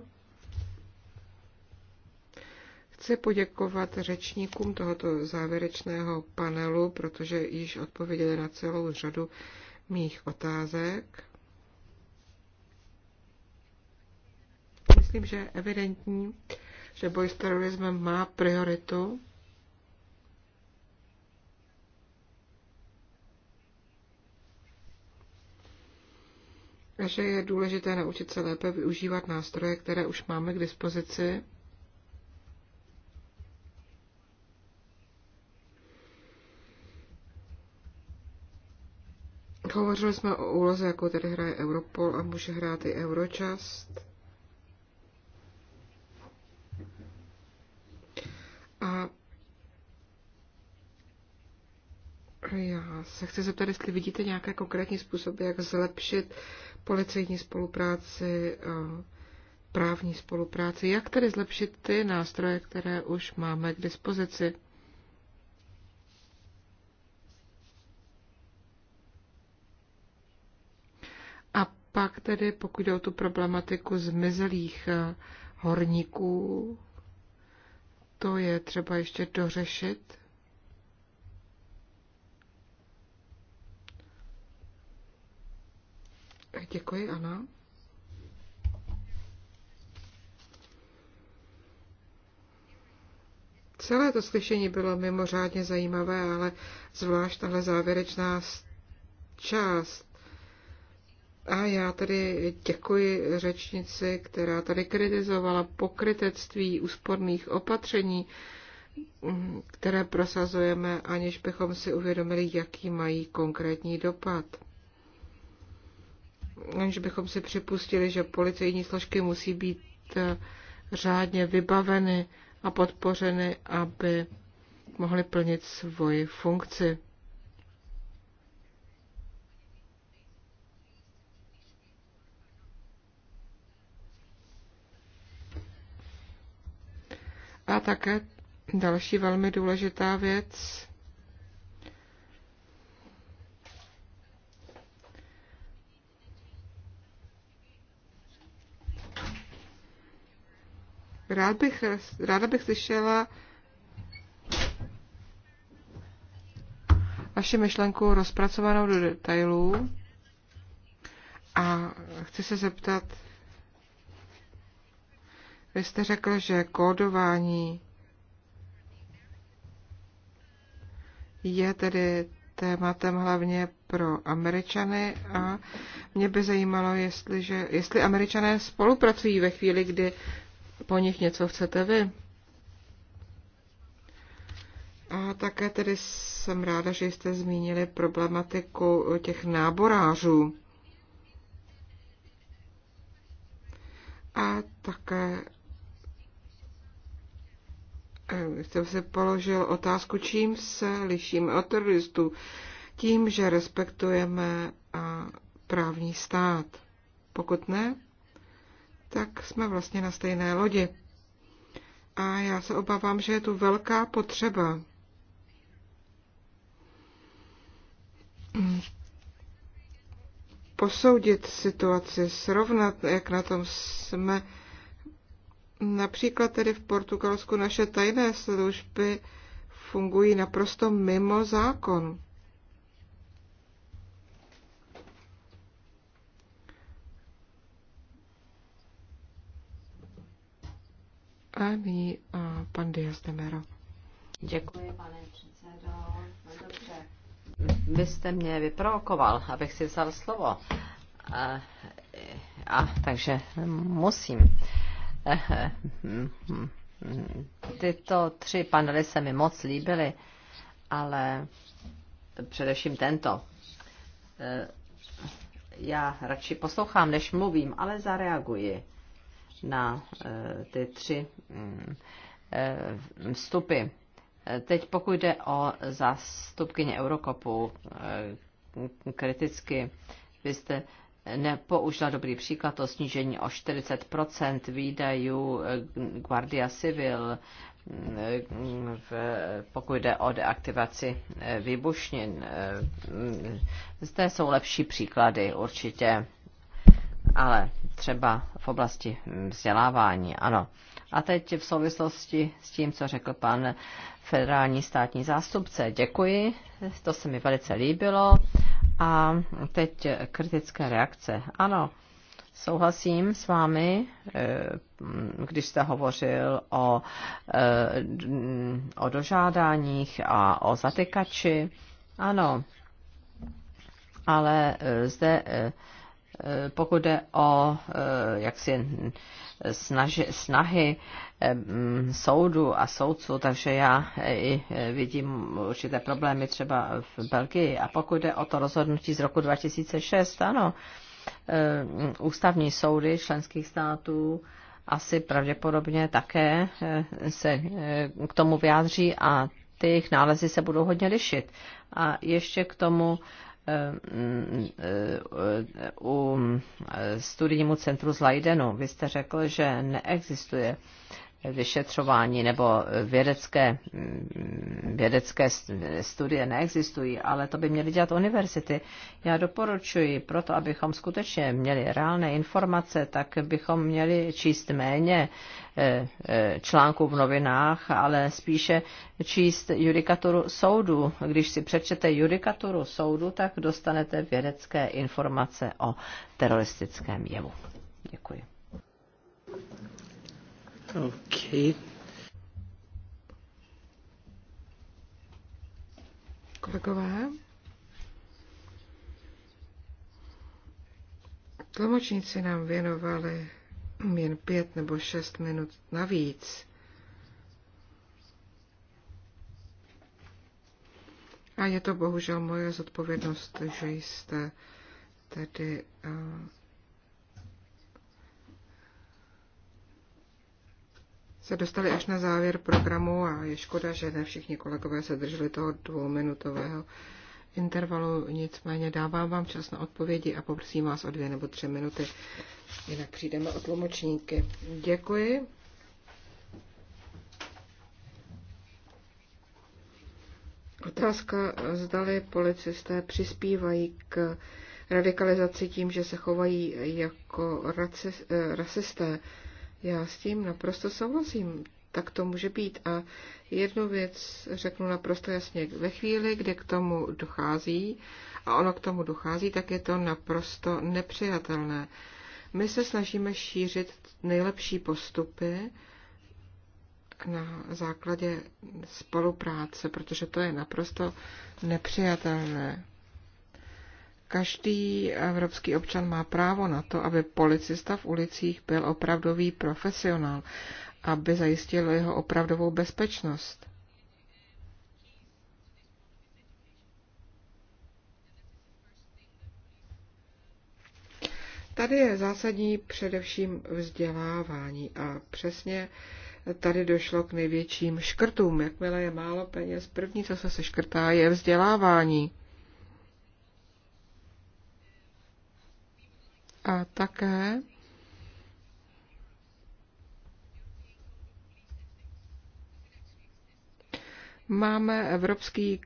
Chci poděkovat řečníkům tohoto závěrečného panelu, protože již odpověděli na celou řadu mých otázek. Myslím, že je evidentní, že boj s terorismem má prioritu. A že je důležité naučit se lépe využívat nástroje, které už máme k dispozici. Hovořili jsme o úloze, jakou tady hraje Europol a může hrát i Eurojust. A já se chci zeptat, jestli vidíte nějaké konkrétní způsoby, jak zlepšit policejní spolupráci, právní spolupráci, jak tedy zlepšit ty nástroje, které už máme k dispozici. pak tedy, pokud jde o tu problematiku zmizelých eh, horníků, to je třeba ještě dořešit. Eh, děkuji, Ana. Celé to slyšení bylo mimořádně zajímavé, ale zvlášť tahle závěrečná část a já tedy děkuji řečnici, která tady kritizovala pokrytectví úsporných opatření, které prosazujeme, aniž bychom si uvědomili, jaký mají konkrétní dopad. Aniž bychom si připustili, že policejní složky musí být eh, řádně vybaveny a podpořeny, aby mohly plnit svoji funkci. A také další velmi důležitá věc. Rád bych, ráda bych slyšela vaši myšlenku rozpracovanou do detailů a chci se zeptat, vy jste řekl, že kódování je tedy tématem hlavně pro Američany a mě by zajímalo, jestli, že, jestli Američané spolupracují ve chvíli, kdy po nich něco chcete vy. A také tedy jsem ráda, že jste zmínili problematiku těch náborářů. A také jsem se položil otázku, čím se lišíme od teroristů. Tím, že respektujeme právní stát. Pokud ne, tak jsme vlastně na stejné lodi. A já se obávám, že je tu velká potřeba posoudit situaci, srovnat, jak na tom jsme Například tedy v Portugalsku naše tajné služby fungují naprosto mimo zákon. A nyní a pan Dias de Mero. Děkuji, pane předsedo. Dobře. Vy jste mě vyprovokoval, abych si vzal slovo. A, a takže musím. Tyto tři panely se mi moc líbily, ale především tento. Eh, já radši poslouchám, než mluvím, ale zareaguji na eh, ty tři mm, eh, vstupy. Teď pokud jde o zastupkyně Eurokopu, kriticky vy jste nepoužila dobrý příklad to snížení o 40% výdajů Guardia Civil, v, pokud jde o deaktivaci výbušnin. Zde jsou lepší příklady určitě, ale třeba v oblasti vzdělávání, ano. A teď v souvislosti s tím, co řekl pan federální státní zástupce. Děkuji, to se mi velice líbilo a teď kritické reakce. Ano, Souhlasím s vámi, eh, když jste hovořil o, eh, o dožádáních a o zatykači. Ano, ale eh, zde pokud jde o jaksi snaži, snahy soudu a soudců, takže já i e, vidím určité problémy třeba v Belgii. A pokud jde o to rozhodnutí z roku 2006, ano, e, ústavní soudy členských států asi pravděpodobně také e, se k tomu vyjádří a ty jejich nálezy se budou hodně lišit. A ještě k tomu u studijnímu centru z Leidenu. Vy jste řekl, že neexistuje vyšetřování nebo vědecké, mm, vědecké studie neexistují, ale to by měly dělat univerzity. Já doporučuji, proto abychom skutečně měli reálné informace, tak bychom měli číst méně e, e, článků v novinách, ale spíše číst judikaturu soudu. Když si přečete judikaturu soudu, tak dostanete vědecké informace o teroristickém jevu. Děkuji. Okay. Kolegové, tlumočníci nám věnovali jen pět nebo šest minut navíc. A je to bohužel moje zodpovědnost, že jste tedy uh, se dostali až na závěr programu a je škoda, že ne všichni kolegové se drželi toho dvouminutového intervalu. Nicméně dávám vám čas na odpovědi a poprosím vás o dvě nebo tři minuty, jinak přijdeme o tlumočníky. Děkuji. Otázka, zdali policisté přispívají k radikalizaci tím, že se chovají jako eh, rasisté. Já s tím naprosto souhlasím. Tak to může být. A jednu věc řeknu naprosto jasně. Ve chvíli, kdy k tomu dochází, a ono k tomu dochází, tak je to naprosto nepřijatelné. My se snažíme šířit nejlepší postupy na základě spolupráce, protože to je naprosto nepřijatelné. Každý evropský občan má právo na to, aby policista v ulicích byl opravdový profesionál, aby zajistil jeho opravdovou bezpečnost. Tady je zásadní především vzdělávání a přesně tady došlo k největším škrtům. Jakmile je málo peněz, první, co se seškrtá, je vzdělávání. a také máme evropský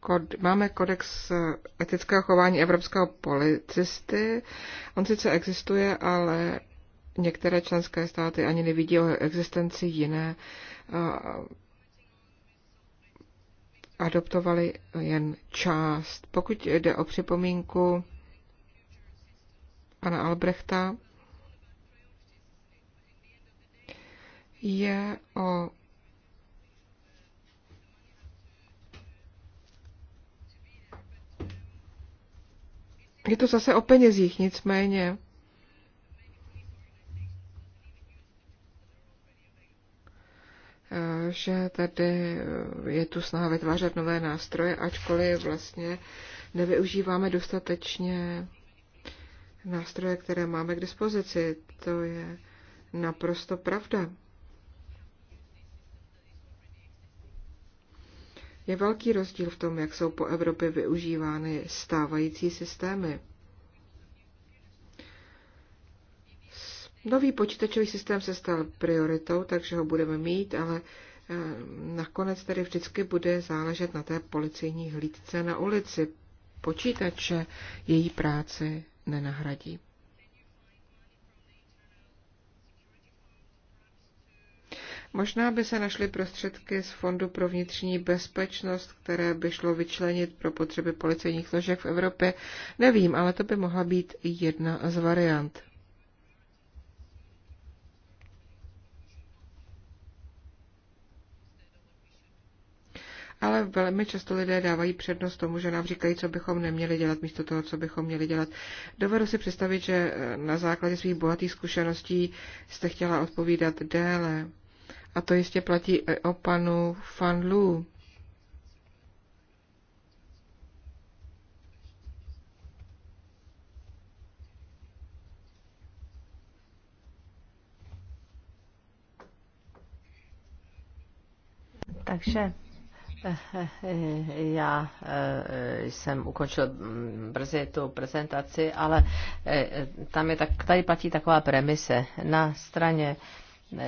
kod, máme kodex etického chování evropského policisty. On sice existuje, ale některé členské státy ani nevidí o existenci jiné. Eh, adoptovali jen část. Pokud jde o připomínku pana Albrechta je o Je to zase o penězích, nicméně. že tady je tu snaha vytvářet nové nástroje, ačkoliv vlastně nevyužíváme dostatečně nástroje, které máme k dispozici. To je naprosto pravda. Je velký rozdíl v tom, jak jsou po Evropě využívány stávající systémy. Nový počítačový systém se stal prioritou, takže ho budeme mít, ale eh, nakonec tedy vždycky bude záležet na té policejní hlídce na ulici, počítače, její práci nenahradí. Možná by se našly prostředky z Fondu pro vnitřní bezpečnost, které by šlo vyčlenit pro potřeby policejních složek v Evropě. Nevím, ale to by mohla být jedna z variant. ale velmi často lidé dávají přednost tomu, že nám říkají, co bychom neměli dělat místo toho, co bychom měli dělat. Dovedu si představit, že eh, na základě svých bohatých zkušeností jste chtěla odpovídat déle. A to jistě platí i o panu Lu. Takže Eh, já eh, jsem ukončil mm, brzy tu prezentaci, ale eh, tam je tak, tady platí taková premise. Na straně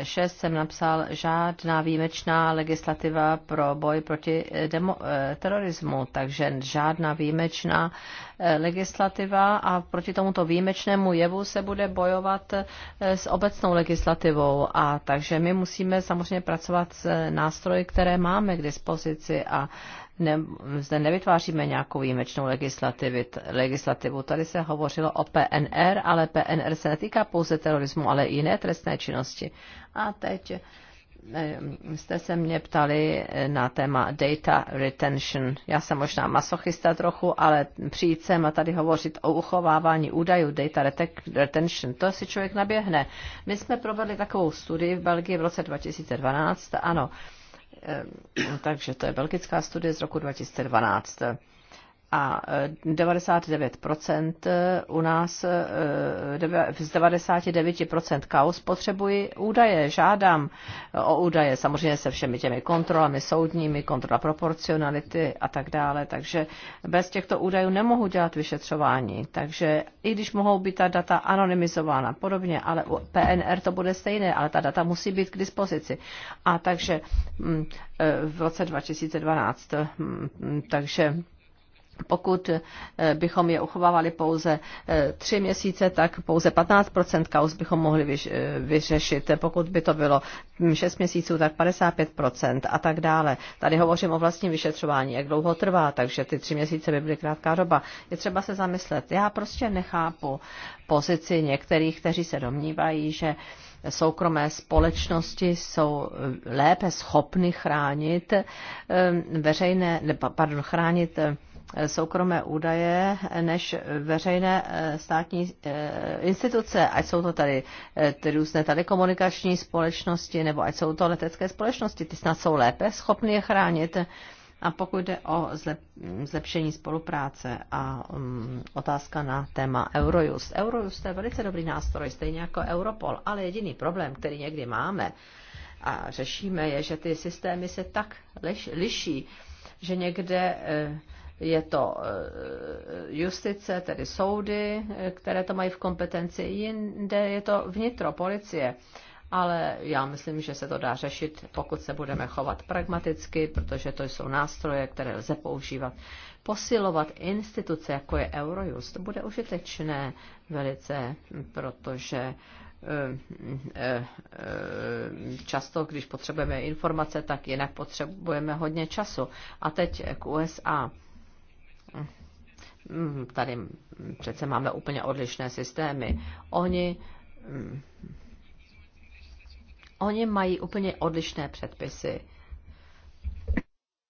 6 jsem napsal žádná výjimečná legislativa pro boj proti eh, demo, eh, terorismu, takže žádná výjimečná eh, legislativa a proti tomuto výjimečnému jevu se bude bojovat s obecnou legislativou a takže my musíme samozřejmě pracovat s nástroji, které máme k dispozici a ne, zde nevytváříme nějakou výjimečnou legislativu. Tady se hovořilo o PNR, ale PNR se netýká pouze terorismu, ale i jiné trestné činnosti. A teď eh, jste se mě ptali eh, na téma data retention. Já jsem možná masochista trochu, ale přijít sem a tady hovořit o uchovávání údajů data retention, to si člověk naběhne. My jsme provedli takovou studii v Belgii v roce 2012, ano, Ehm, takže to je belgická studie z roku 2012 a 99% eh, eh, u nás, eh, z 99% kaos potřebuji údaje, žádám o údaje, samozřejmě se všemi těmi kontrolami soudními, kontrola proporcionality a tak dále, takže bez těchto údajů nemohu dělat vyšetřování, takže i když mohou být ta data anonymizována podobně, ale u PNR to bude stejné, ale ta data musí být k dispozici. A takže mm, v roce 2012, mm, mm, takže pokud eh, bychom je uchovávali pouze eh, tři měsíce, tak pouze 15 kauz bychom mohli eh, vyřešit. Pokud by to bylo 6 hm, měsíců, tak 55 a tak dále. Tady hovořím o vlastním vyšetřování, jak dlouho trvá, takže ty tři měsíce by byly krátká doba. Je třeba se zamyslet. Já prostě nechápu pozici některých, kteří se domnívají, že soukromé společnosti jsou lépe schopny chránit veřejné, pardon, chránit soukromé údaje než veřejné eh, státní eh, instituce, ať jsou to tady eh, ty různé telekomunikační společnosti nebo ať jsou to letecké společnosti, ty snad jsou lépe schopny je chránit. A pokud jde o zlepšení spolupráce a um, otázka na téma Eurojust. Eurojust je velice dobrý nástroj, stejně jako Europol, ale jediný problém, který někdy máme a řešíme, je, že ty systémy se tak liš, liší, že někde je to eh, justice, tedy soudy, které to mají v kompetenci, jinde je to vnitro, policie. Ale já myslím, že se to dá řešit, pokud se budeme chovat pragmaticky, protože to jsou nástroje, které lze používat. Posilovat instituce, jako je Eurojust, bude užitečné velice, protože eh, eh, často, když potřebujeme informace, tak jinak potřebujeme hodně času. A teď k USA. Mm, tady přece máme úplně odlišné systémy. Oni, mm, oni mají úplně odlišné předpisy,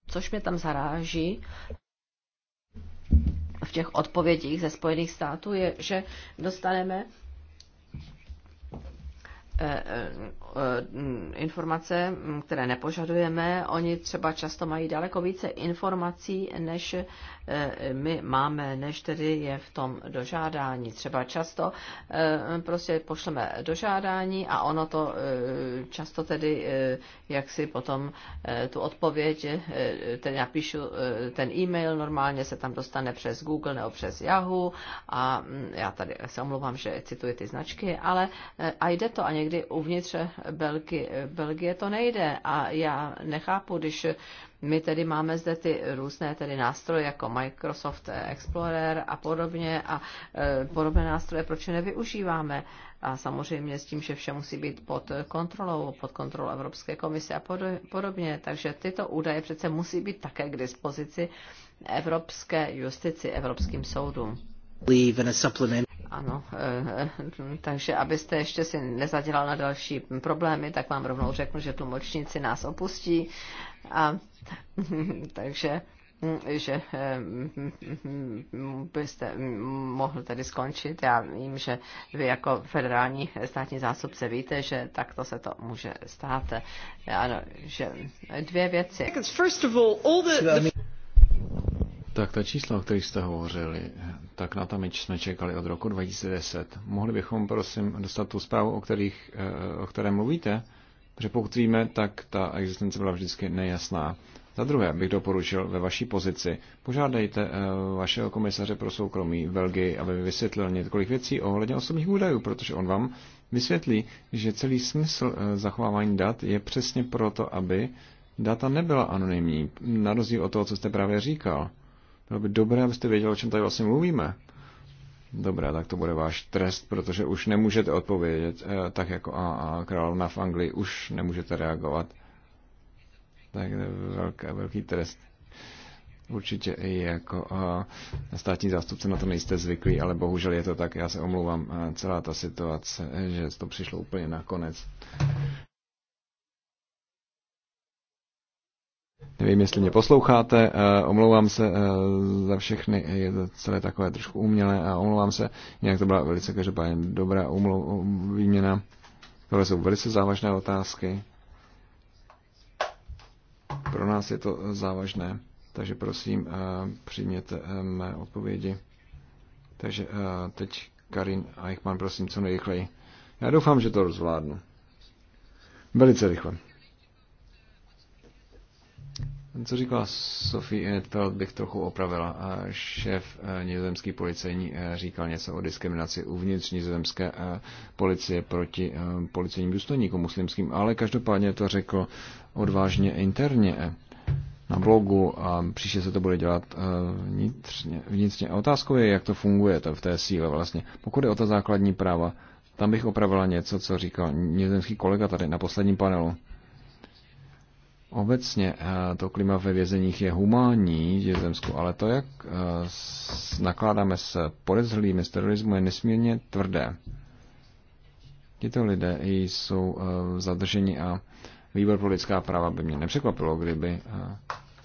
což mě tam zaráží v těch odpovědích ze Spojených států je, že dostaneme Eh, eh, informace, které nepožadujeme, oni třeba často mají daleko více informací, než eh, my máme, než tedy je v tom dožádání. Třeba často prostě pošleme dožádání a ono to často tedy, jak si potom tu odpověď, tedy napíšu ten e-mail, normálně se tam dostane přes Google nebo přes Yahoo a mm, já tady se omluvám, že cituji ty značky, ale a jde to a někdy někdy uvnitř Belgi, Belgie to nejde. A já nechápu, když my tedy máme zde ty různé tedy nástroje jako Microsoft Explorer a podobně a e, podobné nástroje, proč je nevyužíváme? A samozřejmě s tím, že vše musí být pod kontrolou, pod kontrolou Evropské komise a podobně. Takže tyto údaje přece musí být také k dispozici evropské justici, evropským soudům. Ano, eh, eh, takže abyste ještě si nezadělal na další problémy, tak vám rovnou řeknu, že tlumočníci nás opustí. A, takže hm, že eh, byste mohl tedy skončit. Já vím, že vy jako federální státní zástupce víte, že takto se to může stát. Ano, že dvě věci. Tak ta čísla, o kterých jste hovořili, tak na tam jsme čekali od roku 2010. Mohli bychom, prosím, dostat tu zprávu, o, kterých, eh, o které mluvíte? Protože pokud víme, tak ta existence byla vždycky nejasná. Za druhé bych doporučil ve vaší pozici, požádejte eh, vašeho komisaře pro soukromí Belgii, aby vysvětlil několik věcí ohledně osobních údajů, protože on vám vysvětlí, že celý smysl eh, zachovávání dat je přesně proto, aby data nebyla anonymní, na rozdíl od toho, co jste právě říkal. Bylo by dobré, abyste věděl, o čem tady vlastně mluvíme. Dobrá, tak to bude váš trest, protože už nemůžete odpovědět eh, tak jako a, a královna v Anglii, už nemůžete reagovat. Tak velký, velký trest. Určitě i jako a, eh, státní zástupce na to nejste zvyklí, ale bohužel je to tak. Já se omlouvám, eh, celá ta situace, že to přišlo úplně na konec. Nevím, jestli mě posloucháte, eh, omlouvám se eh, za všechny, je to celé takové trošku umělé a omlouvám se, jinak to byla velice každopádně dobrá umlou, um, výměna. Tohle jsou velice závažné otázky. Pro nás je to závažné, takže prosím, eh, přijměte mé odpovědi. Takže teď Karin Eichmann, prosím, co nejrychleji. Já doufám, že to rozvládnu. Velice rychle. Co říkala Sophie Edfeld, bych trochu opravila. Šéf e, nizozemský policejní e, říkal něco o diskriminaci uvnitř nizozemské e, policie proti policejním důstojníkům muslimským, ale každopádně to řekl odvážně interně na blogu a příště se to bude dělat vnitřně. vnitřně. A otázkou je, jak to funguje to v té síle vlastně. Pokud je o ta základní práva, tam bych opravila něco, co říkal nizozemský kolega tady na posledním panelu. Obecně eh, to klima ve vězeních je humánní v Nizozemsku, ale to, jak eh, nakládáme s podezřelými z terorismu, je nesmírně tvrdé. Tito lidé jsou eh, zadrženi a výbor pro lidská práva by mě nepřekvapilo, kdyby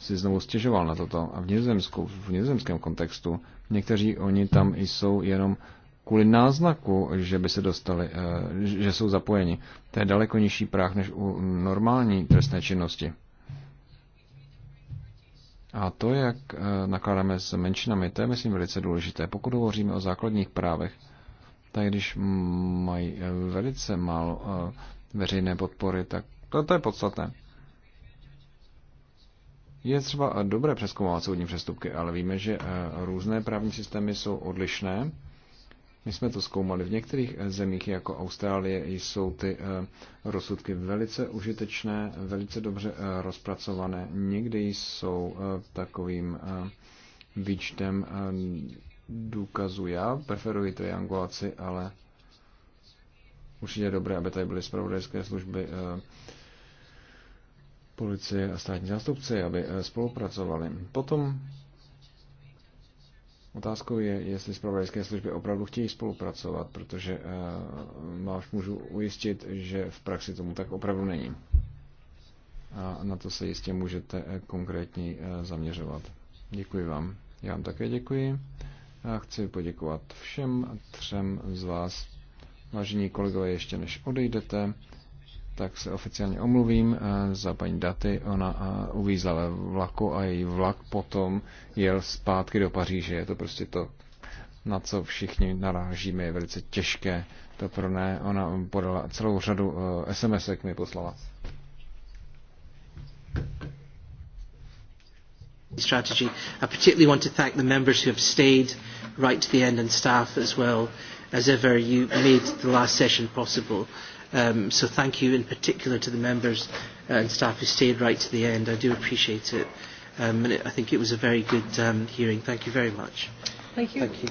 si znovu stěžoval na toto. A v nizozemsku, v nizozemském kontextu, někteří oni tam jsou jenom kvůli náznaku, že by se dostali, eh, že jsou zapojeni. To je daleko nižší práh než u normální trestné činnosti. A to, jak eh, nakládáme s menšinami, to je, myslím, velice důležité. Pokud hovoříme o základních právech, tak když mají velice málo eh, veřejné podpory, tak to, to je podstatné. Je třeba dobré přeskoumávat soudní přestupky, ale víme, že různé právní systémy jsou odlišné my jsme to zkoumali. V některých eh, zemích, jako Austrálie, jsou ty eh, rozsudky velice užitečné, velice dobře eh, rozpracované. Někdy jsou takovým výčtem důkazů. Já preferuji triangulaci, ale určitě je dobré, aby tady byly zpravodajské služby policie a státní zástupci, aby spolupracovali. Potom Otázkou je, jestli zpravodajské služby opravdu chtějí spolupracovat, protože vás eh, můžu ujistit, že v praxi tomu tak opravdu není. A na to se jistě můžete eh, konkrétně eh, zaměřovat. Děkuji vám. Já vám také děkuji. A chci poděkovat všem třem z vás. Vážení kolegové, ještě než odejdete, tak se oficiálně omluvím eh, za paní Daty. Ona eh, uvízla ve vlaku a její vlak potom jel zpátky do Paříže. Je to prostě to, na co všichni narážíme. Je velice těžké to pro ne. Ona podala celou řadu eh, SMS-ek mi poslala. strategy. I particularly want to thank the members who have stayed right to the end and staff as well. As ever, you made the last session possible. Um, so thank you in particular to the members uh, and staff who stayed right to the end. I do appreciate it. Um, and it, I think it was a very good um, hearing. Thank you very much. Thank you. Thank you.